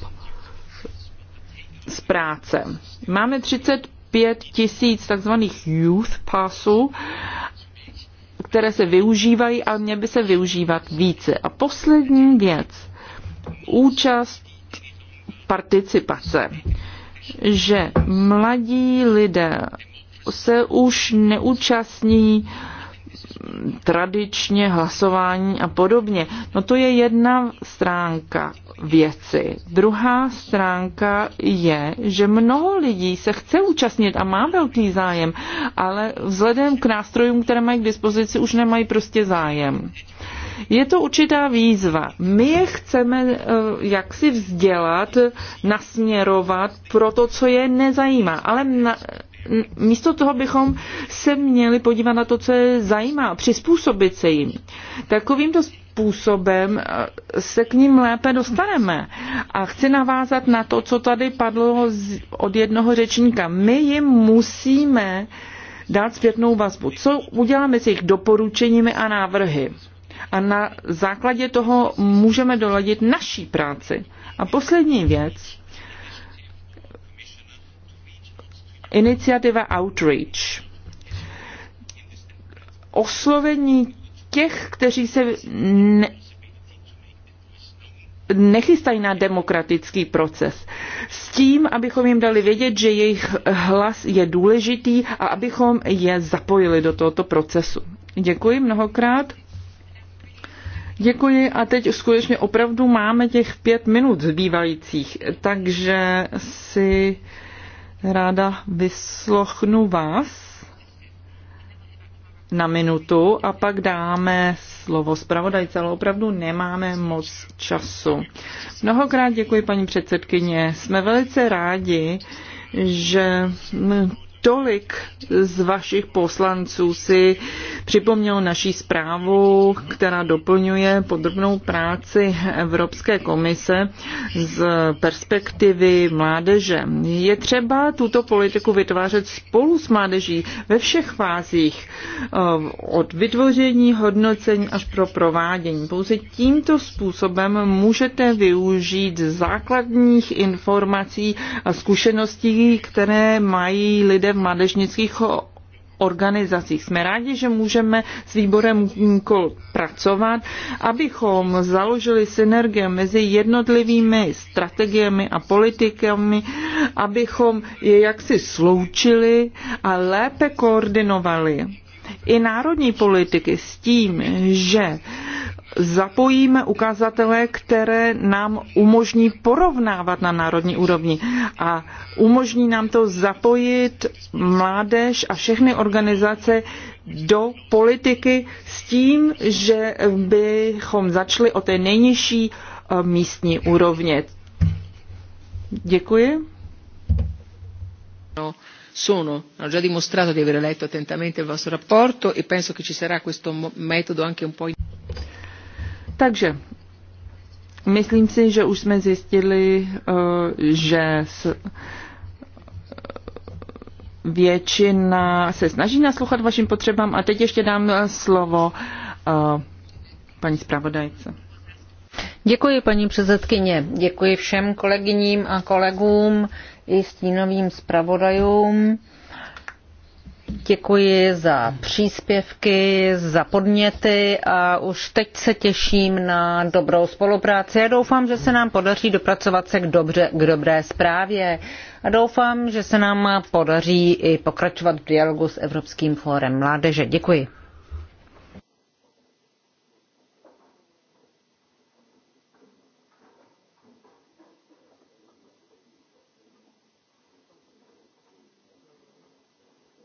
z práce. Máme 35 tisíc takzvaných youth passů, které se využívají a mě by se využívat více. A poslední věc. Účast participace, že mladí lidé se už neúčastní tradičně hlasování a podobně. No to je jedna stránka věci. Druhá stránka je, že mnoho lidí se chce účastnit a má velký zájem, ale vzhledem k nástrojům, které mají k dispozici, už nemají prostě zájem. Je to určitá výzva. My je chceme eh, jak si vzdělat, nasměrovat pro to, co je nezajímá. Ale na, místo toho bychom se měli podívat na to, co je zajímá, přizpůsobit se jim. Takovýmto způsobem eh, se k ním lépe dostaneme. A chci navázat na to, co tady padlo od jednoho řečníka. My jim musíme dát zpětnou vazbu. Co uděláme s jejich doporučeními a návrhy? a na základě toho můžeme doladit naší práci. A poslední věc, iniciativa Outreach. Oslovení těch, kteří se ne, nechystají na demokratický proces. S tím, abychom jim dali vědět, že jejich hlas je důležitý a abychom je zapojili do tohoto procesu. Děkuji mnohokrát. Děkuji a teď skutečně opravdu máme těch pět minut zbývajících, takže si ráda vyslochnu vás na minutu a pak dáme slovo zpravodajce, ale opravdu nemáme moc času. Mnohokrát děkuji paní předsedkyně. Jsme velice rádi, že tolik z vašich poslanců si připomnělo naší zprávu, která doplňuje podrobnou práci Evropské komise z perspektivy mládeže. Je třeba tuto politiku vytvářet spolu s mládeží ve všech fázích, eh, od vytvoření, hodnocení až pro provádění. Pouze tímto způsobem můžete využít základních informací a zkušeností, které mají lidé v mládežnických organizacích. Jsme rádi, že můžeme s výborem KOL pracovat, abychom založili synergie mezi jednotlivými strategiemi a politikami, abychom je jaksi sloučili a lépe koordinovali. I národní politiky s tím, že zapojíme ukazatele, které nám umožní porovnávat na národní úrovni a umožní nám to zapojit mládež a všechny organizace do politiky s tím, že bychom začali o té nejnižší eh, místní úrovně. Děkuji. No sono hanno già dimostrato di aver letto attentamente il vostro rapporto e penso che ci sarà questo metodo anche un po' Takže myslím si, že už jsme zjistili, eh, že eh, většina se snaží naslouchat vašim potřebám a teď ještě dám slovo eh, paní zpravodajce. Děkuji, paní předsedkyně. Děkuji všem kolegyním a kolegům i stínovým zpravodajům. Děkuji za příspěvky, za podněty a už teď se těším na dobrou spolupráci. Já doufám, že se nám podaří dopracovat se k, dobře, k dobré zprávě a doufám, že se nám podaří i pokračovat v dialogu s Evropským fórem mládeže. Děkuji.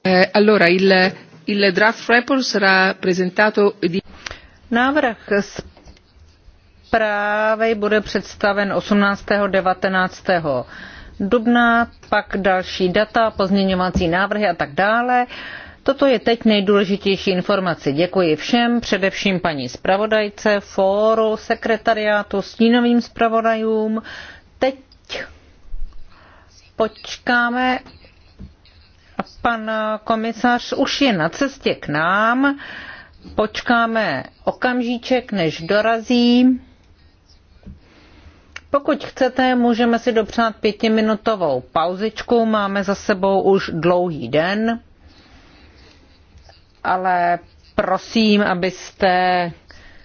Eh, allora, il, il draft report sarà presentato di... Návrh zprávy bude představen 18. 19. dubna, pak další data, pozměňovací návrhy a tak dále. Toto je teď nejdůležitější informace. Děkuji všem, především paní zpravodajce, fóru, sekretariátu, stínovým zpravodajům. Teď počkáme pan komisař už je na cestě k nám. Počkáme okamžíček, než dorazí. Pokud chcete, můžeme si dopřát pětiminutovou pauzičku. Máme za sebou už dlouhý den, ale prosím, abyste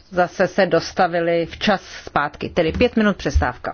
zase se dostavili včas zpátky, tedy pět minut přestávka.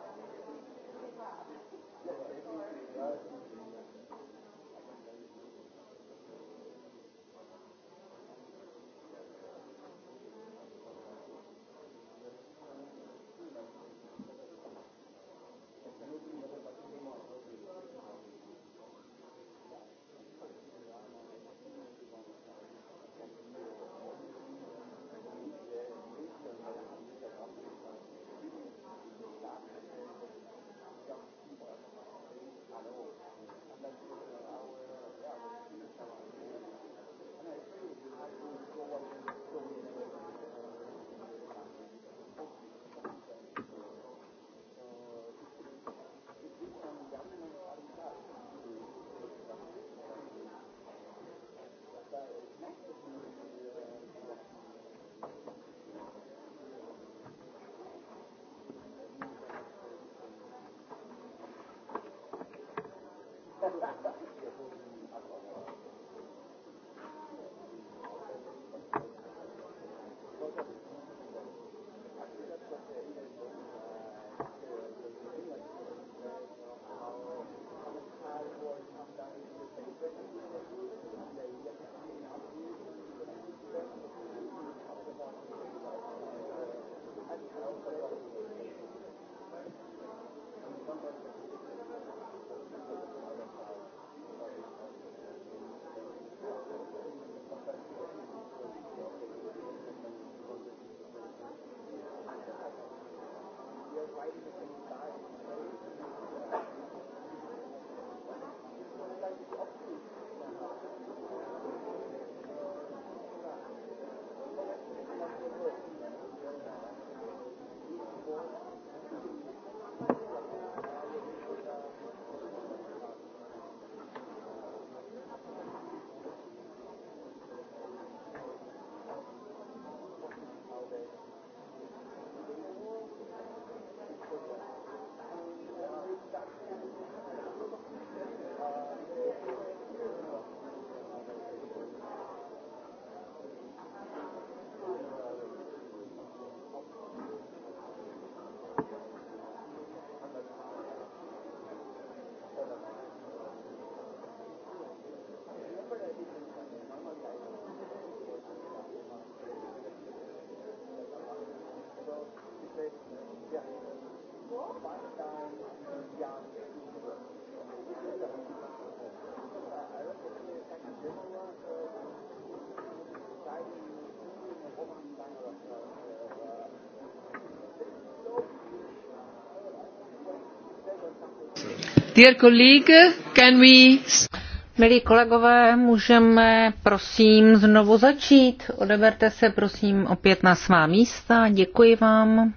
Milí kolegové, můžeme prosím znovu začít. Odeberte se prosím opět na svá místa. Děkuji vám.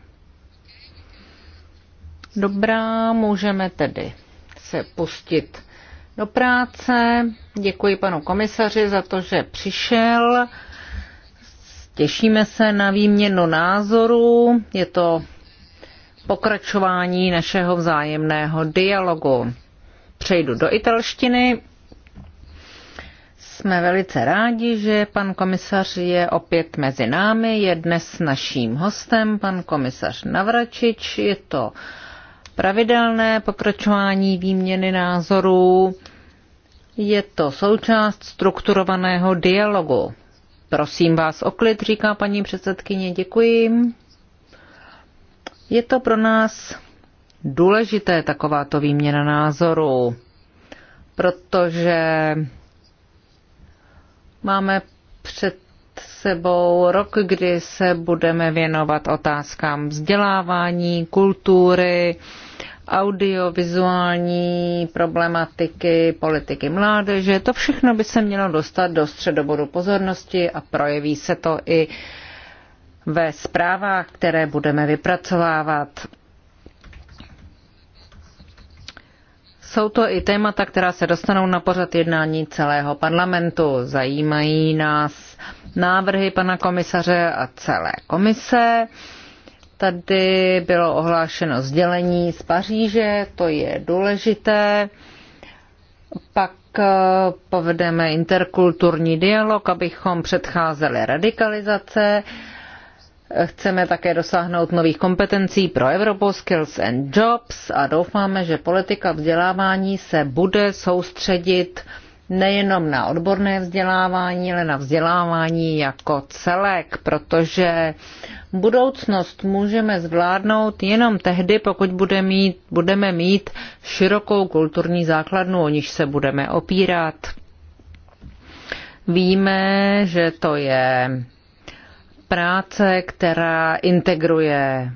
Dobrá, můžeme tedy se pustit do práce. Děkuji panu komisaři za to, že přišel. Těšíme se na výměnu názorů. Je to pokračování našeho vzájemného dialogu. Přejdu do italštiny. Jsme velice rádi, že pan komisař je opět mezi námi, je dnes naším hostem, pan komisař Navračič. Je to pravidelné pokračování výměny názorů, je to součást strukturovaného dialogu. Prosím vás o klid, říká paní předsedkyně, děkuji. Je to pro nás důležité takováto výměna názorů, protože máme před sebou rok, kdy se budeme věnovat otázkám vzdělávání, kultury, audiovizuální problematiky, politiky mládeže. To všechno by se mělo dostat do středobodu pozornosti a projeví se to i uh, ve zprávách, které budeme vypracovávat. Jsou to i témata, která se dostanou na pořad jednání celého parlamentu. Zajímají nás návrhy pana komisaře a celé komise. Tady bylo ohlášeno sdělení z Paříže, to je důležité. Pak eh, povedeme interkulturní dialog, abychom předcházeli radikalizace. Chceme také dosáhnout nových kompetencí pro Evropu, Skills and Jobs a doufáme, že politika vzdělávání se bude soustředit nejenom na odborné vzdělávání, ale na vzdělávání jako celek, protože budoucnost můžeme zvládnout jenom tehdy, pokud bude mít, budeme mít širokou kulturní základnu, o níž se budeme opírat. Víme, že to je práce, která integruje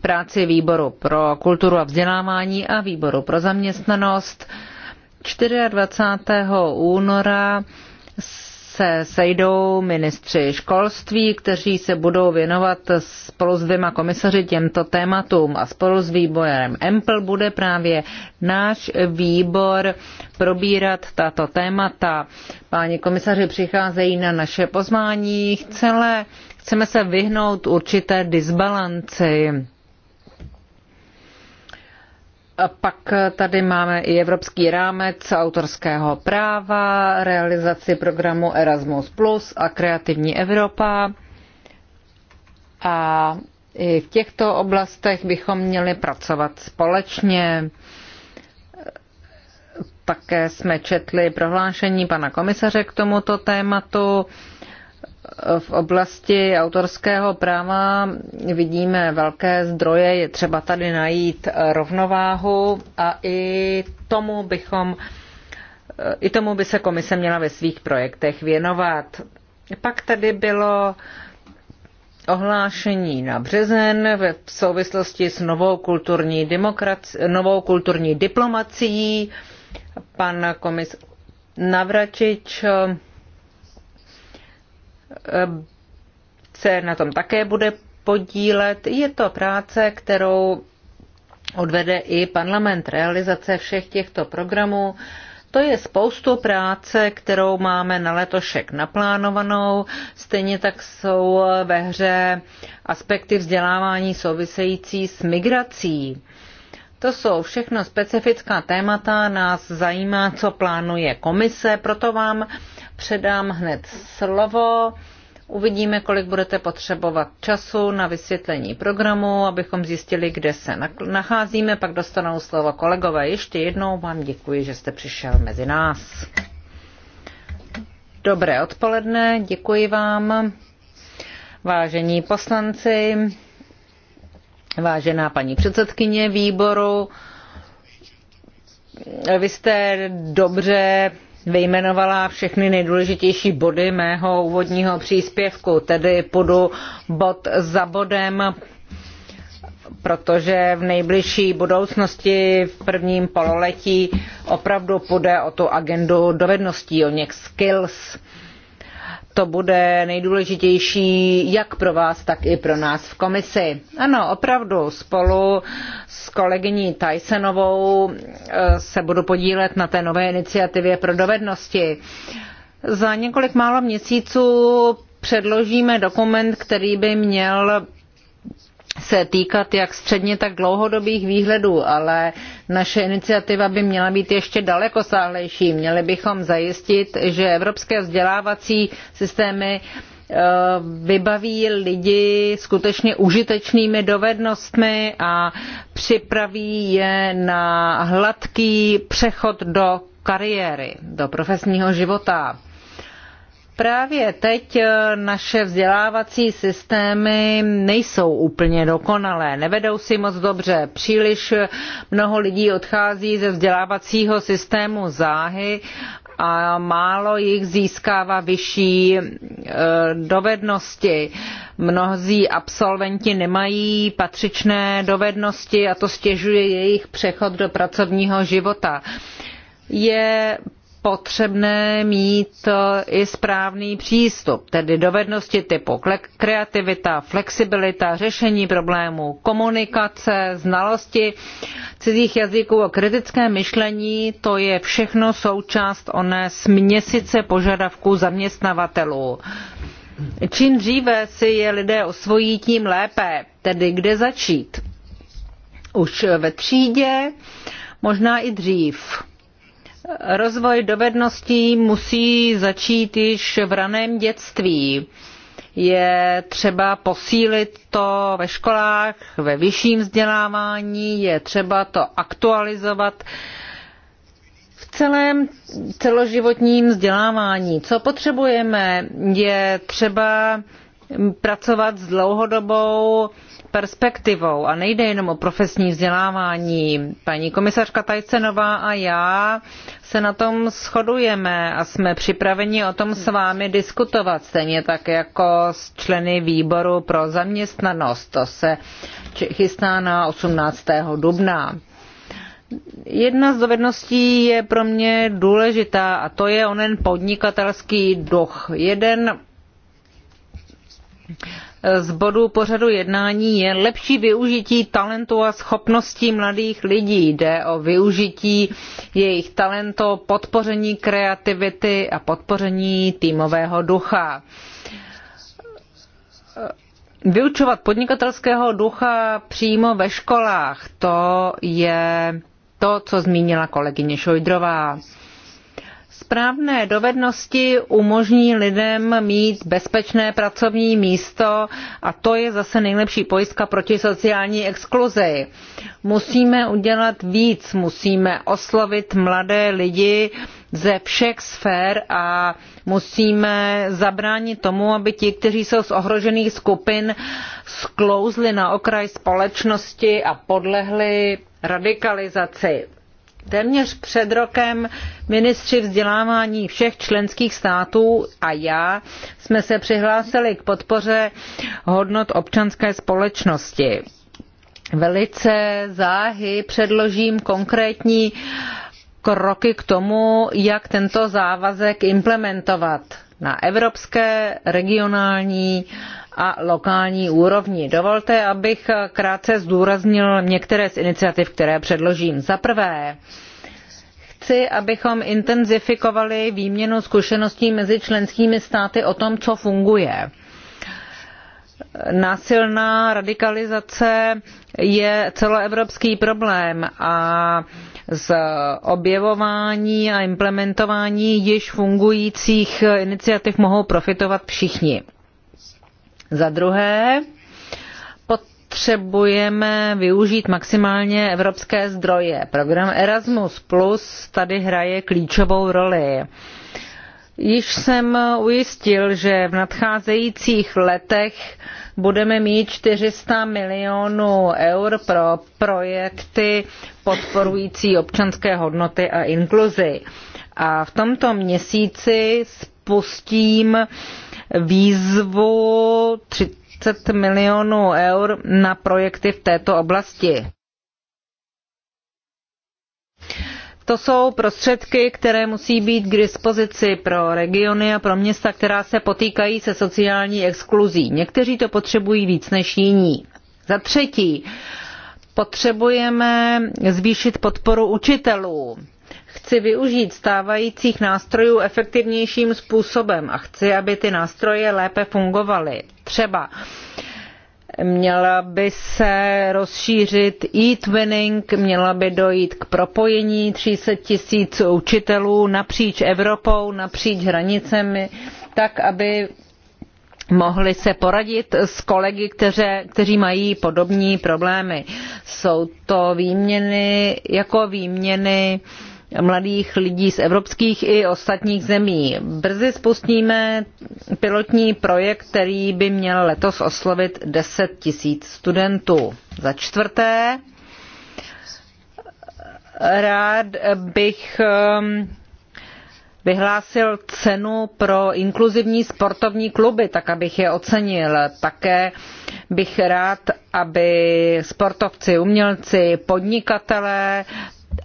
práci výboru pro kulturu a vzdělávání a výboru pro zaměstnanost. 24. února se sejdou ministři školství, kteří se budou věnovat spolu s dvěma komisaři těmto tématům a spolu s výborem EMPL bude právě náš výbor probírat tato témata. Páni komisaři přicházejí na naše pozvání, chceme se vyhnout určité disbalanci pak tady máme i Evropský rámec autorského práva, realizaci programu Erasmus Plus a Kreativní Evropa. A i v těchto oblastech bychom měli pracovat společně. Také jsme četli prohlášení pana komisaře k tomuto tématu v oblasti autorského práva vidíme velké zdroje, je třeba tady najít rovnováhu a i tomu bychom i tomu by se komise měla ve svých projektech věnovat. Pak tady bylo ohlášení na březen v souvislosti s novou kulturní, novou kulturní diplomací. Pan komis Navračič Eh, se na tom také bude podílet. Je to práce, kterou odvede i parlament realizace všech těchto programů. To je spoustu práce, kterou máme na letošek naplánovanou. Stejně tak jsou ve hře aspekty vzdělávání související s migrací. To jsou všechno specifická témata, nás zajímá, co plánuje komise, proto vám předám hned slovo. Uvidíme, kolik budete potřebovat času na vysvětlení programu, abychom zjistili, kde se nacházíme. Pak dostanou slovo kolegové. Ještě jednou vám děkuji, že jste přišel mezi nás. Dobré odpoledne, děkuji vám. Vážení poslanci, vážená paní předsedkyně výboru, vy jste dobře vyjmenovala všechny nejdůležitější body mého úvodního příspěvku, tedy půjdu bod za bodem, protože v nejbližší budoucnosti v prvním pololetí opravdu půjde o tu agendu dovedností, o něk skills to bude nejdůležitější jak pro vás, tak i pro nás v komisi. Ano, opravdu spolu s kolegyní Tysonovou eh, se budu podílet na té nové iniciativě pro dovednosti. Za několik málo měsíců předložíme dokument, který by měl se týkat jak středně, tak dlouhodobých výhledů, ale naše iniciativa by měla být ještě dalekosáhlejší. Měli bychom zajistit, že evropské vzdělávací systémy eh, vybaví lidi skutečně užitečnými dovednostmi a připraví je na hladký přechod do kariéry, do profesního života Právě teď eh, naše vzdělávací systémy nejsou úplně dokonalé, nevedou si moc dobře. Příliš eh, mnoho lidí odchází ze vzdělávacího systému záhy a málo jich získává vyšší eh, dovednosti. Mnozí absolventi nemají patřičné dovednosti a to stěžuje jejich přechod do pracovního života. Je potřebné mít e, i správný přístup, tedy dovednosti typu kreativita, flexibilita, řešení problémů, komunikace, znalosti cizích jazyků a kritické myšlení, to je všechno součást oné směsice požadavků zaměstnavatelů. Čím dříve si je lidé osvojí, tím lépe, tedy kde začít. Už ve třídě, možná i dřív Rozvoj dovedností musí začít již v raném dětství. Je třeba posílit to ve školách, ve vyšším vzdělávání, je třeba to aktualizovat v celém celoživotním vzdělávání. Co potřebujeme, je třeba pracovat s dlouhodobou perspektivou a nejde jenom o profesní vzdělávání. Paní komisařka Tajcenová a já se na tom shodujeme a jsme připraveni o tom s vámi diskutovat, stejně tak jako s členy výboru pro zaměstnanost. To se chystá na 18. dubna. Jedna z dovedností je pro mě důležitá a to je onen podnikatelský duch. Jeden z bodu pořadu jednání je lepší využití talentu a schopností mladých lidí. Jde o využití jejich talentu, podpoření kreativity a podpoření týmového ducha. Vyučovat podnikatelského ducha přímo ve školách, to je to, co zmínila kolegyně Šojdrová správné dovednosti umožní lidem mít bezpečné pracovní místo a to je zase nejlepší pojistka proti sociální exkluzi. Musíme udělat víc, musíme oslovit mladé lidi ze všech sfér a musíme zabránit tomu, aby ti, kteří jsou z ohrožených skupin, sklouzli na okraj společnosti a podlehli radikalizaci téměř před rokem ministři vzdělávání všech členských států a já jsme se přihlásili k podpoře hodnot občanské společnosti. Velice záhy předložím konkrétní kroky k tomu, jak tento závazek implementovat na evropské, regionální a lokální úrovni. Dovolte, abych krátce zdůraznil některé z iniciativ, které předložím. Za prvé, chci, abychom intenzifikovali výměnu zkušeností mezi členskými státy o tom, co funguje. Násilná radikalizace je celoevropský problém a z objevování a implementování již fungujících iniciativ mohou profitovat všichni. Za druhé, potřebujeme využít maximálně evropské zdroje. Program Erasmus Plus tady hraje klíčovou roli. Již jsem ujistil, že v nadcházejících letech budeme mít 400 milionů eur pro projekty podporující občanské hodnoty a inkluzi. A v tomto měsíci spustím uh, výzvu 30 milionů eur na projekty v této oblasti. To jsou prostředky, které musí být k dispozici pro regiony a pro města, která se potýkají se sociální exkluzí. Někteří to potřebují víc než jiní. Za třetí, potřebujeme zvýšit podporu učitelů chci využít stávajících nástrojů efektivnějším způsobem a chci, aby ty nástroje lépe fungovaly. Třeba měla by se rozšířit e-twinning, měla by dojít k propojení 300 tisíc učitelů napříč Evropou, napříč hranicemi, tak, aby mohli se poradit s kolegy, kteře, kteří mají podobní problémy. Jsou to výměny jako výměny mladých lidí z evropských i ostatních zemí. Brzy spustíme pilotní projekt, který by měl letos oslovit 10 tisíc studentů. Za čtvrté, rád bych um, vyhlásil cenu pro inkluzivní sportovní kluby, tak abych je ocenil. Také bych rád, aby sportovci, umělci, podnikatelé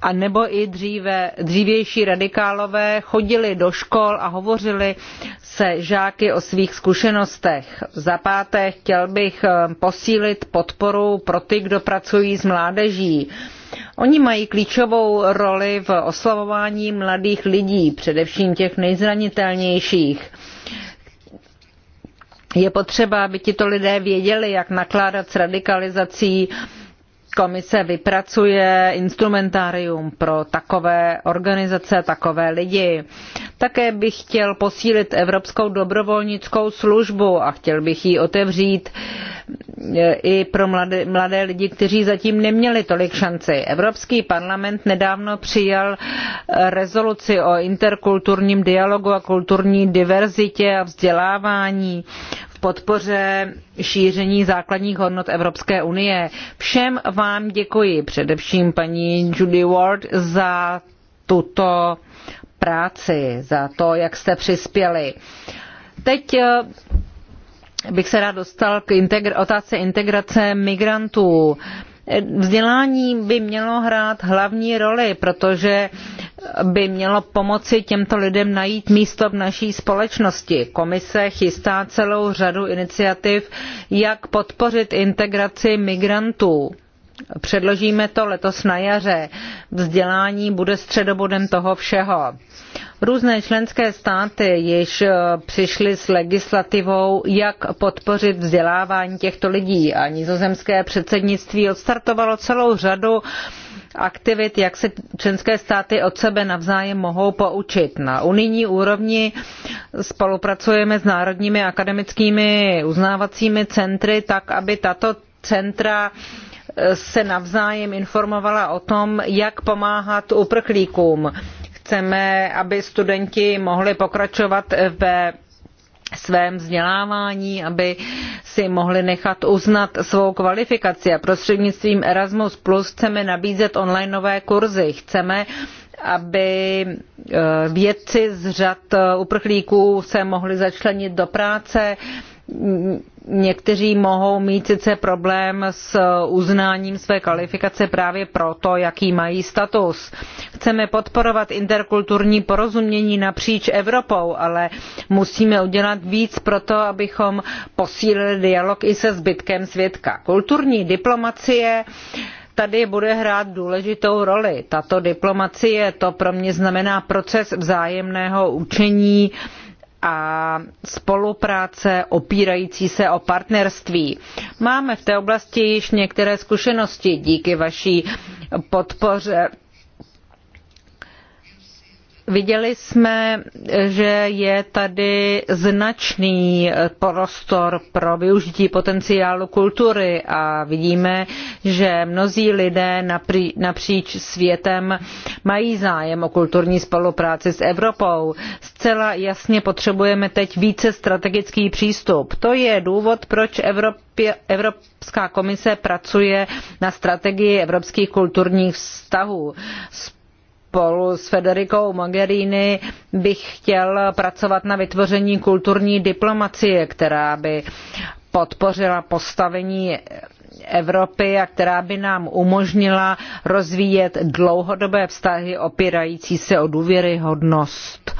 a nebo i dříve, dřívější radikálové chodili do škol a hovořili se žáky o svých zkušenostech. Za páté chtěl bych eh, posílit podporu pro ty, kdo pracují s mládeží. Oni mají klíčovou roli v oslavování mladých lidí, především těch nejzranitelnějších. Je potřeba, aby tito lidé věděli, jak nakládat s radikalizací, komise vypracuje instrumentárium pro takové organizace, takové lidi. Také bych chtěl posílit Evropskou dobrovolnickou službu a chtěl bych ji otevřít e, i pro mladé, mladé lidi, kteří zatím neměli tolik šanci. Evropský parlament nedávno přijal e, rezoluci o interkulturním dialogu a kulturní diverzitě a vzdělávání podpoře šíření základních hodnot Evropské unie. Všem vám děkuji, především paní Judy Ward, za tuto práci, za to, jak jste přispěli. Teď eh, bych se rád dostal k otázce integrace migrantů. Vzdělání by mělo hrát hlavní roli, protože by mělo pomoci těmto lidem najít místo v naší společnosti. Komise chystá celou řadu iniciativ, jak podpořit integraci migrantů. Předložíme to letos na jaře. Vzdělání bude středobodem toho všeho. Různé členské státy již eh, přišly s legislativou, jak podpořit vzdělávání těchto lidí a nizozemské předsednictví odstartovalo celou řadu aktivit, jak se členské státy od sebe navzájem mohou poučit. Na unijní úrovni spolupracujeme s národními akademickými uznávacími centry tak, aby tato centra eh, se navzájem informovala o tom, jak pomáhat uprchlíkům chceme, aby studenti mohli pokračovat ve svém vzdělávání, aby si mohli nechat uznat svou kvalifikaci. A prostřednictvím Erasmus Plus chceme nabízet online nové kurzy. Chceme, aby eh, vědci z řad eh, uprchlíků se mohli začlenit do práce, někteří mohou mít sice problém s uznáním své kvalifikace právě proto, jaký mají status. Chceme podporovat interkulturní porozumění napříč Evropou, ale musíme udělat víc pro to, abychom posílili dialog i se zbytkem světka. Kulturní diplomacie tady bude hrát důležitou roli. Tato diplomacie, to pro mě znamená proces vzájemného učení, uh, a spolupráce opírající se o partnerství. Máme v té oblasti již některé zkušenosti díky vaší podpoře Viděli jsme, že je tady značný prostor pro využití potenciálu kultury a vidíme, že mnozí lidé napříč světem mají zájem o kulturní spolupráci s Evropou. Zcela jasně potřebujeme teď více strategický přístup. To je důvod, proč Evropská komise pracuje na strategii evropských kulturních vztahů spolu s Federikou Mogherini bych chtěl pracovat na vytvoření kulturní diplomacie, která by podpořila postavení Evropy a která by nám umožnila rozvíjet dlouhodobé vztahy opírající se o důvěryhodnost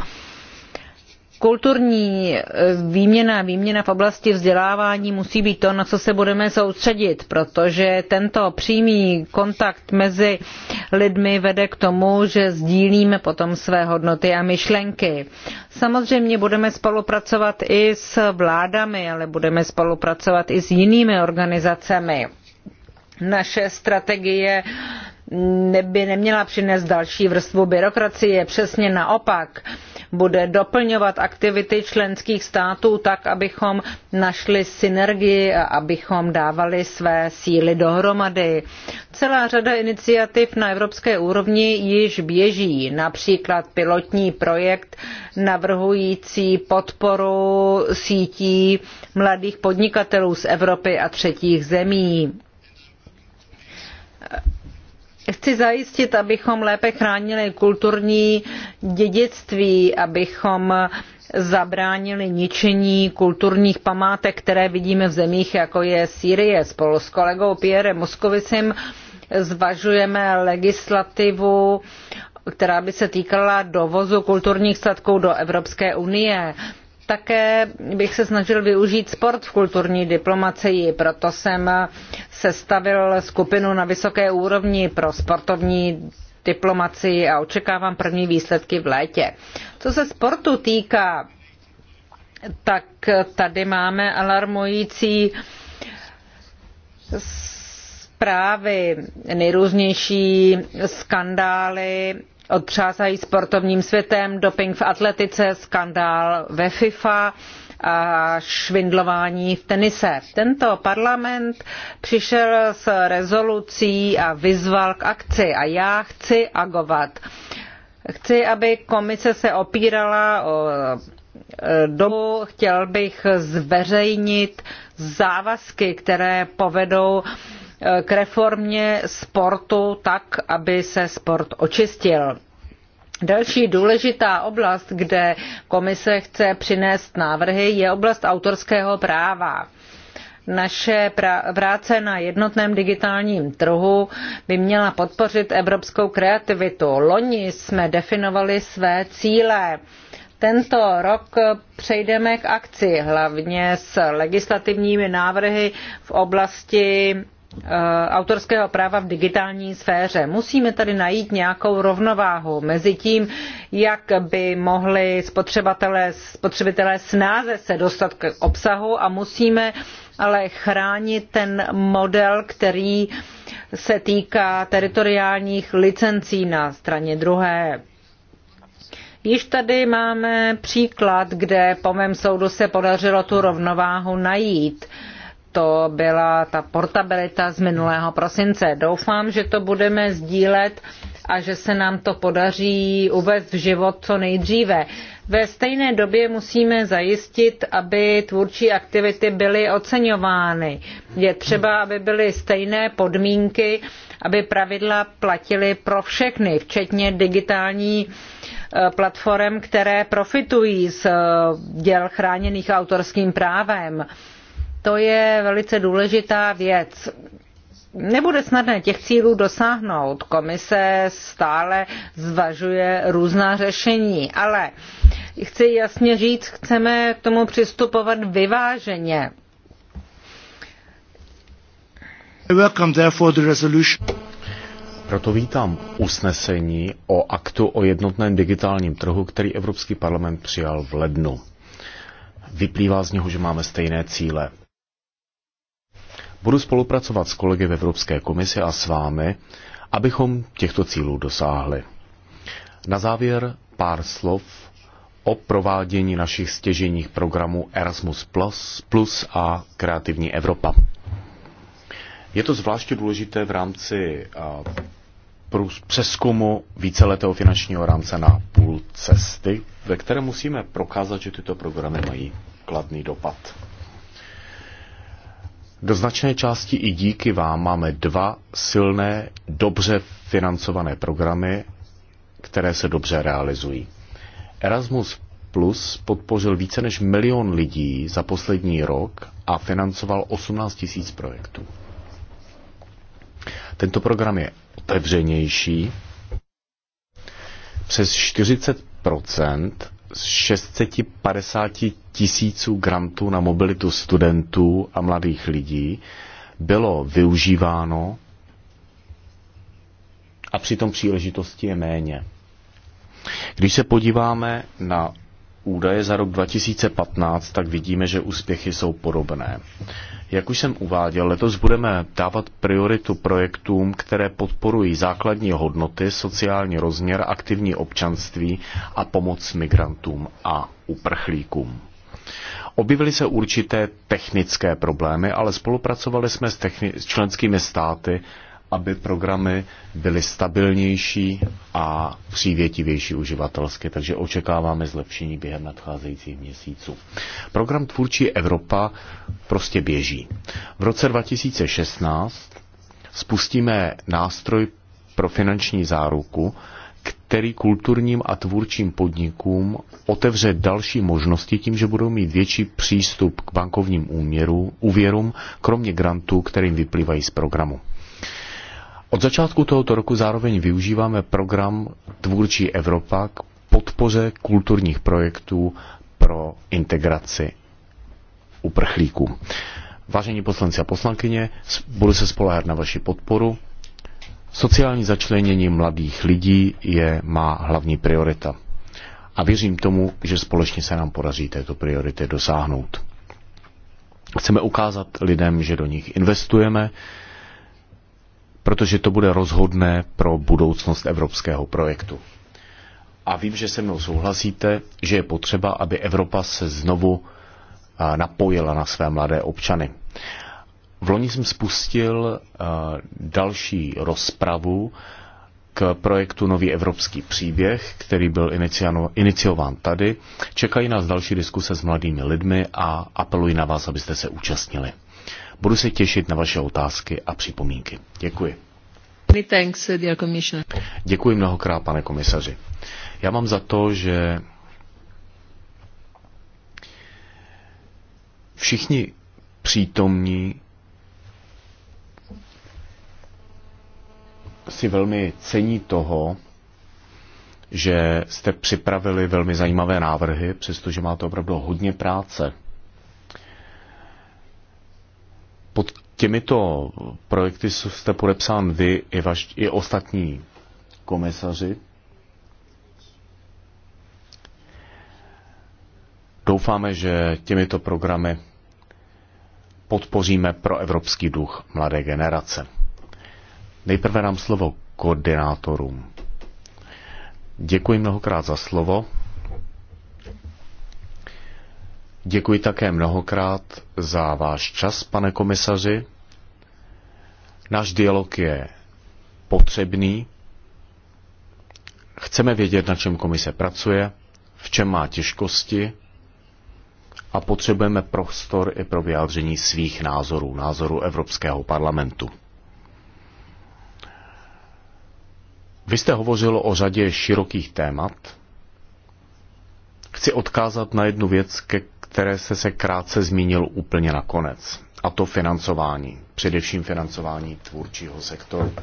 kulturní eh, výměna, výměna v oblasti vzdělávání musí být to, na co se budeme soustředit, protože tento přímý kontakt mezi lidmi vede k tomu, že sdílíme potom své hodnoty a myšlenky. Samozřejmě budeme spolupracovat i s vládami, ale budeme spolupracovat i s jinými organizacemi. Naše strategie by neměla přinést další vrstvu byrokracie, přesně naopak bude doplňovat aktivity členských států tak, abychom našli synergii a abychom dávali své síly dohromady. Celá řada iniciativ na evropské úrovni již běží, například pilotní projekt navrhující podporu sítí mladých podnikatelů z Evropy a třetích zemí Chci zajistit, abychom lépe chránili kulturní dědictví, abychom zabránili ničení kulturních památek, které vidíme v zemích, jako je Sýrie. Spolu s kolegou Pierre Moskovicem zvažujeme legislativu, která by se týkala dovozu kulturních statků do Evropské unie. Také bych se snažil využít sport v kulturní diplomacii, proto jsem sestavil skupinu na vysoké úrovni pro sportovní diplomacii a očekávám první výsledky v létě. Co se sportu týká, tak tady máme alarmující zprávy, nejrůznější skandály otřásají sportovním světem, doping v atletice, skandál ve FIFA a švindlování v tenise. Tento parlament přišel s rezolucí a vyzval k akci a já chci agovat. Chci, aby komise se opírala o e, dobu, chtěl bych zveřejnit závazky, které povedou Eh, k reformě sportu tak, aby se sport očistil. Další důležitá oblast, kde komise chce přinést návrhy, je oblast autorského práva naše práce na jednotném digitálním trhu by měla podpořit evropskou kreativitu. Loni jsme definovali své cíle. Tento rok přejdeme k akci, hlavně s legislativními návrhy v oblasti Eh, autorského práva v digitální sféře. Musíme tady najít nějakou rovnováhu mezi tím, jak by mohli spotřebitelé, spotřebitelé snáze se dostat k obsahu a musíme ale chránit ten model, který se týká teritoriálních licencí na straně druhé. Již tady máme příklad, kde po mém soudu se podařilo tu rovnováhu najít. Uh, to byla ta portabilita z minulého prosince. Doufám, že to budeme sdílet a že se nám to podaří uvést v život co nejdříve. Ve stejné době musíme zajistit, aby tvůrčí aktivity byly oceňovány. Je třeba, aby byly stejné podmínky, aby pravidla platily pro všechny, včetně digitální eh, platform, které profitují z eh, děl chráněných autorským právem. To je velice důležitá věc. Nebude snadné těch cílů dosáhnout. Komise stále zvažuje různá řešení, ale chci jasně říct, chceme k tomu přistupovat vyváženě. Proto vítám usnesení o aktu o jednotném digitálním trhu, který Evropský parlament přijal v lednu. Vyplývá z něho, že máme stejné cíle. Budu spolupracovat s kolegy v Evropské komisi a s vámi, abychom těchto cílů dosáhli. Na závěr pár slov o provádění našich stěženích programů Erasmus Plus, Plus a Kreativní Evropa. Je to zvláště důležité v rámci přeskumu víceletého finančního rámce na půl cesty, ve které musíme prokázat, že tyto programy mají kladný dopad. Do značné části i díky vám máme dva silné, dobře financované programy, které se dobře realizují. Erasmus Plus podpořil více než milion lidí za poslední rok a financoval 18 tisíc projektů. Tento program je otevřenější. Přes 40 z 650 tisíců grantů na mobilitu studentů a mladých lidí bylo využíváno a přitom příležitosti je méně. Když se podíváme na údaje za rok 2015, tak vidíme, že úspěchy jsou podobné. Jak už jsem uváděl, letos budeme dávat prioritu projektům, které podporují základní hodnoty, sociální rozměr, aktivní občanství a pomoc migrantům a uprchlíkům. Objevily se určité technické problémy, ale spolupracovali jsme s, techni- s členskými státy aby programy byly stabilnější a přívětivější uživatelsky, takže očekáváme zlepšení během nadcházejících měsíců. Program Tvůrčí Evropa prostě běží. V roce 2016 spustíme nástroj pro finanční záruku, který kulturním a tvůrčím podnikům otevře další možnosti tím, že budou mít větší přístup k bankovním úměru, úvěrům, kromě grantů, kterým vyplývají z programu. Od začátku tohoto roku zároveň využíváme program Tvůrčí Evropa k podpoře kulturních projektů pro integraci uprchlíků. Vážení poslanci a poslankyně, budu se spolehat na vaši podporu. Sociální začlenění mladých lidí je má hlavní priorita. A věřím tomu, že společně se nám podaří této priority dosáhnout. Chceme ukázat lidem, že do nich investujeme, protože to bude rozhodné pro budoucnost evropského projektu. A vím, že se mnou souhlasíte, že je potřeba, aby Evropa se znovu napojila na své mladé občany. V loni jsem spustil další rozpravu k projektu Nový evropský příběh, který byl iniciován tady. Čekají nás další diskuse s mladými lidmi a apeluji na vás, abyste se účastnili. Budu se těšit na vaše otázky a připomínky. Děkuji. Thanks, uh, dear Děkuji mnohokrát, pane komisaři. Já mám za to, že všichni přítomní si velmi cení toho, že jste připravili velmi zajímavé návrhy, přestože máte opravdu hodně práce pod těmito projekty jste podepsán vy i, vaš, i ostatní komisaři. Doufáme, že těmito programy podpoříme pro evropský duch mladé generace. Nejprve dám slovo koordinátorům. Děkuji mnohokrát za slovo. Děkuji také mnohokrát za váš čas, pane komisaři. Náš dialog je potřebný. Chceme vědět, na čem komise pracuje, v čem má těžkosti a potřebujeme prostor i pro vyjádření svých názorů, názorů Evropského parlamentu. Vy jste hovořil o řadě širokých témat. Chci odkázat na jednu věc, ke které se se krátce zmínil úplně nakonec. A to financování, především financování tvůrčího sektoru.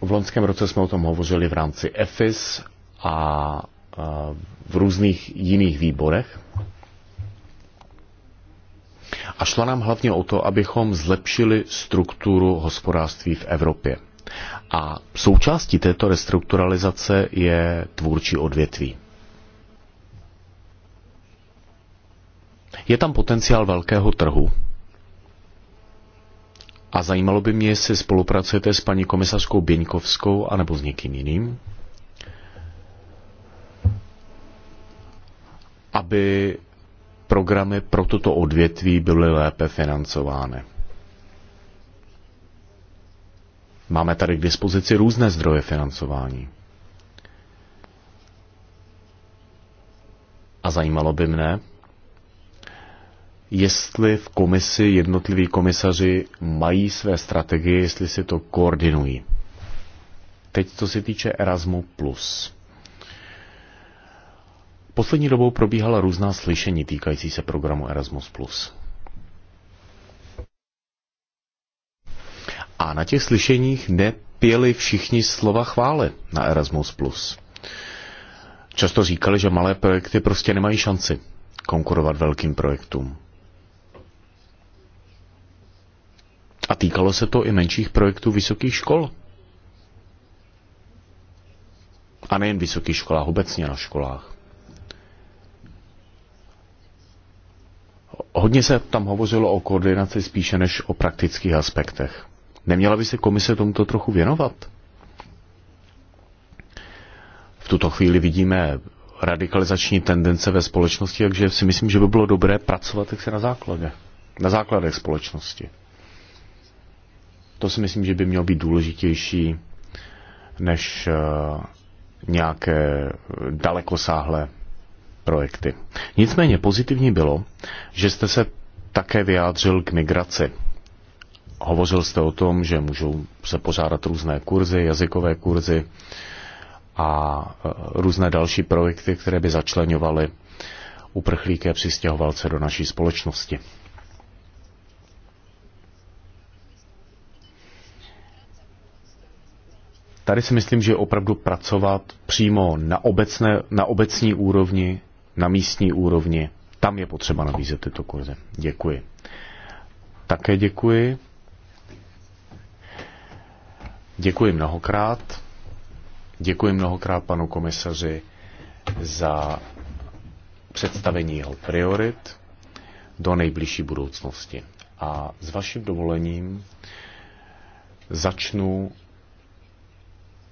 V loňském roce jsme o tom hovořili v rámci EFIS a v různých jiných výborech. A šlo nám hlavně o to, abychom zlepšili strukturu hospodářství v Evropě. A součástí této restrukturalizace je tvůrčí odvětví. Je tam potenciál velkého trhu. A zajímalo by mě, jestli spolupracujete s paní komisařkou Běňkovskou anebo s někým jiným, aby programy pro toto odvětví byly lépe financovány. Máme tady k dispozici různé zdroje financování. A zajímalo by mne, jestli v komisi jednotliví komisaři mají své strategie, jestli si to koordinují. Teď co se týče Erasmu+. Poslední dobou probíhala různá slyšení týkající se programu Erasmus+. A na těch slyšeních nepěli všichni slova chvály na Erasmus+. Často říkali, že malé projekty prostě nemají šanci konkurovat velkým projektům. A týkalo se to i menších projektů vysokých škol. A nejen vysokých školách, obecně na školách. Hodně se tam hovořilo o koordinaci spíše než o praktických aspektech. Neměla by se komise tomuto trochu věnovat? V tuto chvíli vidíme radikalizační tendence ve společnosti, takže si myslím, že by bylo dobré pracovat se na základě, na základech společnosti. To si myslím, že by mělo být důležitější než eh, nějaké eh, dalekosáhlé projekty. Nicméně pozitivní bylo, že jste se také vyjádřil k migraci. Hovořil jste o tom, že můžou se pořádat různé kurzy, jazykové kurzy, a eh, různé další projekty, které by začlenovaly uprchlíky a přistěhovalce do naší společnosti. Tady si myslím, že opravdu pracovat přímo na, obecné, na obecní úrovni, na místní úrovni, tam je potřeba nabízet tyto kurzy. Děkuji. Také děkuji. Děkuji mnohokrát. Děkuji mnohokrát panu komisaři za představení jeho priorit do nejbližší budoucnosti. A s vaším dovolením začnu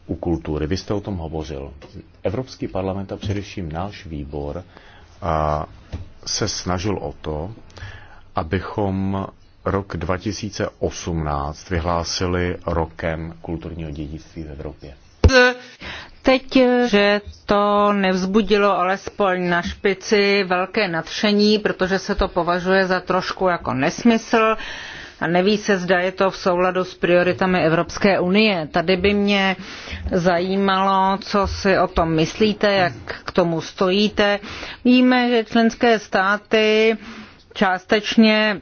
u kultury. Vy jste o tom hovořil. Evropský parlament a především náš výbor a se snažil o to, abychom rok 2018 vyhlásili rokem kulturního dědictví v Evropě. Teď, že to nevzbudilo alespoň na špici velké nadšení, protože se to považuje za trošku jako nesmysl, a neví se, zda je to v souladu s prioritami Evropské unie. Tady by mě zajímalo, co si o tom myslíte, jak k tomu stojíte. Víme, že členské státy částečně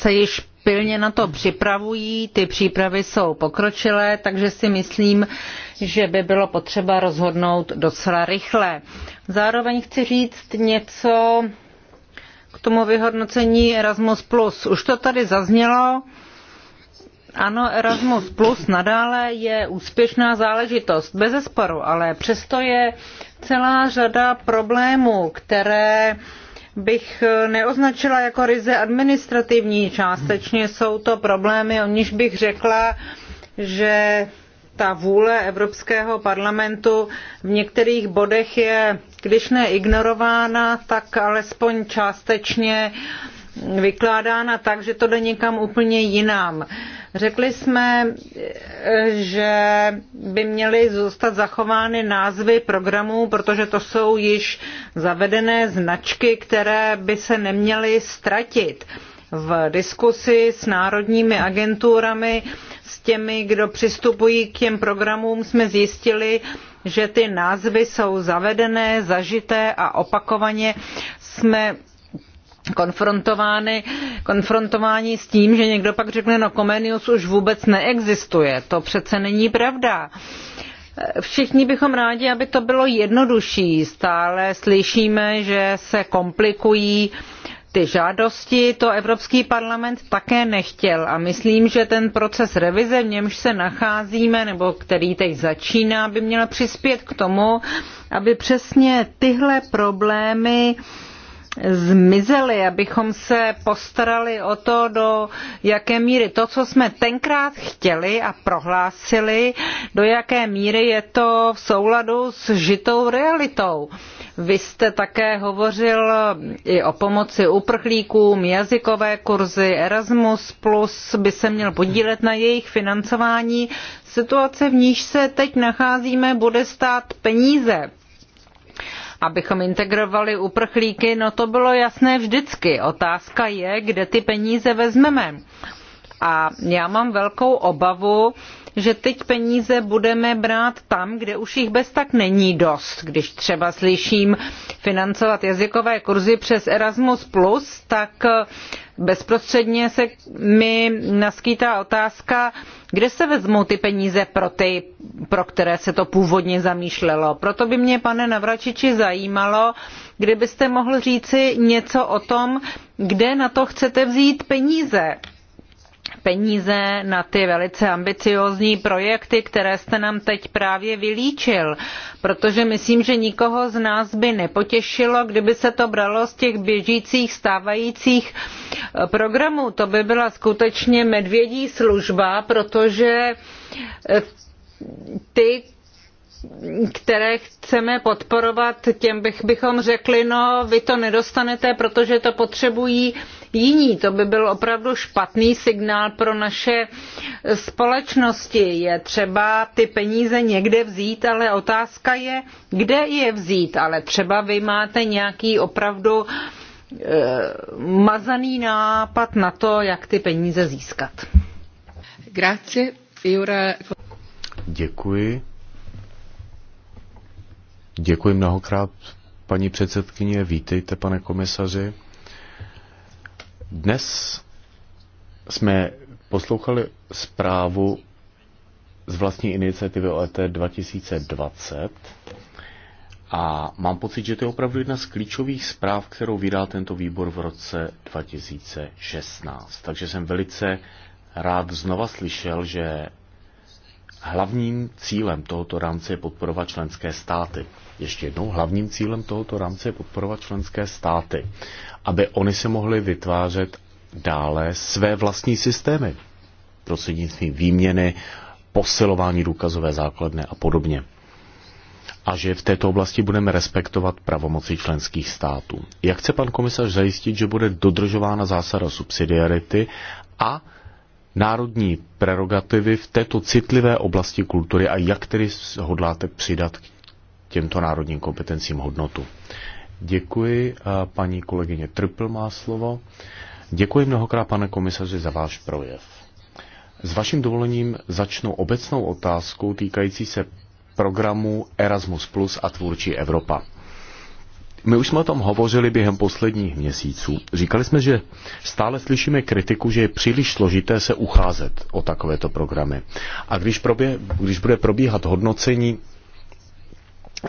se již pilně na to připravují, ty přípravy jsou pokročilé, takže si myslím, že by bylo potřeba rozhodnout docela rychle. Zároveň chci říct něco k tomu vyhodnocení Erasmus+. Už to tady zaznělo. Ano, Erasmus Plus nadále je úspěšná záležitost, bez zesporu, ale přesto je celá řada problémů, které bych neoznačila jako ryze administrativní. Částečně jsou to problémy, o níž bych řekla, že ta vůle Evropského parlamentu v některých bodech je když ne ignorována, tak alespoň částečně vykládána tak, že to jde někam úplně jinam. Řekli jsme, že by měly zůstat zachovány názvy programů, protože to jsou již zavedené značky, které by se neměly ztratit. V diskusi s národními agenturami, s těmi, kdo přistupují k těm programům, jsme zjistili, že ty názvy jsou zavedené, zažité a opakovaně jsme konfrontovány, konfrontování s tím, že někdo pak řekne, no Komenius už vůbec neexistuje. To přece není pravda. Všichni bychom rádi, aby to bylo jednodušší. Stále slyšíme, že se komplikují uh, ty žádosti, to Evropský parlament také nechtěl a myslím, že ten proces revize, v němž se nacházíme, nebo který teď začíná, by měl přispět k tomu, aby přesně tyhle problémy uh, zmizely, abychom se postarali o to, do jaké míry to, co jsme tenkrát chtěli a prohlásili, do jaké míry je to v souladu s žitou realitou. Vy jste také hovořil i o pomoci uprchlíkům, jazykové kurzy, Erasmus Plus by se měl podílet na jejich financování. Situace, v níž se teď nacházíme, bude stát peníze abychom integrovali uprchlíky, no to bylo jasné vždycky. Otázka je, kde ty peníze vezmeme. A já mám velkou obavu, že teď peníze budeme brát tam, kde už jich bez tak není dost. Když třeba slyším financovat jazykové kurzy přes Erasmus+, tak eh, bezprostředně se mi naskýtá otázka, kde se vezmou ty peníze pro ty, pro které se to původně zamýšlelo. Proto by mě, pane Navračiči, zajímalo, kdybyste mohl říci něco o tom, kde na to chcete vzít peníze peníze na ty velice ambiciózní projekty, které jste nám teď právě vylíčil, protože myslím, že nikoho z nás by nepotěšilo, kdyby se to bralo z těch běžících stávajících eh, programů. To by byla skutečně medvědí služba, protože eh, ty, které chceme podporovat, těm bych, bychom řekli, no vy to nedostanete, protože to potřebují jiní. To by byl opravdu špatný signál pro naše společnosti. Je třeba ty peníze někde vzít, ale otázka je, kde je vzít. Ale třeba vy máte nějaký opravdu e, mazaný nápad na to, jak ty peníze získat. Grazie. Jura... Děkuji. Děkuji mnohokrát, paní předsedkyně. Vítejte, pane komisaři. Dnes jsme poslouchali zprávu z vlastní iniciativy e ET 2020 a mám pocit, že to je opravdu jedna z klíčových zpráv, kterou vydal tento výbor v roce 2016. Takže jsem velice rád znova slyšel, že hlavním cílem tohoto rámce je podporovat členské státy. Ještě jednou, hlavním cílem tohoto rámce je podporovat členské státy, aby oni se mohli vytvářet dále své vlastní systémy prostřednictvím výměny, posilování důkazové základny a podobně. A že v této oblasti budeme respektovat pravomoci členských států. Jak chce pan komisař zajistit, že bude dodržována zásada subsidiarity a národní prerogativy v této citlivé oblasti kultury a jak tedy hodláte přidat k těmto národním kompetencím hodnotu. Děkuji, paní kolegyně Trpl má slovo. Děkuji mnohokrát, pane komisaři, za váš projev. S vaším dovolením začnu obecnou otázkou týkající se programu Erasmus Plus a Tvůrčí Evropa. My už jsme o tom hovořili během posledních měsíců. Říkali jsme, že stále slyšíme kritiku, že je příliš složité se ucházet o takovéto programy. A když, probě, když bude probíhat hodnocení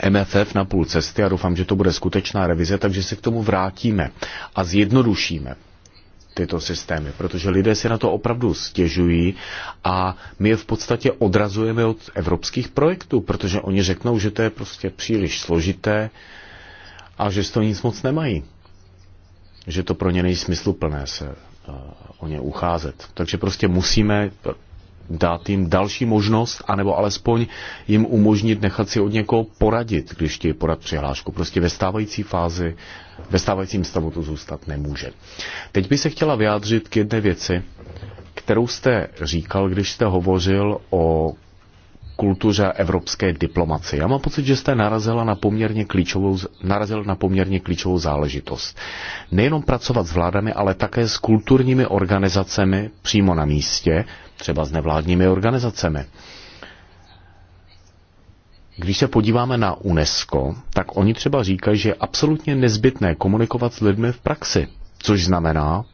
MFF na půl cesty a doufám, že to bude skutečná revize, takže se k tomu vrátíme a zjednodušíme tyto systémy, protože lidé si na to opravdu stěžují a my je v podstatě odrazujeme od evropských projektů, protože oni řeknou, že to je prostě příliš složité a že z toho nic moc nemají. Že to pro ně není smysluplné se eh, o ně ucházet. Takže prostě musíme dát jim další možnost, anebo alespoň jim umožnit nechat si od někoho poradit, když ti podat přihlášku. Prostě ve stávající fázi, ve stávajícím stavu to zůstat nemůže. Teď by se chtěla vyjádřit k jedné věci, kterou jste říkal, když jste hovořil o kultuře evropské diplomacie. Já mám pocit, že jste narazila na poměrně klíčovou, narazil na poměrně klíčovou záležitost. Nejenom pracovat s vládami, ale také s kulturními organizacemi přímo na místě, třeba s nevládními organizacemi. Když se podíváme na UNESCO, tak oni třeba říkají, že je absolutně nezbytné komunikovat s lidmi v praxi, což znamená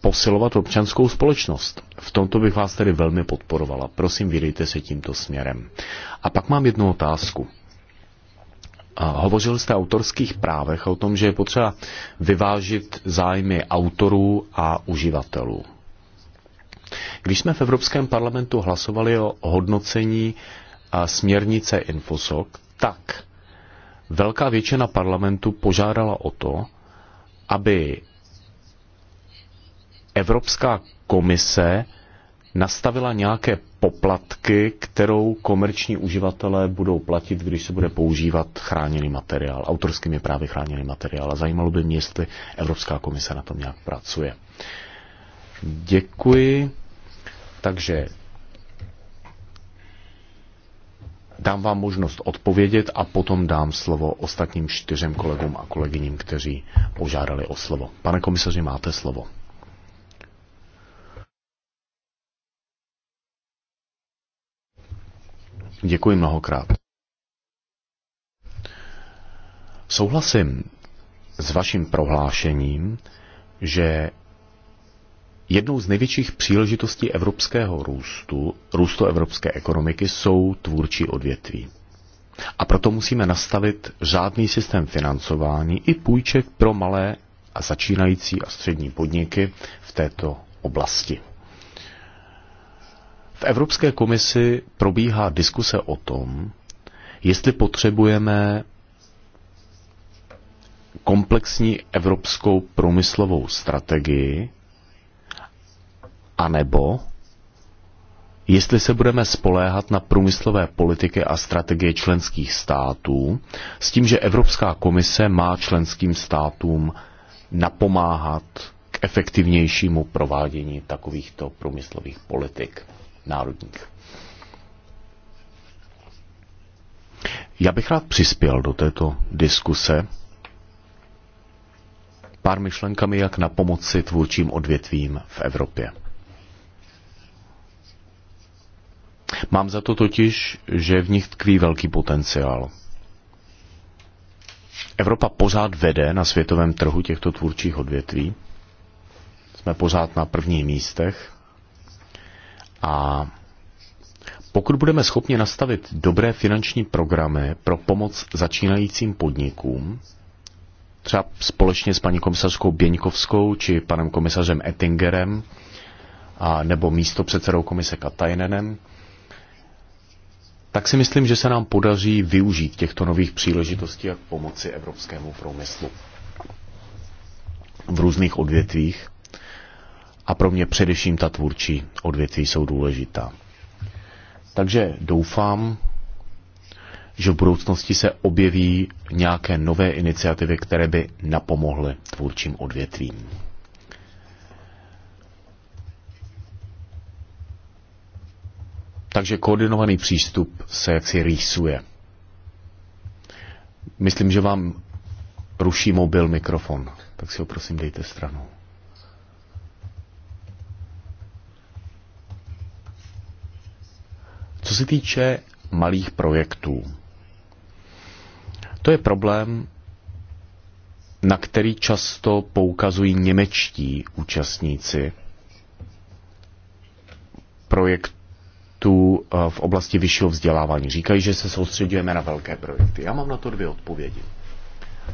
posilovat občanskou společnost. V tomto bych vás tedy velmi podporovala. Prosím, vydejte se tímto směrem. A pak mám jednu otázku. Hovořil jste o autorských právech, o tom, že je potřeba vyvážit zájmy autorů a uživatelů. Když jsme v Evropském parlamentu hlasovali o hodnocení a směrnice Infosoc, tak velká většina parlamentu požádala o to, aby Evropská komise nastavila nějaké poplatky, kterou komerční uživatelé budou platit, když se bude používat chráněný materiál, autorskými právy chráněný materiál. A zajímalo by mě, jestli Evropská komise na tom nějak pracuje. Děkuji. Takže dám vám možnost odpovědět a potom dám slovo ostatním čtyřem kolegům a kolegyním, kteří požádali o slovo. Pane komisaři, máte slovo. Děkuji mnohokrát. Souhlasím s vaším prohlášením, že Jednou z největších příležitostí evropského růstu, růstu evropské ekonomiky, jsou tvůrčí odvětví. A proto musíme nastavit řádný systém financování i půjček pro malé a začínající a střední podniky v této oblasti. V Evropské komisi probíhá diskuse o tom, jestli potřebujeme komplexní evropskou průmyslovou strategii, anebo jestli se budeme spoléhat na průmyslové politiky a strategie členských států, s tím, že Evropská komise má členským státům napomáhat k efektivnějšímu provádění takovýchto průmyslových politik národních. Já bych rád přispěl do této diskuse pár myšlenkami, jak na pomoci tvůrčím odvětvím v Evropě. Mám za to totiž, že v nich tkví velký potenciál. Evropa pořád vede na světovém trhu těchto tvůrčích odvětví. Jsme pořád na prvních místech. A pokud budeme schopni nastavit dobré finanční programy pro pomoc začínajícím podnikům, třeba společně s paní komisařkou Běňkovskou či panem komisařem Ettingerem, a nebo místo předsedou komise Katajnenem, tak si myslím, že se nám podaří využít těchto nových příležitostí a pomoci evropskému průmyslu v různých odvětvích. A pro mě především ta tvůrčí odvětví jsou důležitá. Takže doufám, že v budoucnosti se objeví nějaké nové iniciativy, které by napomohly tvůrčím odvětvím. Takže koordinovaný přístup se jaksi rýsuje. Myslím, že vám ruší mobil mikrofon, tak si ho prosím dejte stranou. Co se týče malých projektů, to je problém, na který často poukazují němečtí účastníci projektů projektů eh, v oblasti vyššího vzdělávání. Říkají, že se soustředujeme na velké projekty. Já mám na to dvě odpovědi.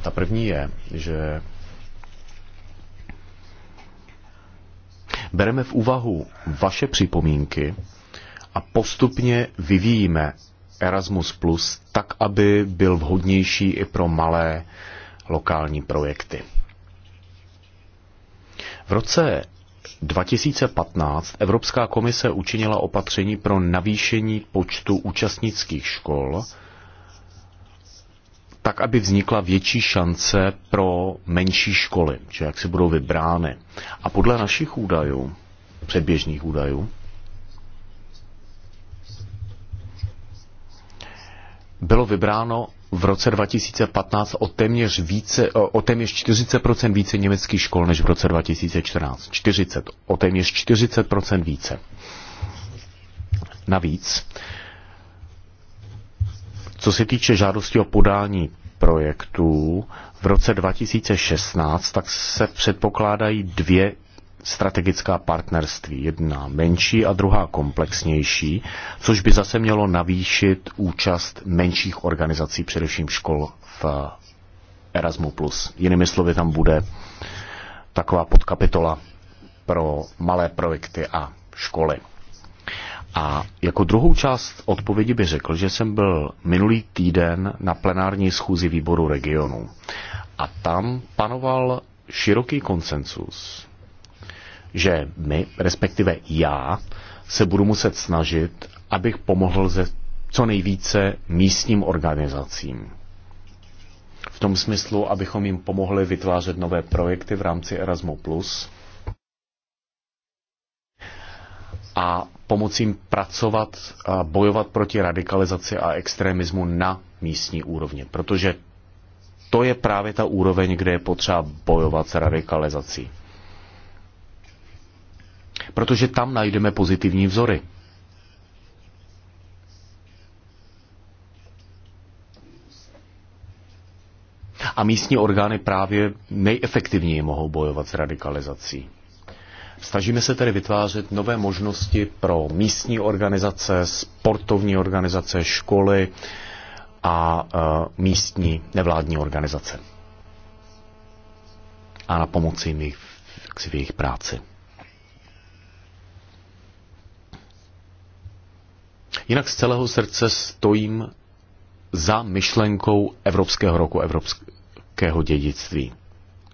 Ta první je, že bereme v úvahu vaše připomínky a postupně vyvíjíme Erasmus Plus tak, aby byl vhodnější i pro malé lokální projekty. V roce 2015 Evropská komise učinila opatření pro navýšení počtu účastnických škol, tak, aby vznikla větší šance pro menší školy, či jak si budou vybrány. A podle našich údajů, předběžných údajů, bylo vybráno v roce 2015 o téměř, více, o téměř 40% více německých škol než v roce 2014. 40, o téměř 40% více. Navíc, co se týče žádosti o podání projektů v roce 2016, tak se předpokládají dvě strategická partnerství, jedna menší a druhá komplexnější, což by zase mělo navýšit účast menších organizací, především škol v Erasmu+. Jinými slovy, tam bude taková podkapitola pro malé projekty a školy. A jako druhou část odpovědi by řekl, že jsem byl minulý týden na plenární schůzi výboru regionu. A tam panoval široký konsensus že my, respektive já, se budu muset snažit, abych pomohl ze co nejvíce místním organizacím. V tom smyslu, abychom jim pomohli vytvářet nové projekty v rámci Erasmus+, a pomoci jim pracovat a bojovat proti radikalizaci a extremismu na místní úrovni, protože to je právě ta úroveň, kde je potřeba bojovat s radikalizací protože tam najdeme pozitivní vzory. A místní orgány právě nejefektivněji mohou bojovat s radikalizací. Snažíme se tedy vytvářet nové možnosti pro místní organizace, sportovní organizace, školy a e, místní nevládní organizace. A na pomoci jim v jejich práci. Jinak z celého srdce stojím za myšlenkou Evropského roku, Evropského dědictví,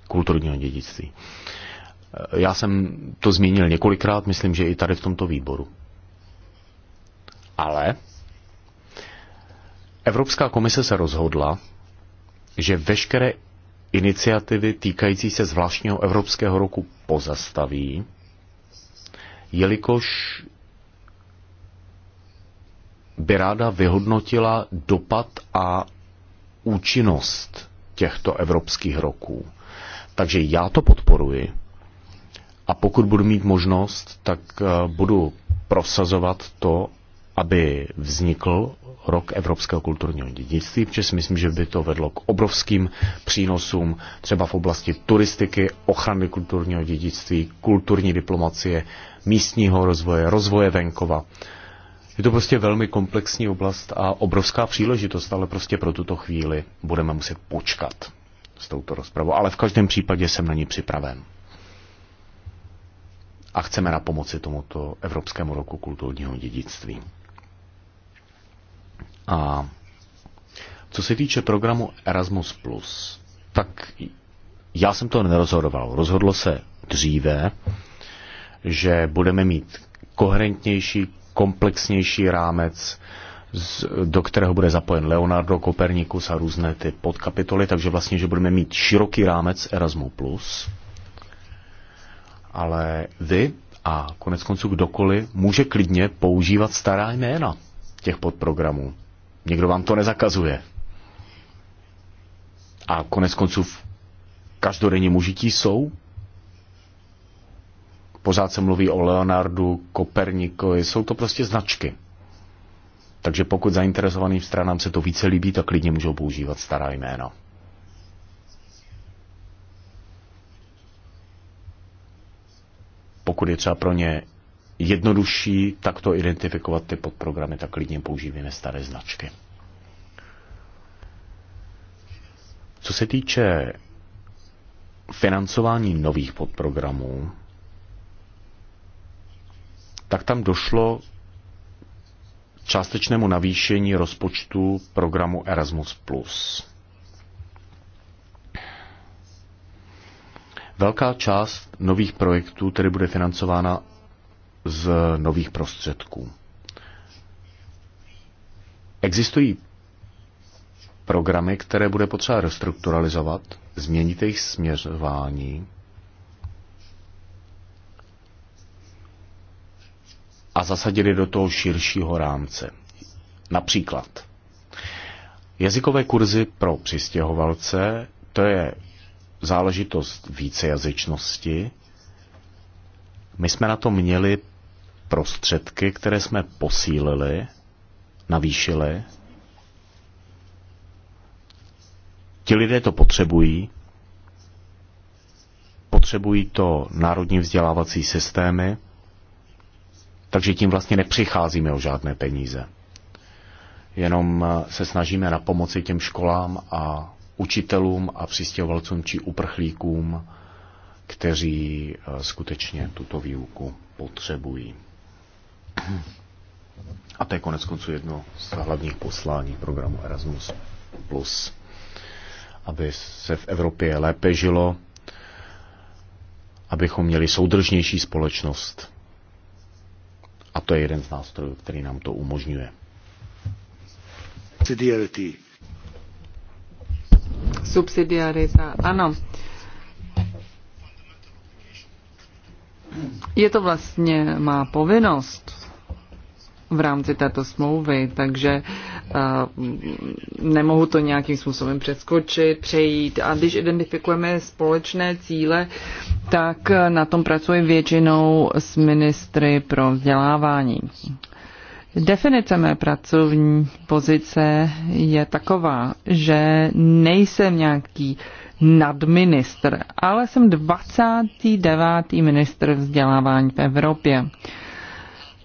kulturního dědictví. Já jsem to zmínil několikrát, myslím, že i tady v tomto výboru. Ale Evropská komise se rozhodla, že veškeré iniciativy týkající se zvláštního Evropského roku pozastaví, jelikož by ráda vyhodnotila dopad a účinnost těchto evropských roků. Takže já to podporuji a pokud budu mít možnost, tak eh, budu prosazovat to, aby vznikl rok Evropského kulturního dědictví, protože si myslím, že by to vedlo k obrovským přínosům třeba v oblasti turistiky, ochrany kulturního dědictví, kulturní diplomacie, místního rozvoje, rozvoje venkova je to prostě velmi komplexní oblast a obrovská příležitost, ale prostě pro tuto chvíli budeme muset počkat s touto rozpravou. Ale v každém případě jsem na ní připraven. A chceme na pomoci tomuto Evropskému roku kulturního dědictví. A co se týče programu Erasmus+, tak já jsem to nerozhodoval. Rozhodlo se dříve, že budeme mít koherentnější komplexnější rámec, do kterého bude zapojen Leonardo, Kopernikus a různé ty podkapitoly, takže vlastně, že budeme mít široký rámec Erasmus+. Ale vy a konec konců kdokoliv může klidně používat stará jména těch podprogramů. Někdo vám to nezakazuje. A konec konců v každodenním užití jsou Pořád se mluví o Leonardu, Kopernikovi, jsou to prostě značky. Takže pokud zainteresovaným stranám se to více líbí, tak klidně můžou používat stará jména. Pokud je třeba pro ně jednodušší takto identifikovat ty podprogramy, tak klidně používáme staré značky. Co se týče financování nových podprogramů, tak tam došlo částečnému navýšení rozpočtu programu Erasmus+. Velká část nových projektů tedy bude financována z nových prostředků. Existují programy, které bude potřeba restrukturalizovat, změnit jejich směřování a zasadili do toho širšího rámce. Například jazykové kurzy pro přistěhovalce, to je záležitost vícejazyčnosti. My jsme na to měli prostředky, které jsme posílili, navýšili. Ti lidé to potřebují. Potřebují to národní vzdělávací systémy, takže tím vlastně nepřicházíme o žádné peníze. Jenom eh, se snažíme na pomoci těm školám a učitelům a přistěhovalcům či uprchlíkům, kteří eh, skutečně tuto výuku potřebují. A to je konec konců jedno z hlavních poslání programu Erasmus+. plus, Aby se v Evropě lépe žilo, abychom měli soudržnější společnost, a to je jeden z nástrojů, který nám to umožňuje. Subsidiarity. Subsidiarita, ano. Je to vlastně má povinnost v rámci této smlouvy, takže uh, Mm, nemohu to nějakým způsobem přeskočit, přejít. A když identifikujeme společné cíle, tak na tom pracuji většinou s ministry pro vzdělávání. Definice mé pracovní pozice je taková, že nejsem nějaký nadministr, ale jsem 29. ministr vzdělávání v Evropě.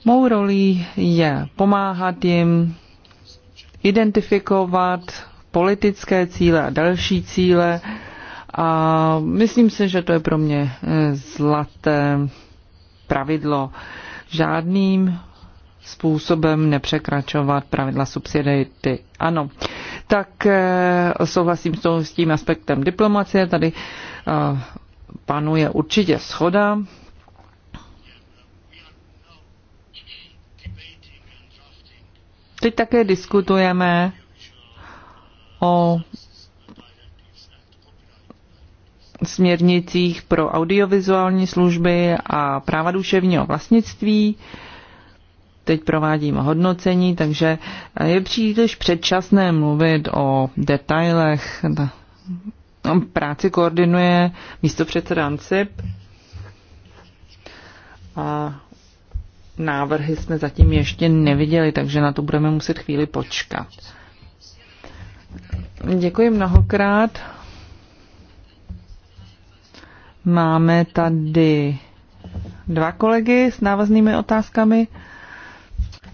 Mou rolí je pomáhat jim identifikovat politické cíle a další cíle a myslím si, že to je pro mě eh, zlaté pravidlo. Žádným způsobem nepřekračovat pravidla subsidiarity. Ano, tak eh, souhlasím s tím aspektem diplomacie. Tady eh, panuje určitě schoda Teď také diskutujeme o směrnicích pro audiovizuální služby a práva duševního vlastnictví. Teď provádím hodnocení, takže je příliš předčasné mluvit o detailech. No, práci koordinuje místo předseda Ancip. A návrhy jsme zatím ještě neviděli, takže na to budeme muset chvíli počkat. Děkuji mnohokrát. Máme tady dva kolegy s návaznými otázkami.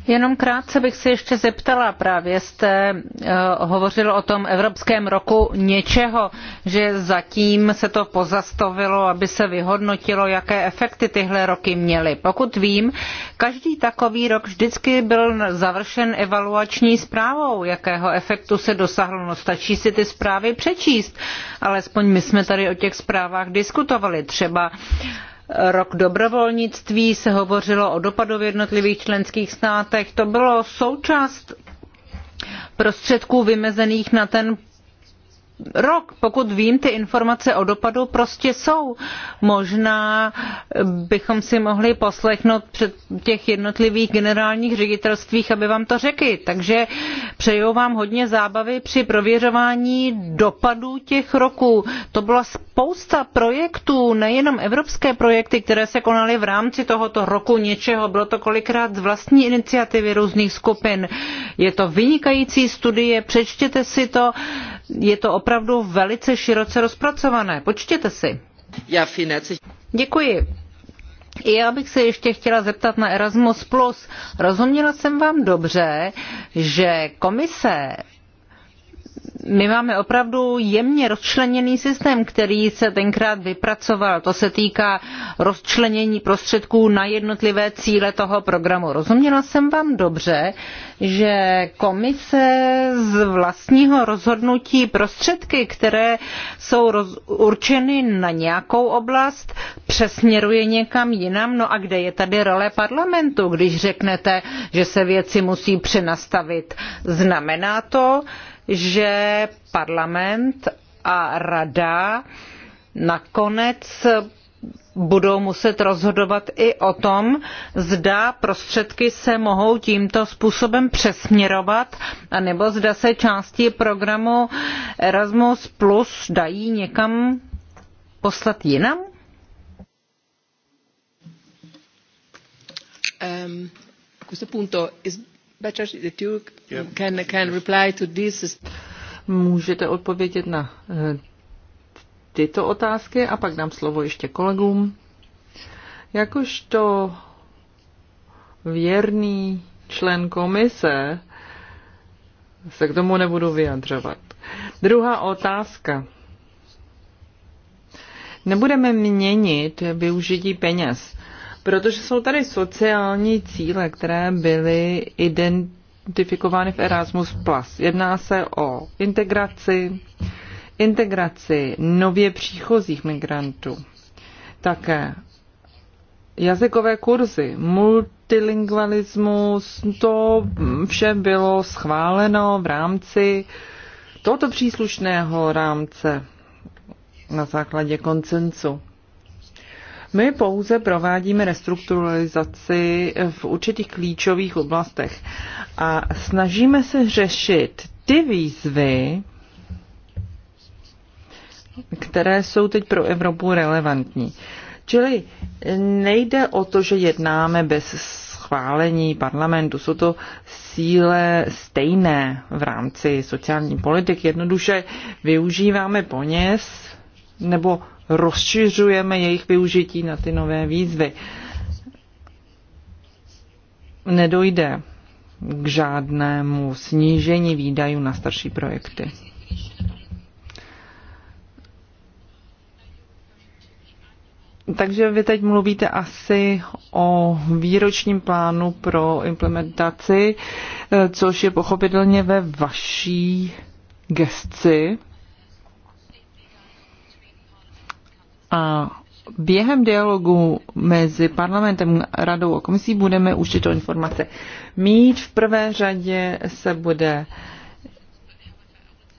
Jenom krátce bych se ještě zeptala, právě jste eh, hovořil o tom Evropském roku něčeho, že zatím se to pozastavilo, aby se vyhodnotilo, jaké efekty tyhle roky měly. Pokud vím, každý takový rok vždycky byl završen evaluační zprávou, jakého efektu se dosáhlo. No stačí si ty zprávy přečíst, alespoň my jsme tady o těch zprávách diskutovali. Třeba rok dobrovolnictví, se hovořilo o dopadu v jednotlivých členských státech. To bylo součást prostředků vymezených na ten rok. Pokud vím, ty informace o dopadu prostě jsou. Možná bychom si mohli poslechnout před těch jednotlivých generálních ředitelstvích, aby vám to řekli. Takže přeju vám hodně zábavy při prověřování dopadů těch roků. To byla spousta projektů, nejenom evropské projekty, které se konaly v rámci tohoto roku něčeho. Bylo to kolikrát z vlastní iniciativy různých skupin. Je to vynikající studie, přečtěte si to je to opravdu velice široce rozpracované. Počtěte si. Já Děkuji. Já bych se ještě chtěla zeptat na Erasmus+. Rozuměla jsem vám dobře, že komise my máme opravdu jemně rozčleněný systém, který se tenkrát vypracoval. To se týká rozčlenění prostředků na jednotlivé cíle toho programu. Rozuměla jsem vám dobře, že komise z vlastního rozhodnutí prostředky, které jsou roz, určeny na nějakou oblast, přesměruje někam jinam. No a kde je tady role parlamentu, když řeknete, že se věci musí přenastavit? Znamená to, že parlament a rada nakonec budou muset rozhodovat i o tom, zda prostředky se mohou tímto způsobem přesměrovat, anebo zda se části programu Erasmus Plus dají někam poslat jinam? Um, questo punto Můžete odpovědět na eh, tyto otázky a pak dám slovo ještě kolegům. Jakožto věrný člen komise se k tomu nebudu vyjadřovat. Druhá otázka. Nebudeme měnit využití peněz protože jsou tady sociální cíle, které byly identifikovány v Erasmus+. Plus. Jedná se o integraci, integraci nově příchozích migrantů, také jazykové kurzy, multilingualismus. to vše bylo schváleno v rámci tohoto příslušného rámce na základě koncensu. My pouze provádíme restrukturalizaci v určitých klíčových oblastech a snažíme se řešit ty výzvy, které jsou teď pro Evropu relevantní. Čili nejde o to, že jednáme bez schválení parlamentu. Jsou to síle stejné v rámci sociální politiky. Jednoduše využíváme poněz nebo rozšiřujeme jejich využití na ty nové výzvy. Nedojde k žádnému snížení výdajů na starší projekty. Takže vy teď mluvíte asi o výročním plánu pro implementaci, eh, což je pochopitelně ve vaší gesci. A během dialogu mezi parlamentem, radou a komisí budeme už tyto informace mít. V prvé řadě se bude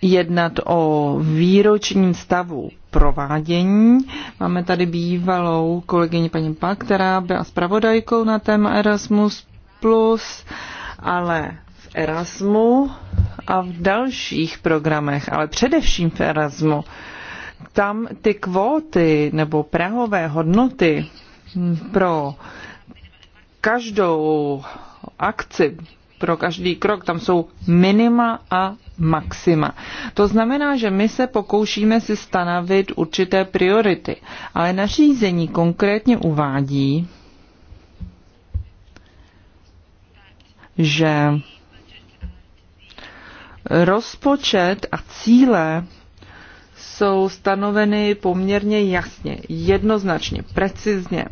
jednat o výročním stavu provádění. Máme tady bývalou kolegyni paní Pak, která byla zpravodajkou na téma Erasmus+, plus, ale v Erasmu a v dalších programech, ale především v Erasmu tam ty kvóty nebo prahové hodnoty pro každou akci, pro každý krok, tam jsou minima a maxima. To znamená, že my se pokoušíme si stanovit určité priority, ale nařízení konkrétně uvádí, že rozpočet a cíle jsou stanoveny poměrně jasně, jednoznačně, precizně.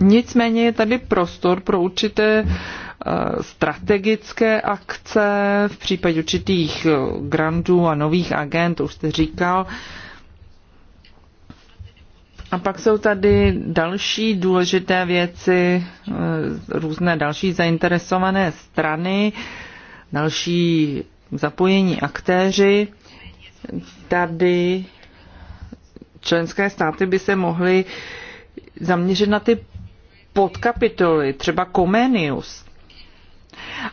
Nicméně je tady prostor pro určité eh, strategické akce v případě určitých eh, grantů a nových agentů. už jste říkal. A pak jsou tady další důležité věci, eh, různé další zainteresované strany, další zapojení aktéři tady členské státy by se mohly zaměřit na ty podkapitoly, třeba Comenius.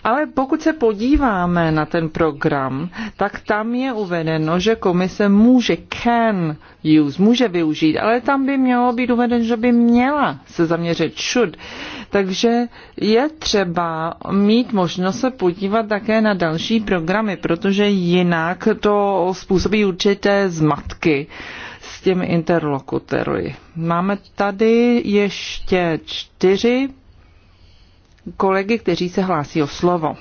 Ale pokud se podíváme na ten program, tak tam je uvedeno, že komise může can use, může využít, ale tam by mělo být uvedeno, že by měla se zaměřit should. Takže je třeba mít možnost se podívat také na další programy, protože jinak to způsobí určité zmatky s těmi interlokutory. Máme tady ještě čtyři kolegy, kteří se hlásí o slovo.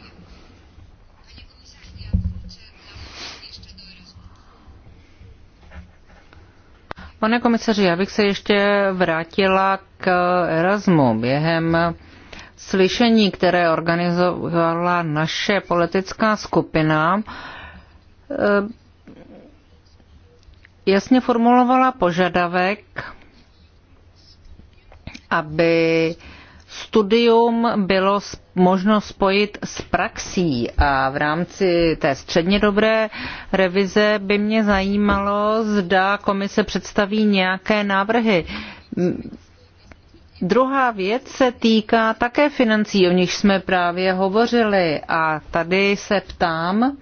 Pane komisaři, já bych se ještě vrátila k Erasmu. Během slyšení, které organizovala naše politická skupina, eh, jasně formulovala požadavek, aby studium bylo možno spojit s praxí a v rámci té středně dobré revize by mě zajímalo, zda komise představí nějaké návrhy. Druhá věc se týká také financí, o nich jsme právě hovořili a tady se ptám,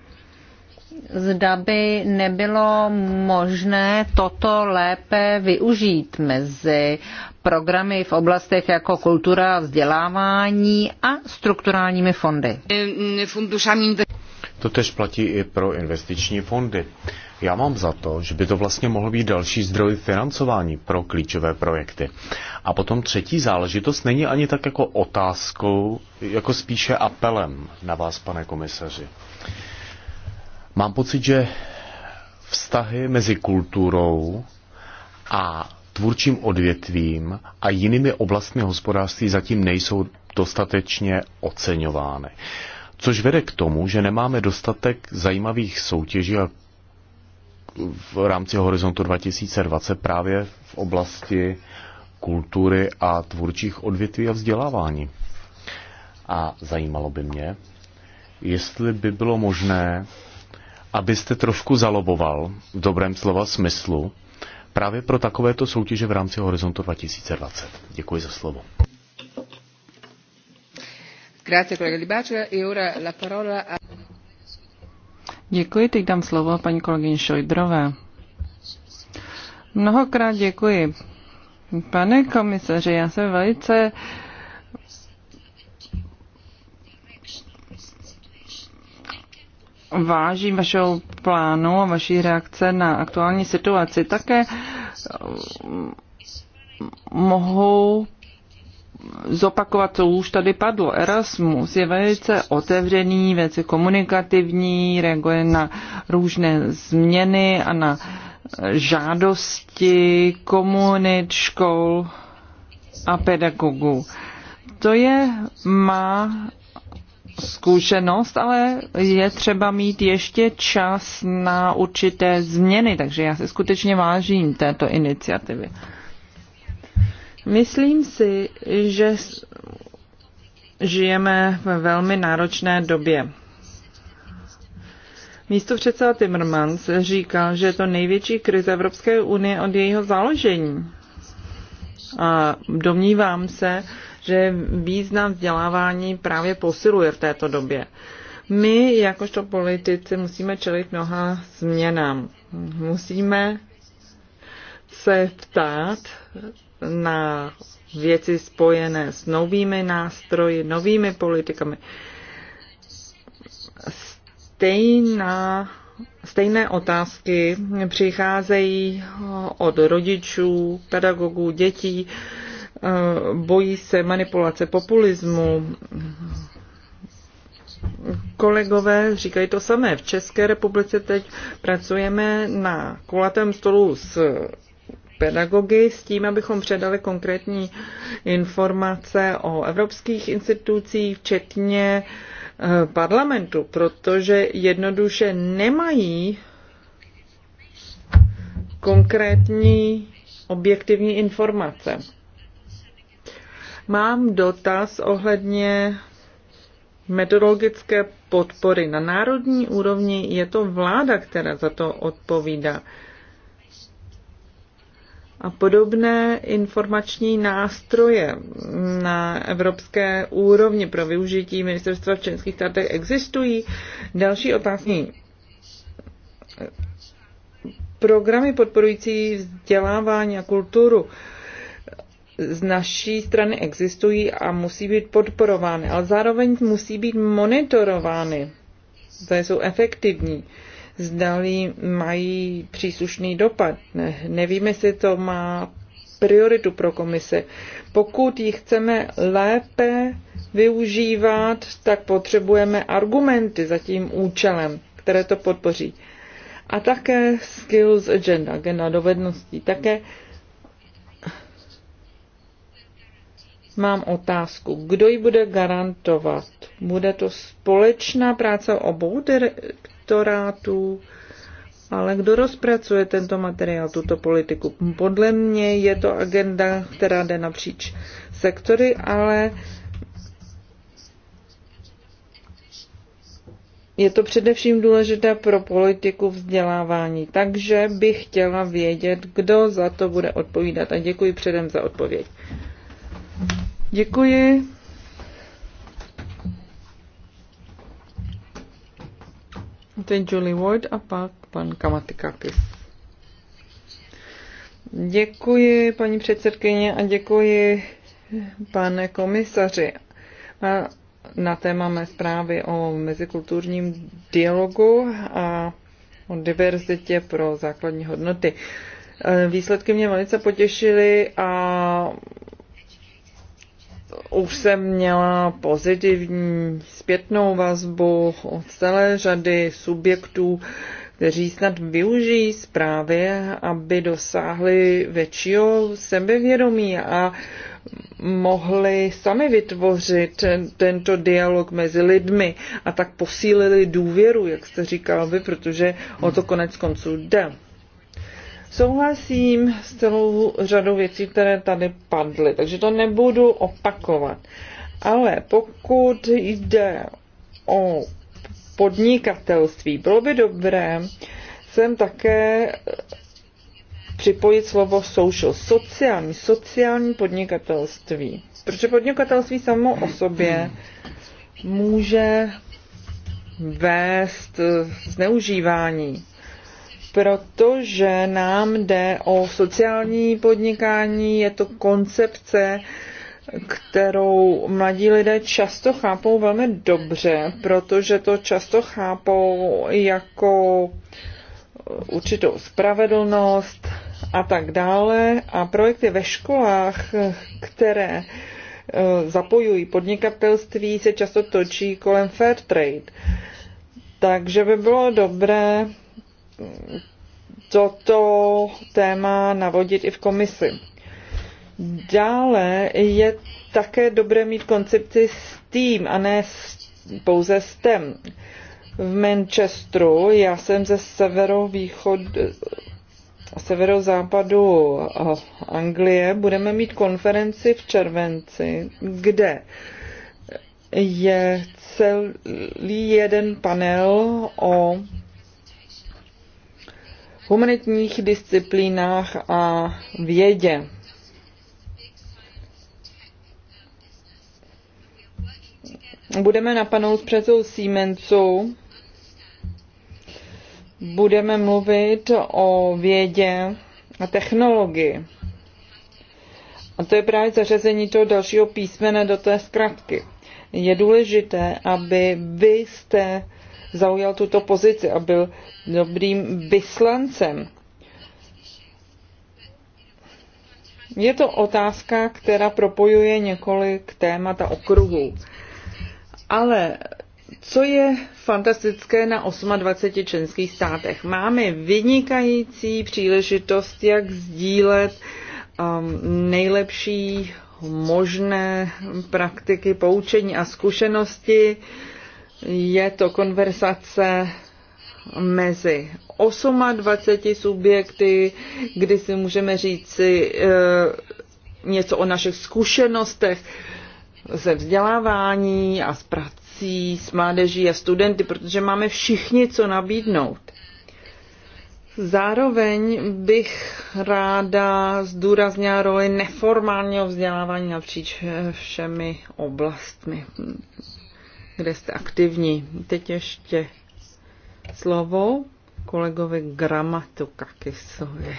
zda by nebylo možné toto lépe využít mezi programy v oblastech jako kultura, vzdělávání a strukturálními fondy. To tež platí i pro investiční fondy. Já mám za to, že by to vlastně mohl být další zdroj financování pro klíčové projekty. A potom třetí záležitost není ani tak jako otázkou, jako spíše apelem na vás, pane komisaři. Mám pocit, že vztahy mezi kulturou a tvůrčím odvětvím a jinými oblastmi hospodářství zatím nejsou dostatečně oceňovány. Což vede k tomu, že nemáme dostatek zajímavých soutěží a v rámci Horizontu 2020 právě v oblasti kultury a tvůrčích odvětví a vzdělávání. A zajímalo by mě, jestli by bylo možné, abyste trošku zaloboval v dobrém slova smyslu právě pro takovéto soutěže v rámci Horizontu 2020. Děkuji za slovo. Děkuji, teď dám slovo paní kolegyni Šojdrové. Mnohokrát děkuji. Pane komisaři, já se velice vážím vašeho plánu a vaší reakce na aktuální situaci. Také eh, mohu zopakovat, co už tady padlo. Erasmus je velice otevřený, velice komunikativní, reaguje na různé změny a na eh, žádosti komunit, škol a pedagogů. To je má zkušenost, ale je třeba mít ještě čas na určité změny, takže já se skutečně vážím této iniciativy. Myslím si, že žijeme ve velmi náročné době. Místo předseda Timmermans říkal, že je to největší krize Evropské unie od jejího založení. A domnívám se, že význam vzdělávání právě posiluje v této době. My, jakožto politici, musíme čelit mnoha změnám. Musíme se ptát na věci spojené s novými nástroji, novými politikami. Stejná, stejné otázky přicházejí od rodičů, pedagogů, dětí bojí se manipulace populismu. Kolegové říkají to samé. V České republice teď pracujeme na kulatém stolu s pedagogy s tím, abychom předali konkrétní informace o evropských institucích, včetně eh, parlamentu, protože jednoduše nemají konkrétní objektivní informace. Mám dotaz ohledně metodologické podpory. Na národní úrovni je to vláda, která za to odpovídá. A podobné informační nástroje na evropské úrovni pro využití ministerstva v členských státech existují. Další otázky. Programy podporující vzdělávání a kulturu z naší strany existují a musí být podporovány, ale zároveň musí být monitorovány. Zda jsou efektivní, zda mají příslušný dopad. Ne, nevíme, jestli to má prioritu pro komise. Pokud ji chceme lépe využívat, tak potřebujeme argumenty za tím účelem, které to podpoří. A také skills agenda, agenda dovedností. Také uh, Mám otázku, kdo ji bude garantovat? Bude to společná práce obou direktorátů? Ale kdo rozpracuje tento materiál, tuto politiku? Podle mě je to agenda, která jde napříč sektory, ale je to především důležité pro politiku vzdělávání. Takže bych chtěla vědět, kdo za to bude odpovídat. A děkuji předem za odpověď. Děkuji. Teď Julie Ward a pak pan Kamatikakis. Děkuji, paní předsedkyně, a děkuji, pane komisaři. Na téma mé zprávy o mezikulturním dialogu a o diverzitě pro základní hodnoty. Výsledky mě velice potěšily a už jsem měla pozitivní zpětnou vazbu od celé řady subjektů, kteří snad využijí zprávy, aby dosáhli většího sebevědomí a mohli sami vytvořit tento dialog mezi lidmi a tak posílili důvěru, jak jste říkal vy, protože o to konec konců jde. Souhlasím s celou řadou věcí, které tady padly, takže to nebudu opakovat. Ale pokud jde o podnikatelství, bylo by dobré sem také připojit slovo social, sociální, sociální podnikatelství. Protože podnikatelství samo o sobě může vést zneužívání protože nám jde o sociální podnikání, je to koncepce, kterou mladí lidé často chápou velmi dobře, protože to často chápou jako určitou spravedlnost a tak dále. A projekty ve školách, které eh, zapojují podnikatelství, se často točí kolem fair trade. Takže by bylo dobré toto téma navodit i v komisi. Dále je také dobré mít koncepci s tým a ne s pouze s tem. V Manchesteru, já jsem ze severovýchod, severozápadu eh, Anglie, budeme mít konferenci v červenci, kde je celý jeden panel o humanitních disciplínách a vědě. Budeme na panou s předsou Siemensu, budeme mluvit o vědě a technologii. A to je právě zařazení toho dalšího písmene do té zkratky. Je důležité, aby vy jste zaujal tuto pozici a byl dobrým vyslancem. Je to otázka, která propojuje několik témat a okruhů. Ale co je fantastické na 28 členských státech? Máme vynikající příležitost, jak sdílet um, nejlepší možné praktiky, poučení a zkušenosti. Uh, je to konversace mezi 28 subjekty, kdy si můžeme říci e, něco o našich zkušenostech ze vzdělávání a s prací, s mládeží a studenty, protože máme všichni co nabídnout. Zároveň bych ráda zdůraznila roli neformálního vzdělávání napříč e, všemi oblastmi kde jste aktivní. Teď ještě slovo kolegovi Gramatu Kakisovi.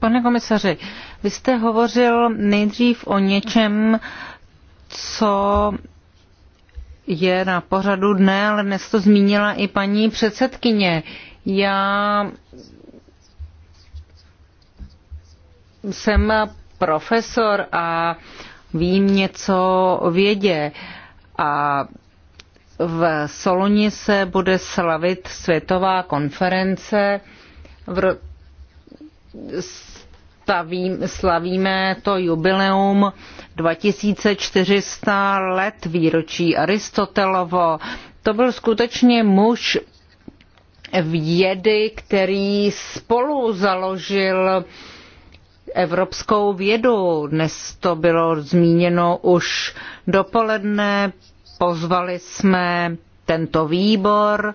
Pane komisaři, vy jste hovořil nejdřív o něčem, co je na pořadu dne, ale dnes to zmínila i paní předsedkyně. Já jsem profesor a vím něco o vědě. A v Soluni se bude slavit světová konference. V stavím, slavíme to jubileum 2400 let výročí Aristotelovo. To byl skutečně muž vědy, který spolu založil uh, evropskou vědu. Dnes to bylo zmíněno už dopoledne. Pozvali jsme tento výbor,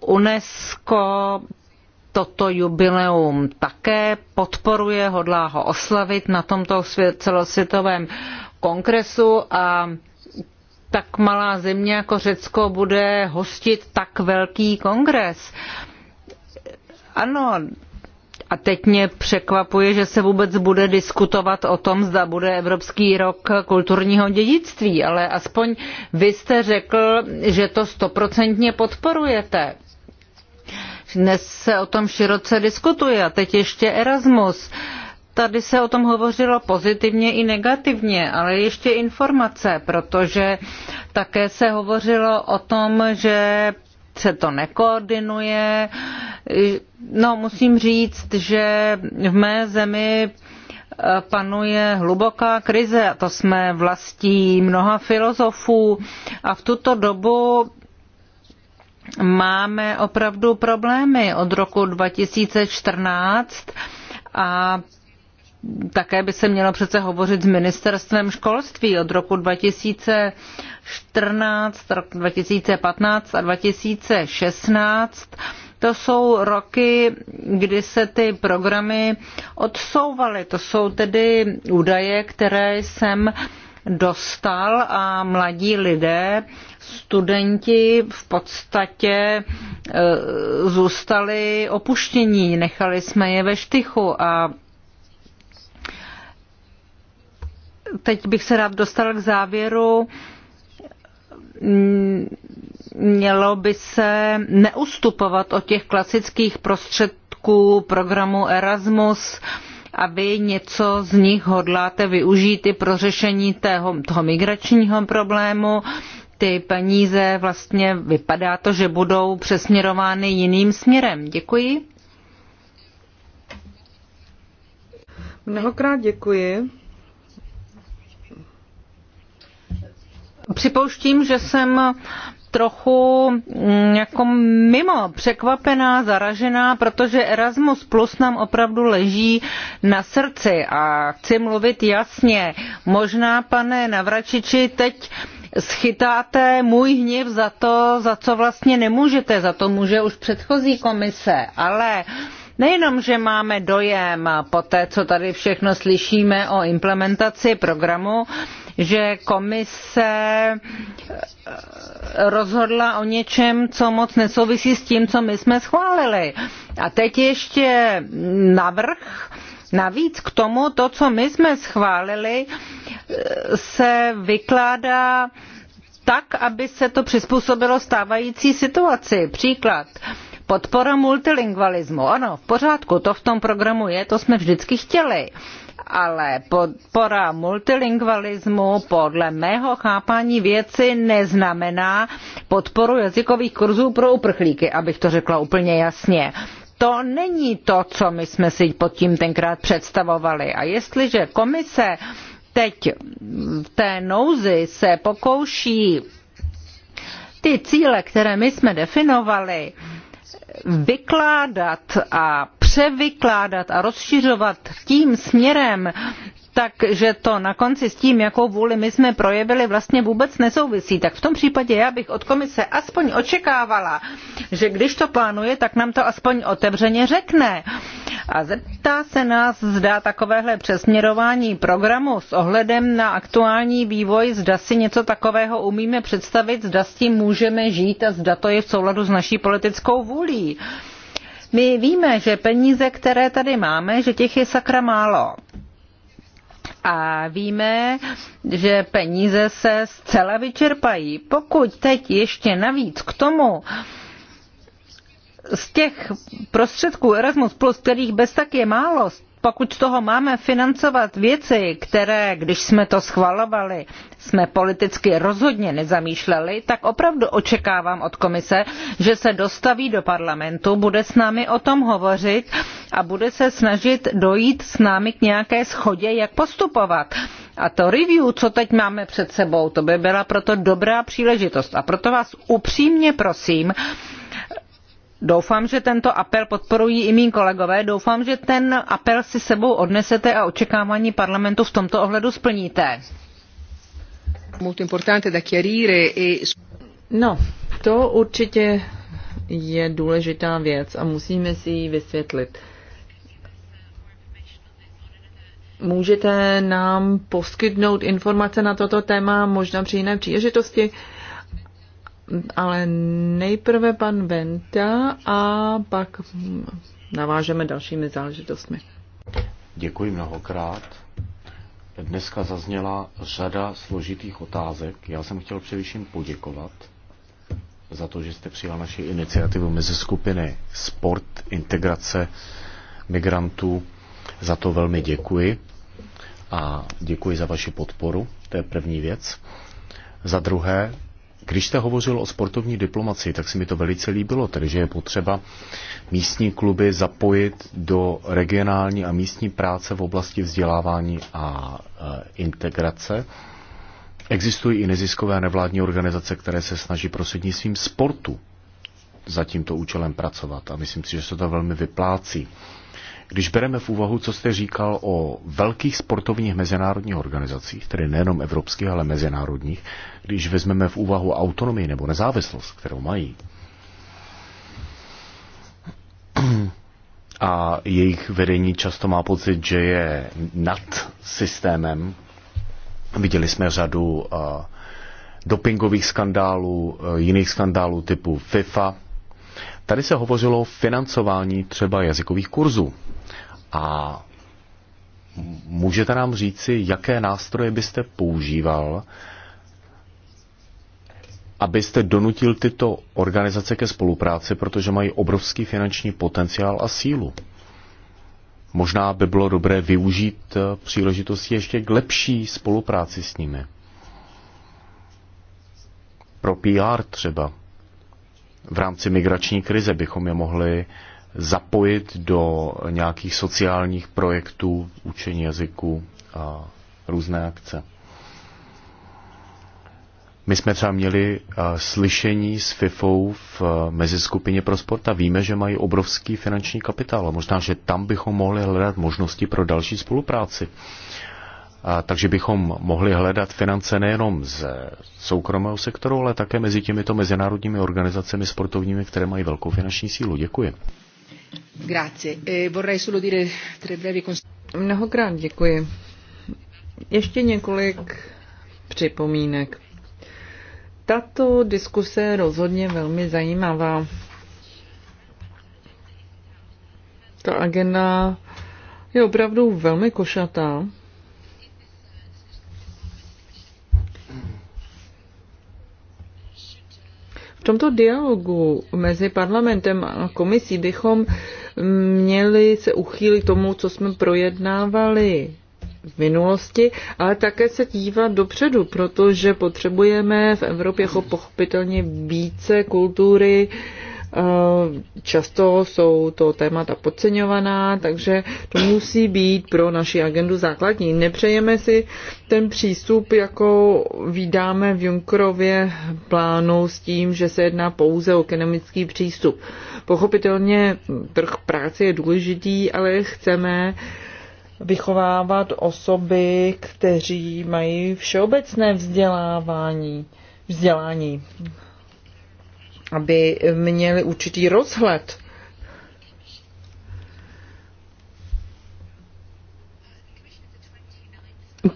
UNESCO, toto jubileum také podporuje, hodlá ho oslavit na tomto celosvětovém kongresu a tak malá země jako Řecko bude hostit tak velký kongres. Ano, a teď mě překvapuje, že se vůbec bude diskutovat o tom, zda bude Evropský rok kulturního dědictví, ale aspoň vy jste řekl, že to stoprocentně podporujete. Dnes se o tom široce diskutuje a teď ještě Erasmus. Tady se o tom hovořilo pozitivně i negativně, ale ještě informace, protože také se hovořilo o tom, že se to nekoordinuje. No, musím říct, že v mé zemi eh, panuje hluboká krize a to jsme vlastí mnoha filozofů a v tuto dobu máme opravdu problémy od roku 2014 a také by se mělo přece hovořit s ministerstvem školství od roku 2000 14, rok 2015 a 2016. To jsou roky, kdy se ty programy odsouvaly. To jsou tedy údaje, které jsem dostal a mladí lidé, studenti v podstatě eh, zůstali opuštění, nechali jsme je ve štychu a teď bych se rád dostal k závěru Mm, mělo by se neustupovat od těch klasických prostředků programu Erasmus a vy něco z nich hodláte využít i pro řešení tého, toho migračního problému. Ty peníze vlastně vypadá to, že budou přesměrovány jiným směrem. Děkuji. Mnohokrát děkuji. Připouštím, že jsem trochu mm, jako mimo, překvapená, zaražená, protože Erasmus Plus nám opravdu leží na srdci a chci mluvit jasně. Možná, pane Navračiči, teď schytáte můj hněv za to, za co vlastně nemůžete, za to může už předchozí komise, ale Nejenom, že máme dojem po té, co tady všechno slyšíme o implementaci programu, že komise eh, rozhodla o něčem, co moc nesouvisí s tím, co my jsme schválili. A teď ještě navrh, navíc k tomu, to, co my jsme schválili, eh, se vykládá tak, aby se to přizpůsobilo stávající situaci. Příklad. Podpora multilingualismu. Ano, v pořádku, to v tom programu je, to jsme vždycky chtěli ale podpora multilingvalismu podle mého chápání věci neznamená podporu jazykových kurzů pro uprchlíky, abych to řekla úplně jasně to není to, co my jsme si pod tím tenkrát představovali. A jestliže komise teď v té nouzi se pokouší ty cíle, které my jsme definovali, vykládat a převykládat a rozšiřovat tím směrem, takže to na konci s tím, jakou vůli my jsme projevili, vlastně vůbec nesouvisí. Tak v tom případě já bych od komise aspoň očekávala, že když to plánuje, tak nám to aspoň otevřeně řekne. A zeptá se nás, zda takovéhle přesměrování programu s ohledem na aktuální vývoj, zda si něco takového umíme představit, zda s tím můžeme žít a zda to je v souladu s naší politickou vůlí. My víme, že peníze, které tady máme, že těch je sakra málo a víme, že peníze se zcela vyčerpají. Pokud teď ještě navíc k tomu z těch prostředků Erasmus+, kterých bez tak je málo, pokud z toho máme financovat věci, které, když jsme to schvalovali, jsme politicky rozhodně nezamýšleli, tak opravdu očekávám od komise, že se dostaví do parlamentu, bude s námi o tom hovořit a bude se snažit dojít s námi k nějaké schodě, jak postupovat. A to review, co teď máme před sebou, to by byla proto dobrá příležitost. A proto vás upřímně prosím, Doufám, že tento apel podporují i mí kolegové. Doufám, že ten apel si sebou odnesete a očekávání parlamentu v tomto ohledu splníte. E no, to určitě je důležitá věc a musíme si ji vysvětlit. Můžete nám poskytnout informace na toto téma možná při jiné příležitosti? ale nejprve pan Venta a pak navážeme dalšími záležitostmi. Děkuji mnohokrát. Dneska zazněla řada složitých otázek. Já jsem chtěl především poděkovat za to, že jste přijal naši iniciativu mezi skupiny Sport, integrace migrantů. Za to velmi děkuji a děkuji za vaši podporu. To je první věc. Za druhé, když jste hovořil o sportovní diplomaci, tak se mi to velice líbilo, tedy že je potřeba místní kluby zapojit do regionální a místní práce v oblasti vzdělávání a e, integrace. Existují i neziskové a nevládní organizace, které se snaží prostřednictvím sportu za tímto účelem pracovat a myslím si, že se to velmi vyplácí. Když bereme v úvahu, co jste říkal o velkých sportovních mezinárodních organizacích, tedy nejenom evropských, ale mezinárodních, když vezmeme v úvahu autonomii nebo nezávislost, kterou mají, a jejich vedení často má pocit, že je nad systémem. Viděli jsme řadu dopingových skandálů, jiných skandálů typu FIFA. Tady se hovořilo o financování třeba jazykových kurzů a můžete nám říci, jaké nástroje byste používal, abyste donutil tyto organizace ke spolupráci, protože mají obrovský finanční potenciál a sílu. Možná by bylo dobré využít eh, příležitosti ještě k lepší spolupráci s nimi. Pro PR třeba. V rámci migrační krize bychom je mohli uh, zapojit do nějakých sociálních projektů, učení jazyků a různé akce. My jsme třeba měli eh, slyšení s FIFO v eh, meziskupině pro sport a víme, že mají obrovský finanční kapitál a možná, že tam bychom mohli hledat možnosti pro další spolupráci. A, takže bychom mohli hledat finance nejenom z soukromého sektoru, ale také mezi těmito mezinárodními organizacemi sportovními, které mají velkou finanční sílu. Děkuji. E Mnohokrát děkuji. Ještě několik připomínek. Tato diskuse je rozhodně velmi zajímavá. Ta agenda je opravdu velmi košatá. V tomto dialogu mezi parlamentem a komisí bychom měli se uchýlit tomu, co jsme projednávali v minulosti, ale také se dívat dopředu, protože potřebujeme v Evropě pochopitelně více kultury, Eh, často jsou to témata podceňovaná, takže to musí být pro naši agendu základní. Nepřejeme si ten přístup, jako vydáme v Junkerově plánu s tím, že se jedná pouze o ekonomický přístup. Pochopitelně trh práce je důležitý, ale chceme vychovávat osoby, kteří mají všeobecné vzdělávání, vzdělání aby měli určitý rozhled.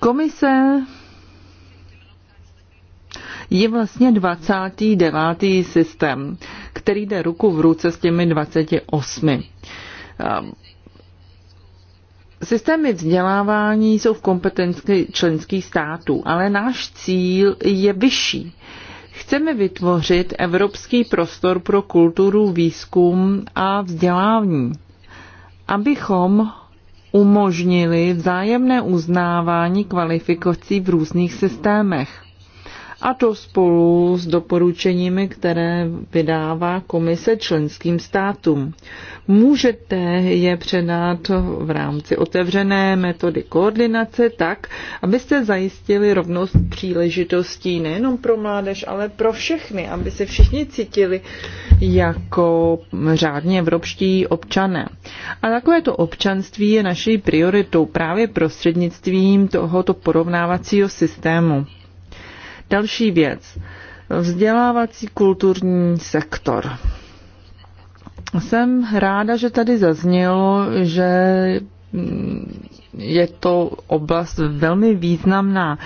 Komise je vlastně 29. systém, který jde ruku v ruce s těmi 28. Ehm, systémy vzdělávání jsou v kompetenci členských států, ale náš cíl je vyšší. Chceme vytvořit evropský prostor pro kulturu, výzkum a vzdělávání, abychom umožnili vzájemné uznávání kvalifikací v různých systémech a to spolu s doporučeními, které vydává komise členským státům. Můžete je předat v rámci otevřené metody koordinace tak, abyste zajistili rovnost příležitostí nejenom pro mládež, ale pro všechny, aby se všichni cítili jako řádně evropští občané. A takovéto občanství je naší prioritou právě prostřednictvím tohoto porovnávacího systému. Další věc. Vzdělávací kulturní sektor. Jsem ráda, že tady zaznělo, že je to oblast velmi významná.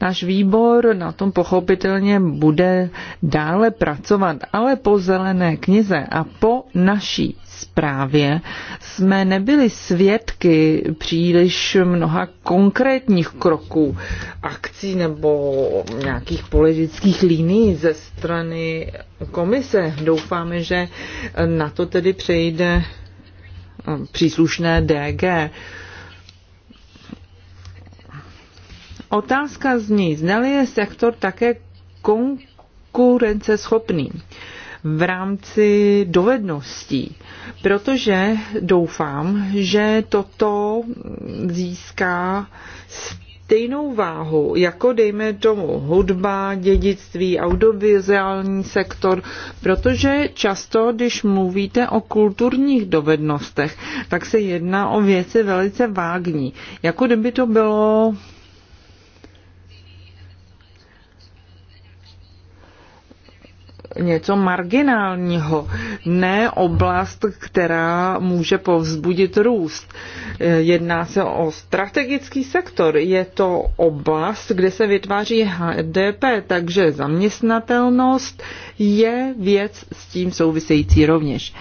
Náš výbor na tom pochopitelně bude dále pracovat, ale po zelené knize a po naší zprávě jsme nebyli svědky příliš mnoha konkrétních kroků, akcí nebo nějakých politických líní ze strany komise. Doufáme, že na to tedy přejde eh, příslušné DG. Otázka zní, zdali je sektor také konkurenceschopný. schopný v rámci dovedností, protože doufám, že toto získá stejnou váhu, jako dejme tomu hudba, dědictví, audiovizuální sektor, protože často, když mluvíte o kulturních dovednostech, tak se jedná o věci velice vágní, jako kdyby to bylo něco marginálního, ne oblast, která může povzbudit růst. Jedná se o strategický sektor, je to oblast, kde se vytváří HDP, takže zaměstnatelnost je věc s tím související rovněž.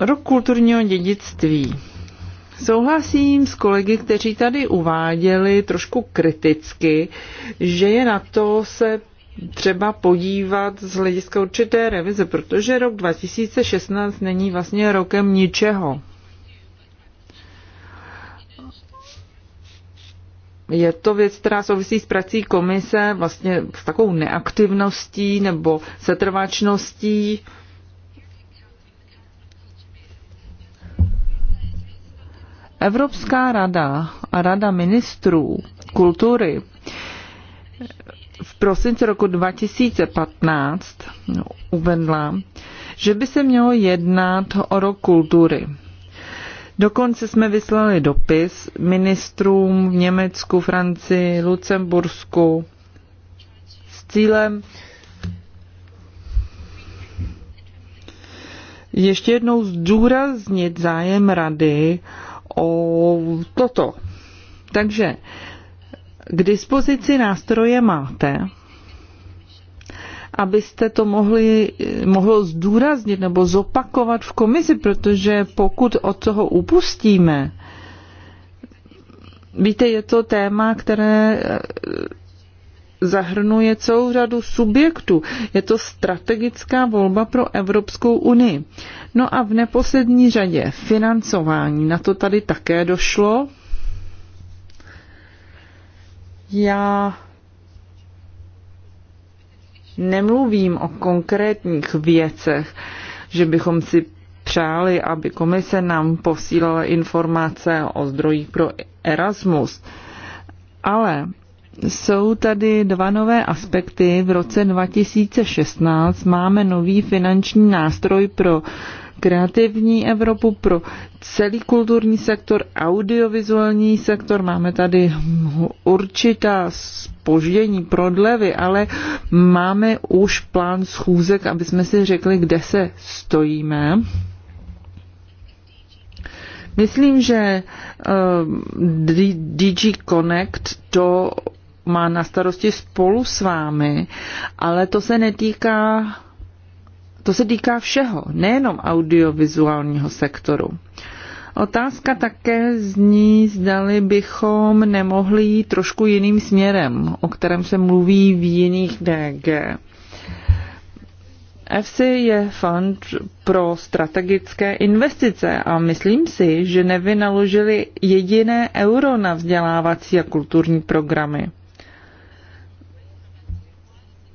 Rok kulturního dědictví. Souhlasím s kolegy, kteří tady uváděli trošku kriticky, že je na to se třeba podívat z hlediska určité revize, protože rok 2016 není vlastně rokem ničeho. Je to věc, která souvisí s prací komise, vlastně s takovou neaktivností nebo setrváčností. Evropská rada a rada ministrů kultury v prosinci roku 2015 uvedla, že by se mělo jednat o rok kultury. Dokonce jsme vyslali dopis ministrům v Německu, Francii, Lucembursku s cílem ještě jednou zdůraznit zájem rady o toto. Takže k dispozici nástroje máte, abyste to mohli, mohlo zdůraznit nebo zopakovat v komisi, protože pokud od toho upustíme, víte, je to téma, které eh, zahrnuje celou řadu subjektů. Je to strategická volba pro Evropskou unii. No a v neposlední řadě financování. Na to tady také došlo. Já nemluvím o konkrétních věcech, že bychom si přáli, aby komise nám posílala informace o zdrojích pro Erasmus. Ale jsou tady dva nové aspekty. V roce 2016 máme nový finanční nástroj pro kreativní Evropu, pro celý kulturní sektor, audiovizuální sektor. Máme tady určitá spoždění, prodlevy, ale máme už plán schůzek, aby jsme si řekli, kde se stojíme. Myslím, že uh, eh, DG Connect to má na starosti spolu s vámi, ale to se netýká to se týká všeho, nejenom audiovizuálního sektoru. Otázka také zní, zdali bychom nemohli jít trošku jiným směrem, o kterém se mluví v jiných DG. EFSI je fond pro strategické investice a myslím si, že nevynaložili jediné euro na vzdělávací a kulturní programy.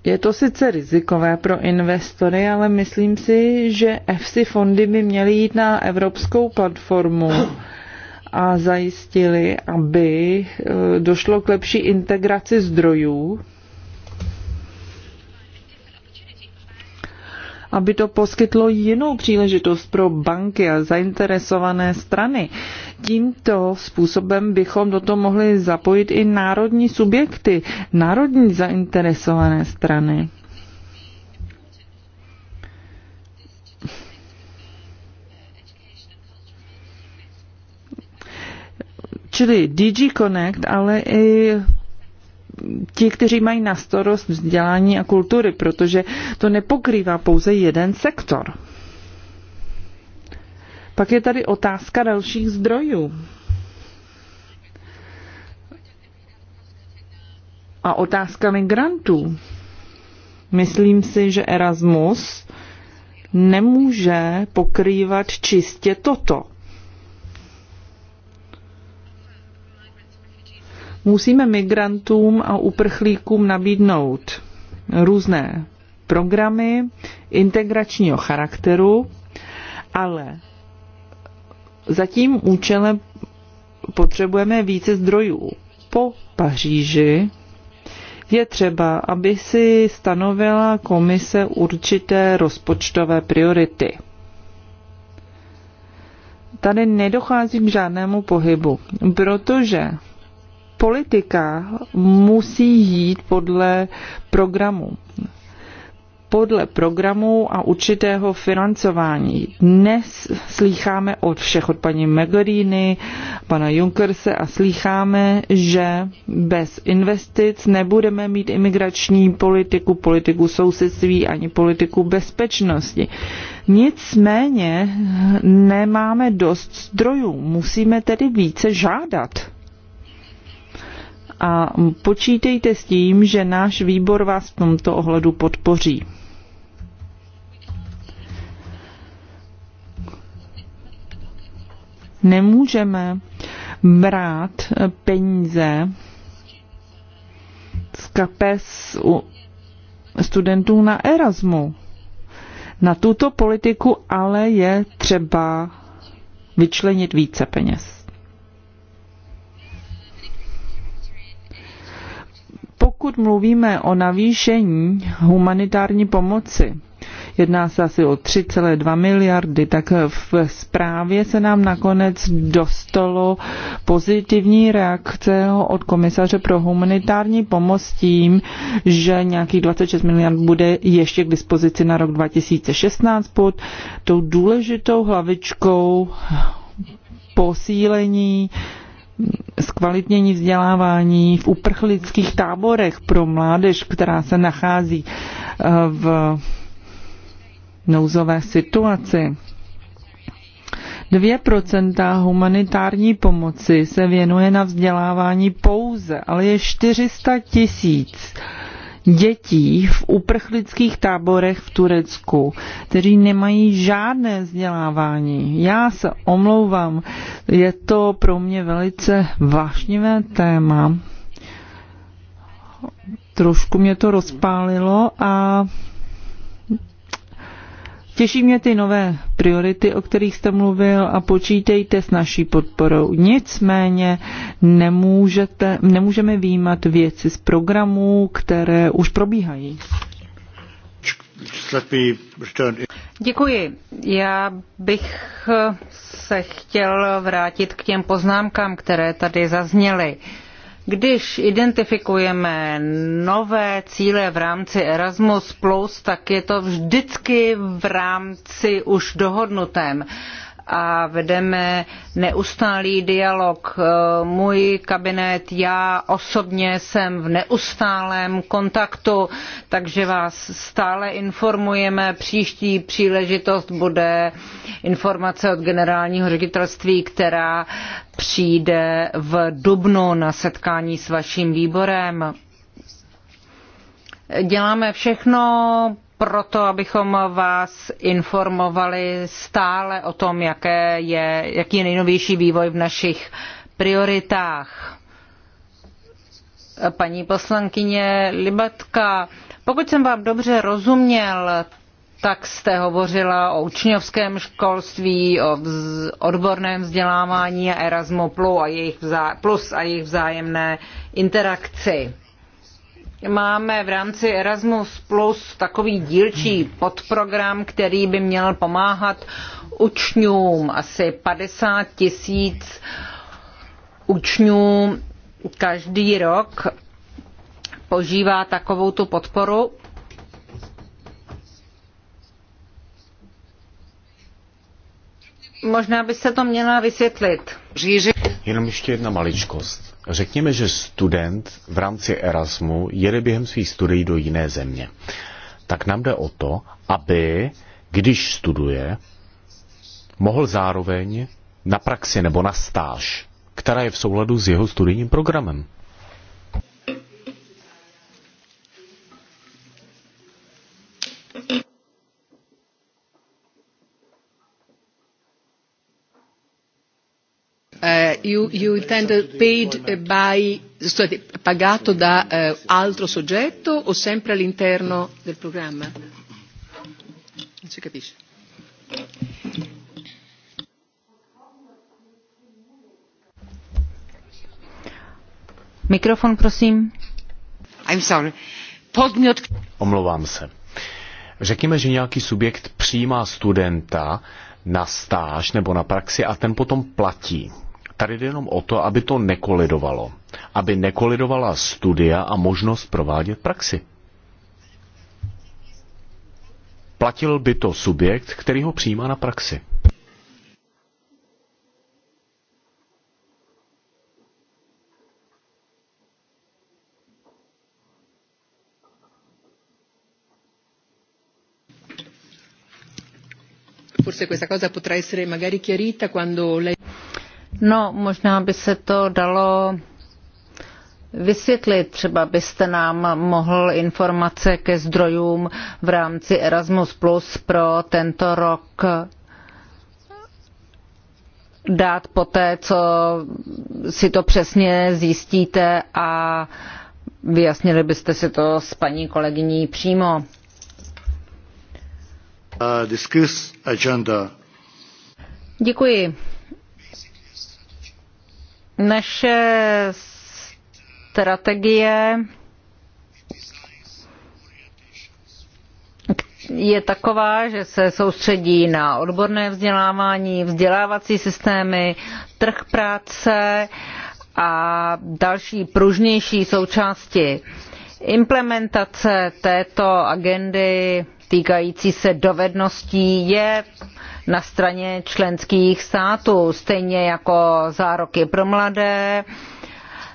Je to sice rizikové pro investory, ale myslím si, že EFSI fondy by měly jít na evropskou platformu a zajistili, aby eh, došlo k lepší integraci zdrojů aby to poskytlo jinou příležitost pro banky a zainteresované strany. Tímto způsobem bychom do toho mohli zapojit i národní subjekty, národní zainteresované strany. Čili DG Connect, ale i ti, kteří mají na starost vzdělání a kultury, protože to nepokrývá pouze jeden sektor. Pak je tady otázka dalších zdrojů. A otázka migrantů. Myslím si, že Erasmus nemůže pokrývat čistě toto. Musíme migrantům a uprchlíkům nabídnout různé programy integračního charakteru, ale za tím účelem potřebujeme více zdrojů. Po Paříži je třeba, aby si stanovila komise určité rozpočtové priority. Tady nedochází k žádnému pohybu, protože politika musí jít podle programu podle programu a určitého financování. Dnes slýcháme od všech, od paní Megaríny, pana Junkerse a slýcháme, že bez investic nebudeme mít imigrační politiku, politiku sousedství ani politiku bezpečnosti. Nicméně nemáme dost zdrojů, musíme tedy více žádat a počítejte s tím, že náš výbor vás v tomto ohledu podpoří. Nemůžeme brát peníze z kapes u studentů na Erasmu. Na tuto politiku ale je třeba vyčlenit více peněz. Pokud mluvíme o navýšení humanitární pomoci, jedná se asi o 3,2 miliardy, tak v zprávě se nám nakonec dostalo pozitivní reakce od komisaře pro humanitární pomoc tím, že nějakých 26 miliard bude ještě k dispozici na rok 2016 pod tou důležitou hlavičkou posílení zkvalitnění vzdělávání v uprchlických táborech pro mládež, která se nachází eh, v nouzové situaci. 2% humanitární pomoci se věnuje na vzdělávání pouze, ale je 400 tisíc dětí v uprchlických táborech v Turecku, kteří nemají žádné vzdělávání. Já se omlouvám, je to pro mě velice vášnivé téma. Trošku mě to rozpálilo a Těší mě ty nové priority, o kterých jste mluvil a počítejte s naší podporou. Nicméně nemůžete, nemůžeme výjímat věci z programů, které už probíhají. Děkuji. Já bych se chtěl vrátit k těm poznámkám, které tady zazněly. Když identifikujeme nové cíle v rámci Erasmus+, tak je to vždycky v rámci už dohodnutém a vedeme neustálý dialog. Eh, můj kabinet, já osobně jsem v neustálém kontaktu, takže vás stále informujeme. Příští příležitost bude informace od generálního ředitelství, která přijde v dubnu na setkání s vaším výborem děláme všechno proto, abychom vás informovali stále o tom, jaké je, jaký je nejnovější vývoj v našich prioritách. Paní poslankyně Libatka, pokud jsem vám dobře rozuměl, tak jste hovořila o učňovském školství, o vz, odborném vzdělávání a Erasmu plus a jejich, vzá, plus a jejich vzájemné interakci máme v rámci Erasmus Plus takový dílčí podprogram, který by měl pomáhat učňům, asi 50 tisíc učňů každý rok požívá takovou tu podporu. Možná byste to měla vysvětlit. Jenom ještě jedna maličkost. Řekněme, že student v rámci Erasmu jede během svých studií do jiné země. Tak nám jde o to, aby, když studuje, mohl zároveň na praxi nebo na stáž, která je v souladu s jeho studijním programem. eh, you, you intend paid by, scusate, pagato da uh, altro soggetto o sempre all'interno del programma? Non si capisce. Mikrofon, prosím. I'm sorry. Podmiot... Omlouvám se. Řekněme, že nějaký subjekt přijímá studenta na stáž nebo na praxi a ten potom platí Tady jde jenom o to, aby to nekolidovalo. Aby nekolidovala studia a možnost provádět praxi. Platil by to subjekt, který ho přijímá na praxi. forse questa cosa potrà essere magari chiarita quando lei No, možná by se to dalo vysvětlit. Třeba byste nám mohl informace ke zdrojům v rámci Erasmus Plus pro tento rok dát poté, co si to přesně zjistíte a vyjasnili byste si to s paní kolegyní přímo. Uh, Děkuji. Naše strategie je taková, že se soustředí na odborné vzdělávání, vzdělávací systémy, trh práce a další pružnější součásti. Implementace této agendy týkající se dovedností je na straně členských států, stejně jako zároky pro mladé,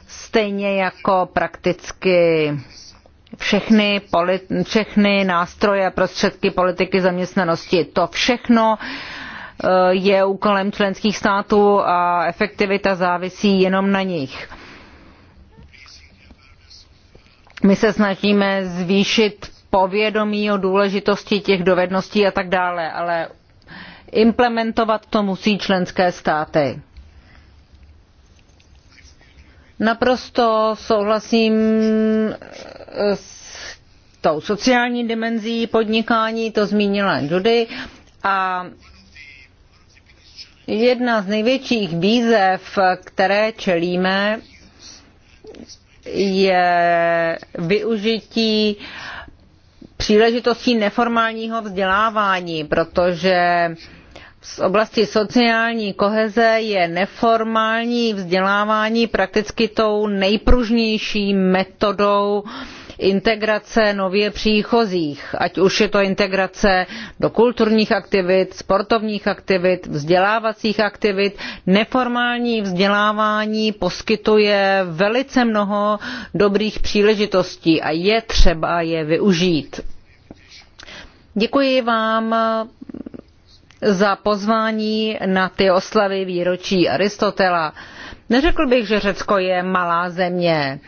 stejně jako prakticky všechny, všechny nástroje a prostředky politiky zaměstnanosti. To všechno eh, je úkolem členských států a efektivita závisí jenom na nich. My se snažíme zvýšit povědomí o důležitosti těch dovedností a tak dále, ale implementovat to musí členské státy. Naprosto souhlasím eh, s tou sociální dimenzí podnikání, to zmínila Judy. A jedna z největších výzev, které čelíme, je využití uh, příležitostí neformálního vzdělávání, protože z oblasti sociální koheze je neformální vzdělávání prakticky tou nejpružnější metodou uh, integrace nově příchozích, ať už je to integrace do kulturních aktivit, sportovních aktivit, vzdělávacích aktivit. Neformální vzdělávání poskytuje velice mnoho dobrých příležitostí a je třeba je využít. Děkuji vám za pozvání na ty oslavy výročí Aristotela. Neřekl bych, že Řecko je malá země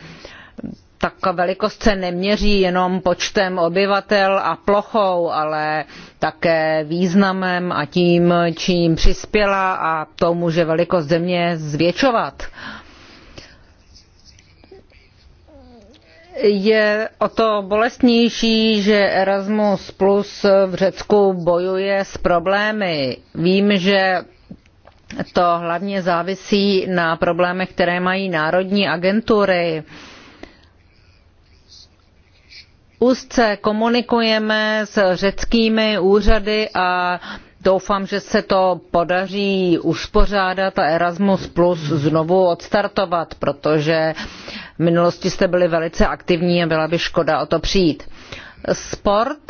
tak velikost se neměří jenom počtem obyvatel a plochou, ale také významem a tím, čím přispěla a to může velikost země zvětšovat. je o to bolestnější, že Erasmus Plus v Řecku bojuje s problémy. Vím, že to hlavně závisí na problémech, které mají národní agentury úzce komunikujeme s řeckými úřady a doufám že se to podaří uspořádat a erasmus plus znovu odstartovat protože v minulosti jste byli velice aktivní a byla by škoda o to přijít. sport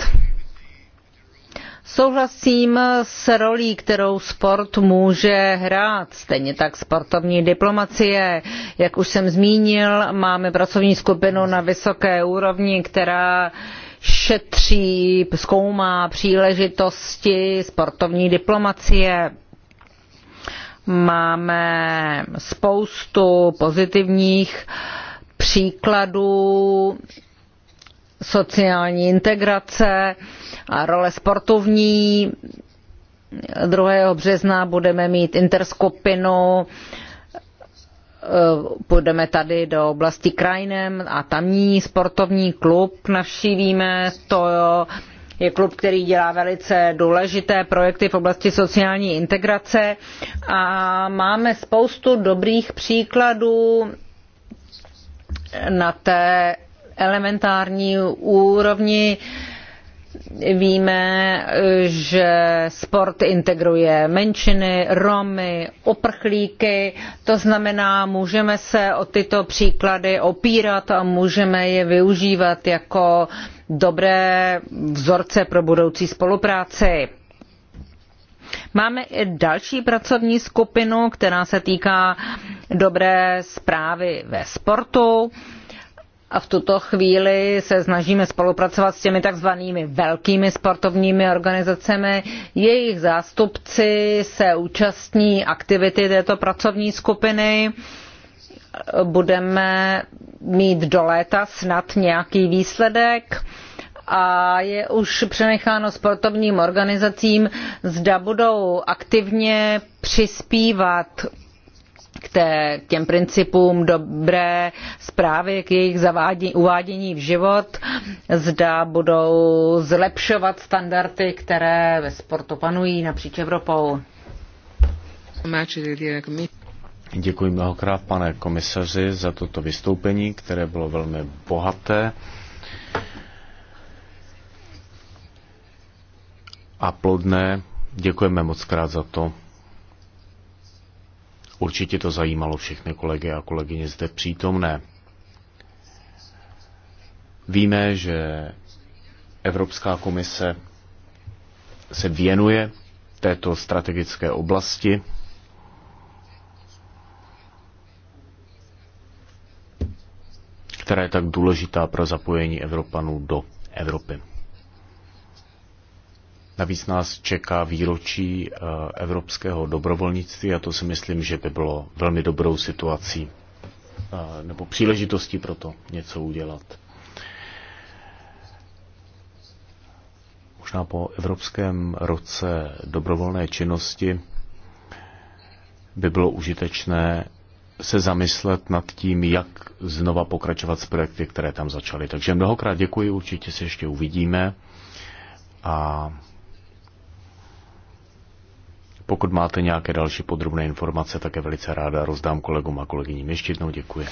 Souhlasím s rolí, kterou sport může hrát, stejně tak sportovní diplomacie. Jak už jsem zmínil, máme pracovní skupinu na vysoké úrovni, která šetří, zkoumá příležitosti sportovní diplomacie. Máme spoustu pozitivních příkladů sociální integrace a role sportovní. 2. března budeme mít interskupinu, eh, půjdeme tady do oblasti Krajinem a tamní sportovní klub navštívíme. To je klub, který dělá velice důležité projekty v oblasti sociální integrace a máme spoustu dobrých příkladů na té elementární úrovni víme, že sport integruje menšiny, Romy, oprchlíky, to znamená, můžeme se o tyto příklady opírat a můžeme je využívat jako dobré vzorce pro budoucí spolupráci. Máme i další pracovní skupinu, která se týká dobré zprávy ve sportu a v tuto chvíli se snažíme spolupracovat s těmi takzvanými velkými sportovními organizacemi. Jejich zástupci se účastní aktivity této pracovní skupiny. Budeme mít do léta snad nějaký výsledek a je už přenecháno sportovním organizacím, zda budou aktivně přispívat k, té, těm principům dobré zprávy, k jejich zavádí, uvádění v život, zda budou zlepšovat standardy, které ve sportu panují napříč Evropou. Děkuji mnohokrát, pane komisaři, za toto vystoupení, které bylo velmi bohaté. A plodné. Děkujeme moc krát za to. Určitě to zajímalo všechny kolegy a kolegyně zde přítomné. Víme, že Evropská komise se věnuje této strategické oblasti. která je tak důležitá pro zapojení Evropanů do Evropy. Navíc nás čeká výročí eh, evropského dobrovolnictví a to si myslím, že by bylo velmi dobrou situací eh, nebo příležitostí pro to něco udělat. Možná po Evropském roce dobrovolné činnosti by bylo užitečné se zamyslet nad tím, jak znova pokračovat s projekty, které tam začaly. Takže mnohokrát děkuji, určitě se ještě uvidíme a pokud máte nějaké další podrobné informace, tak je velice ráda rozdám kolegům a kolegyním. Ještě jednou děkuji.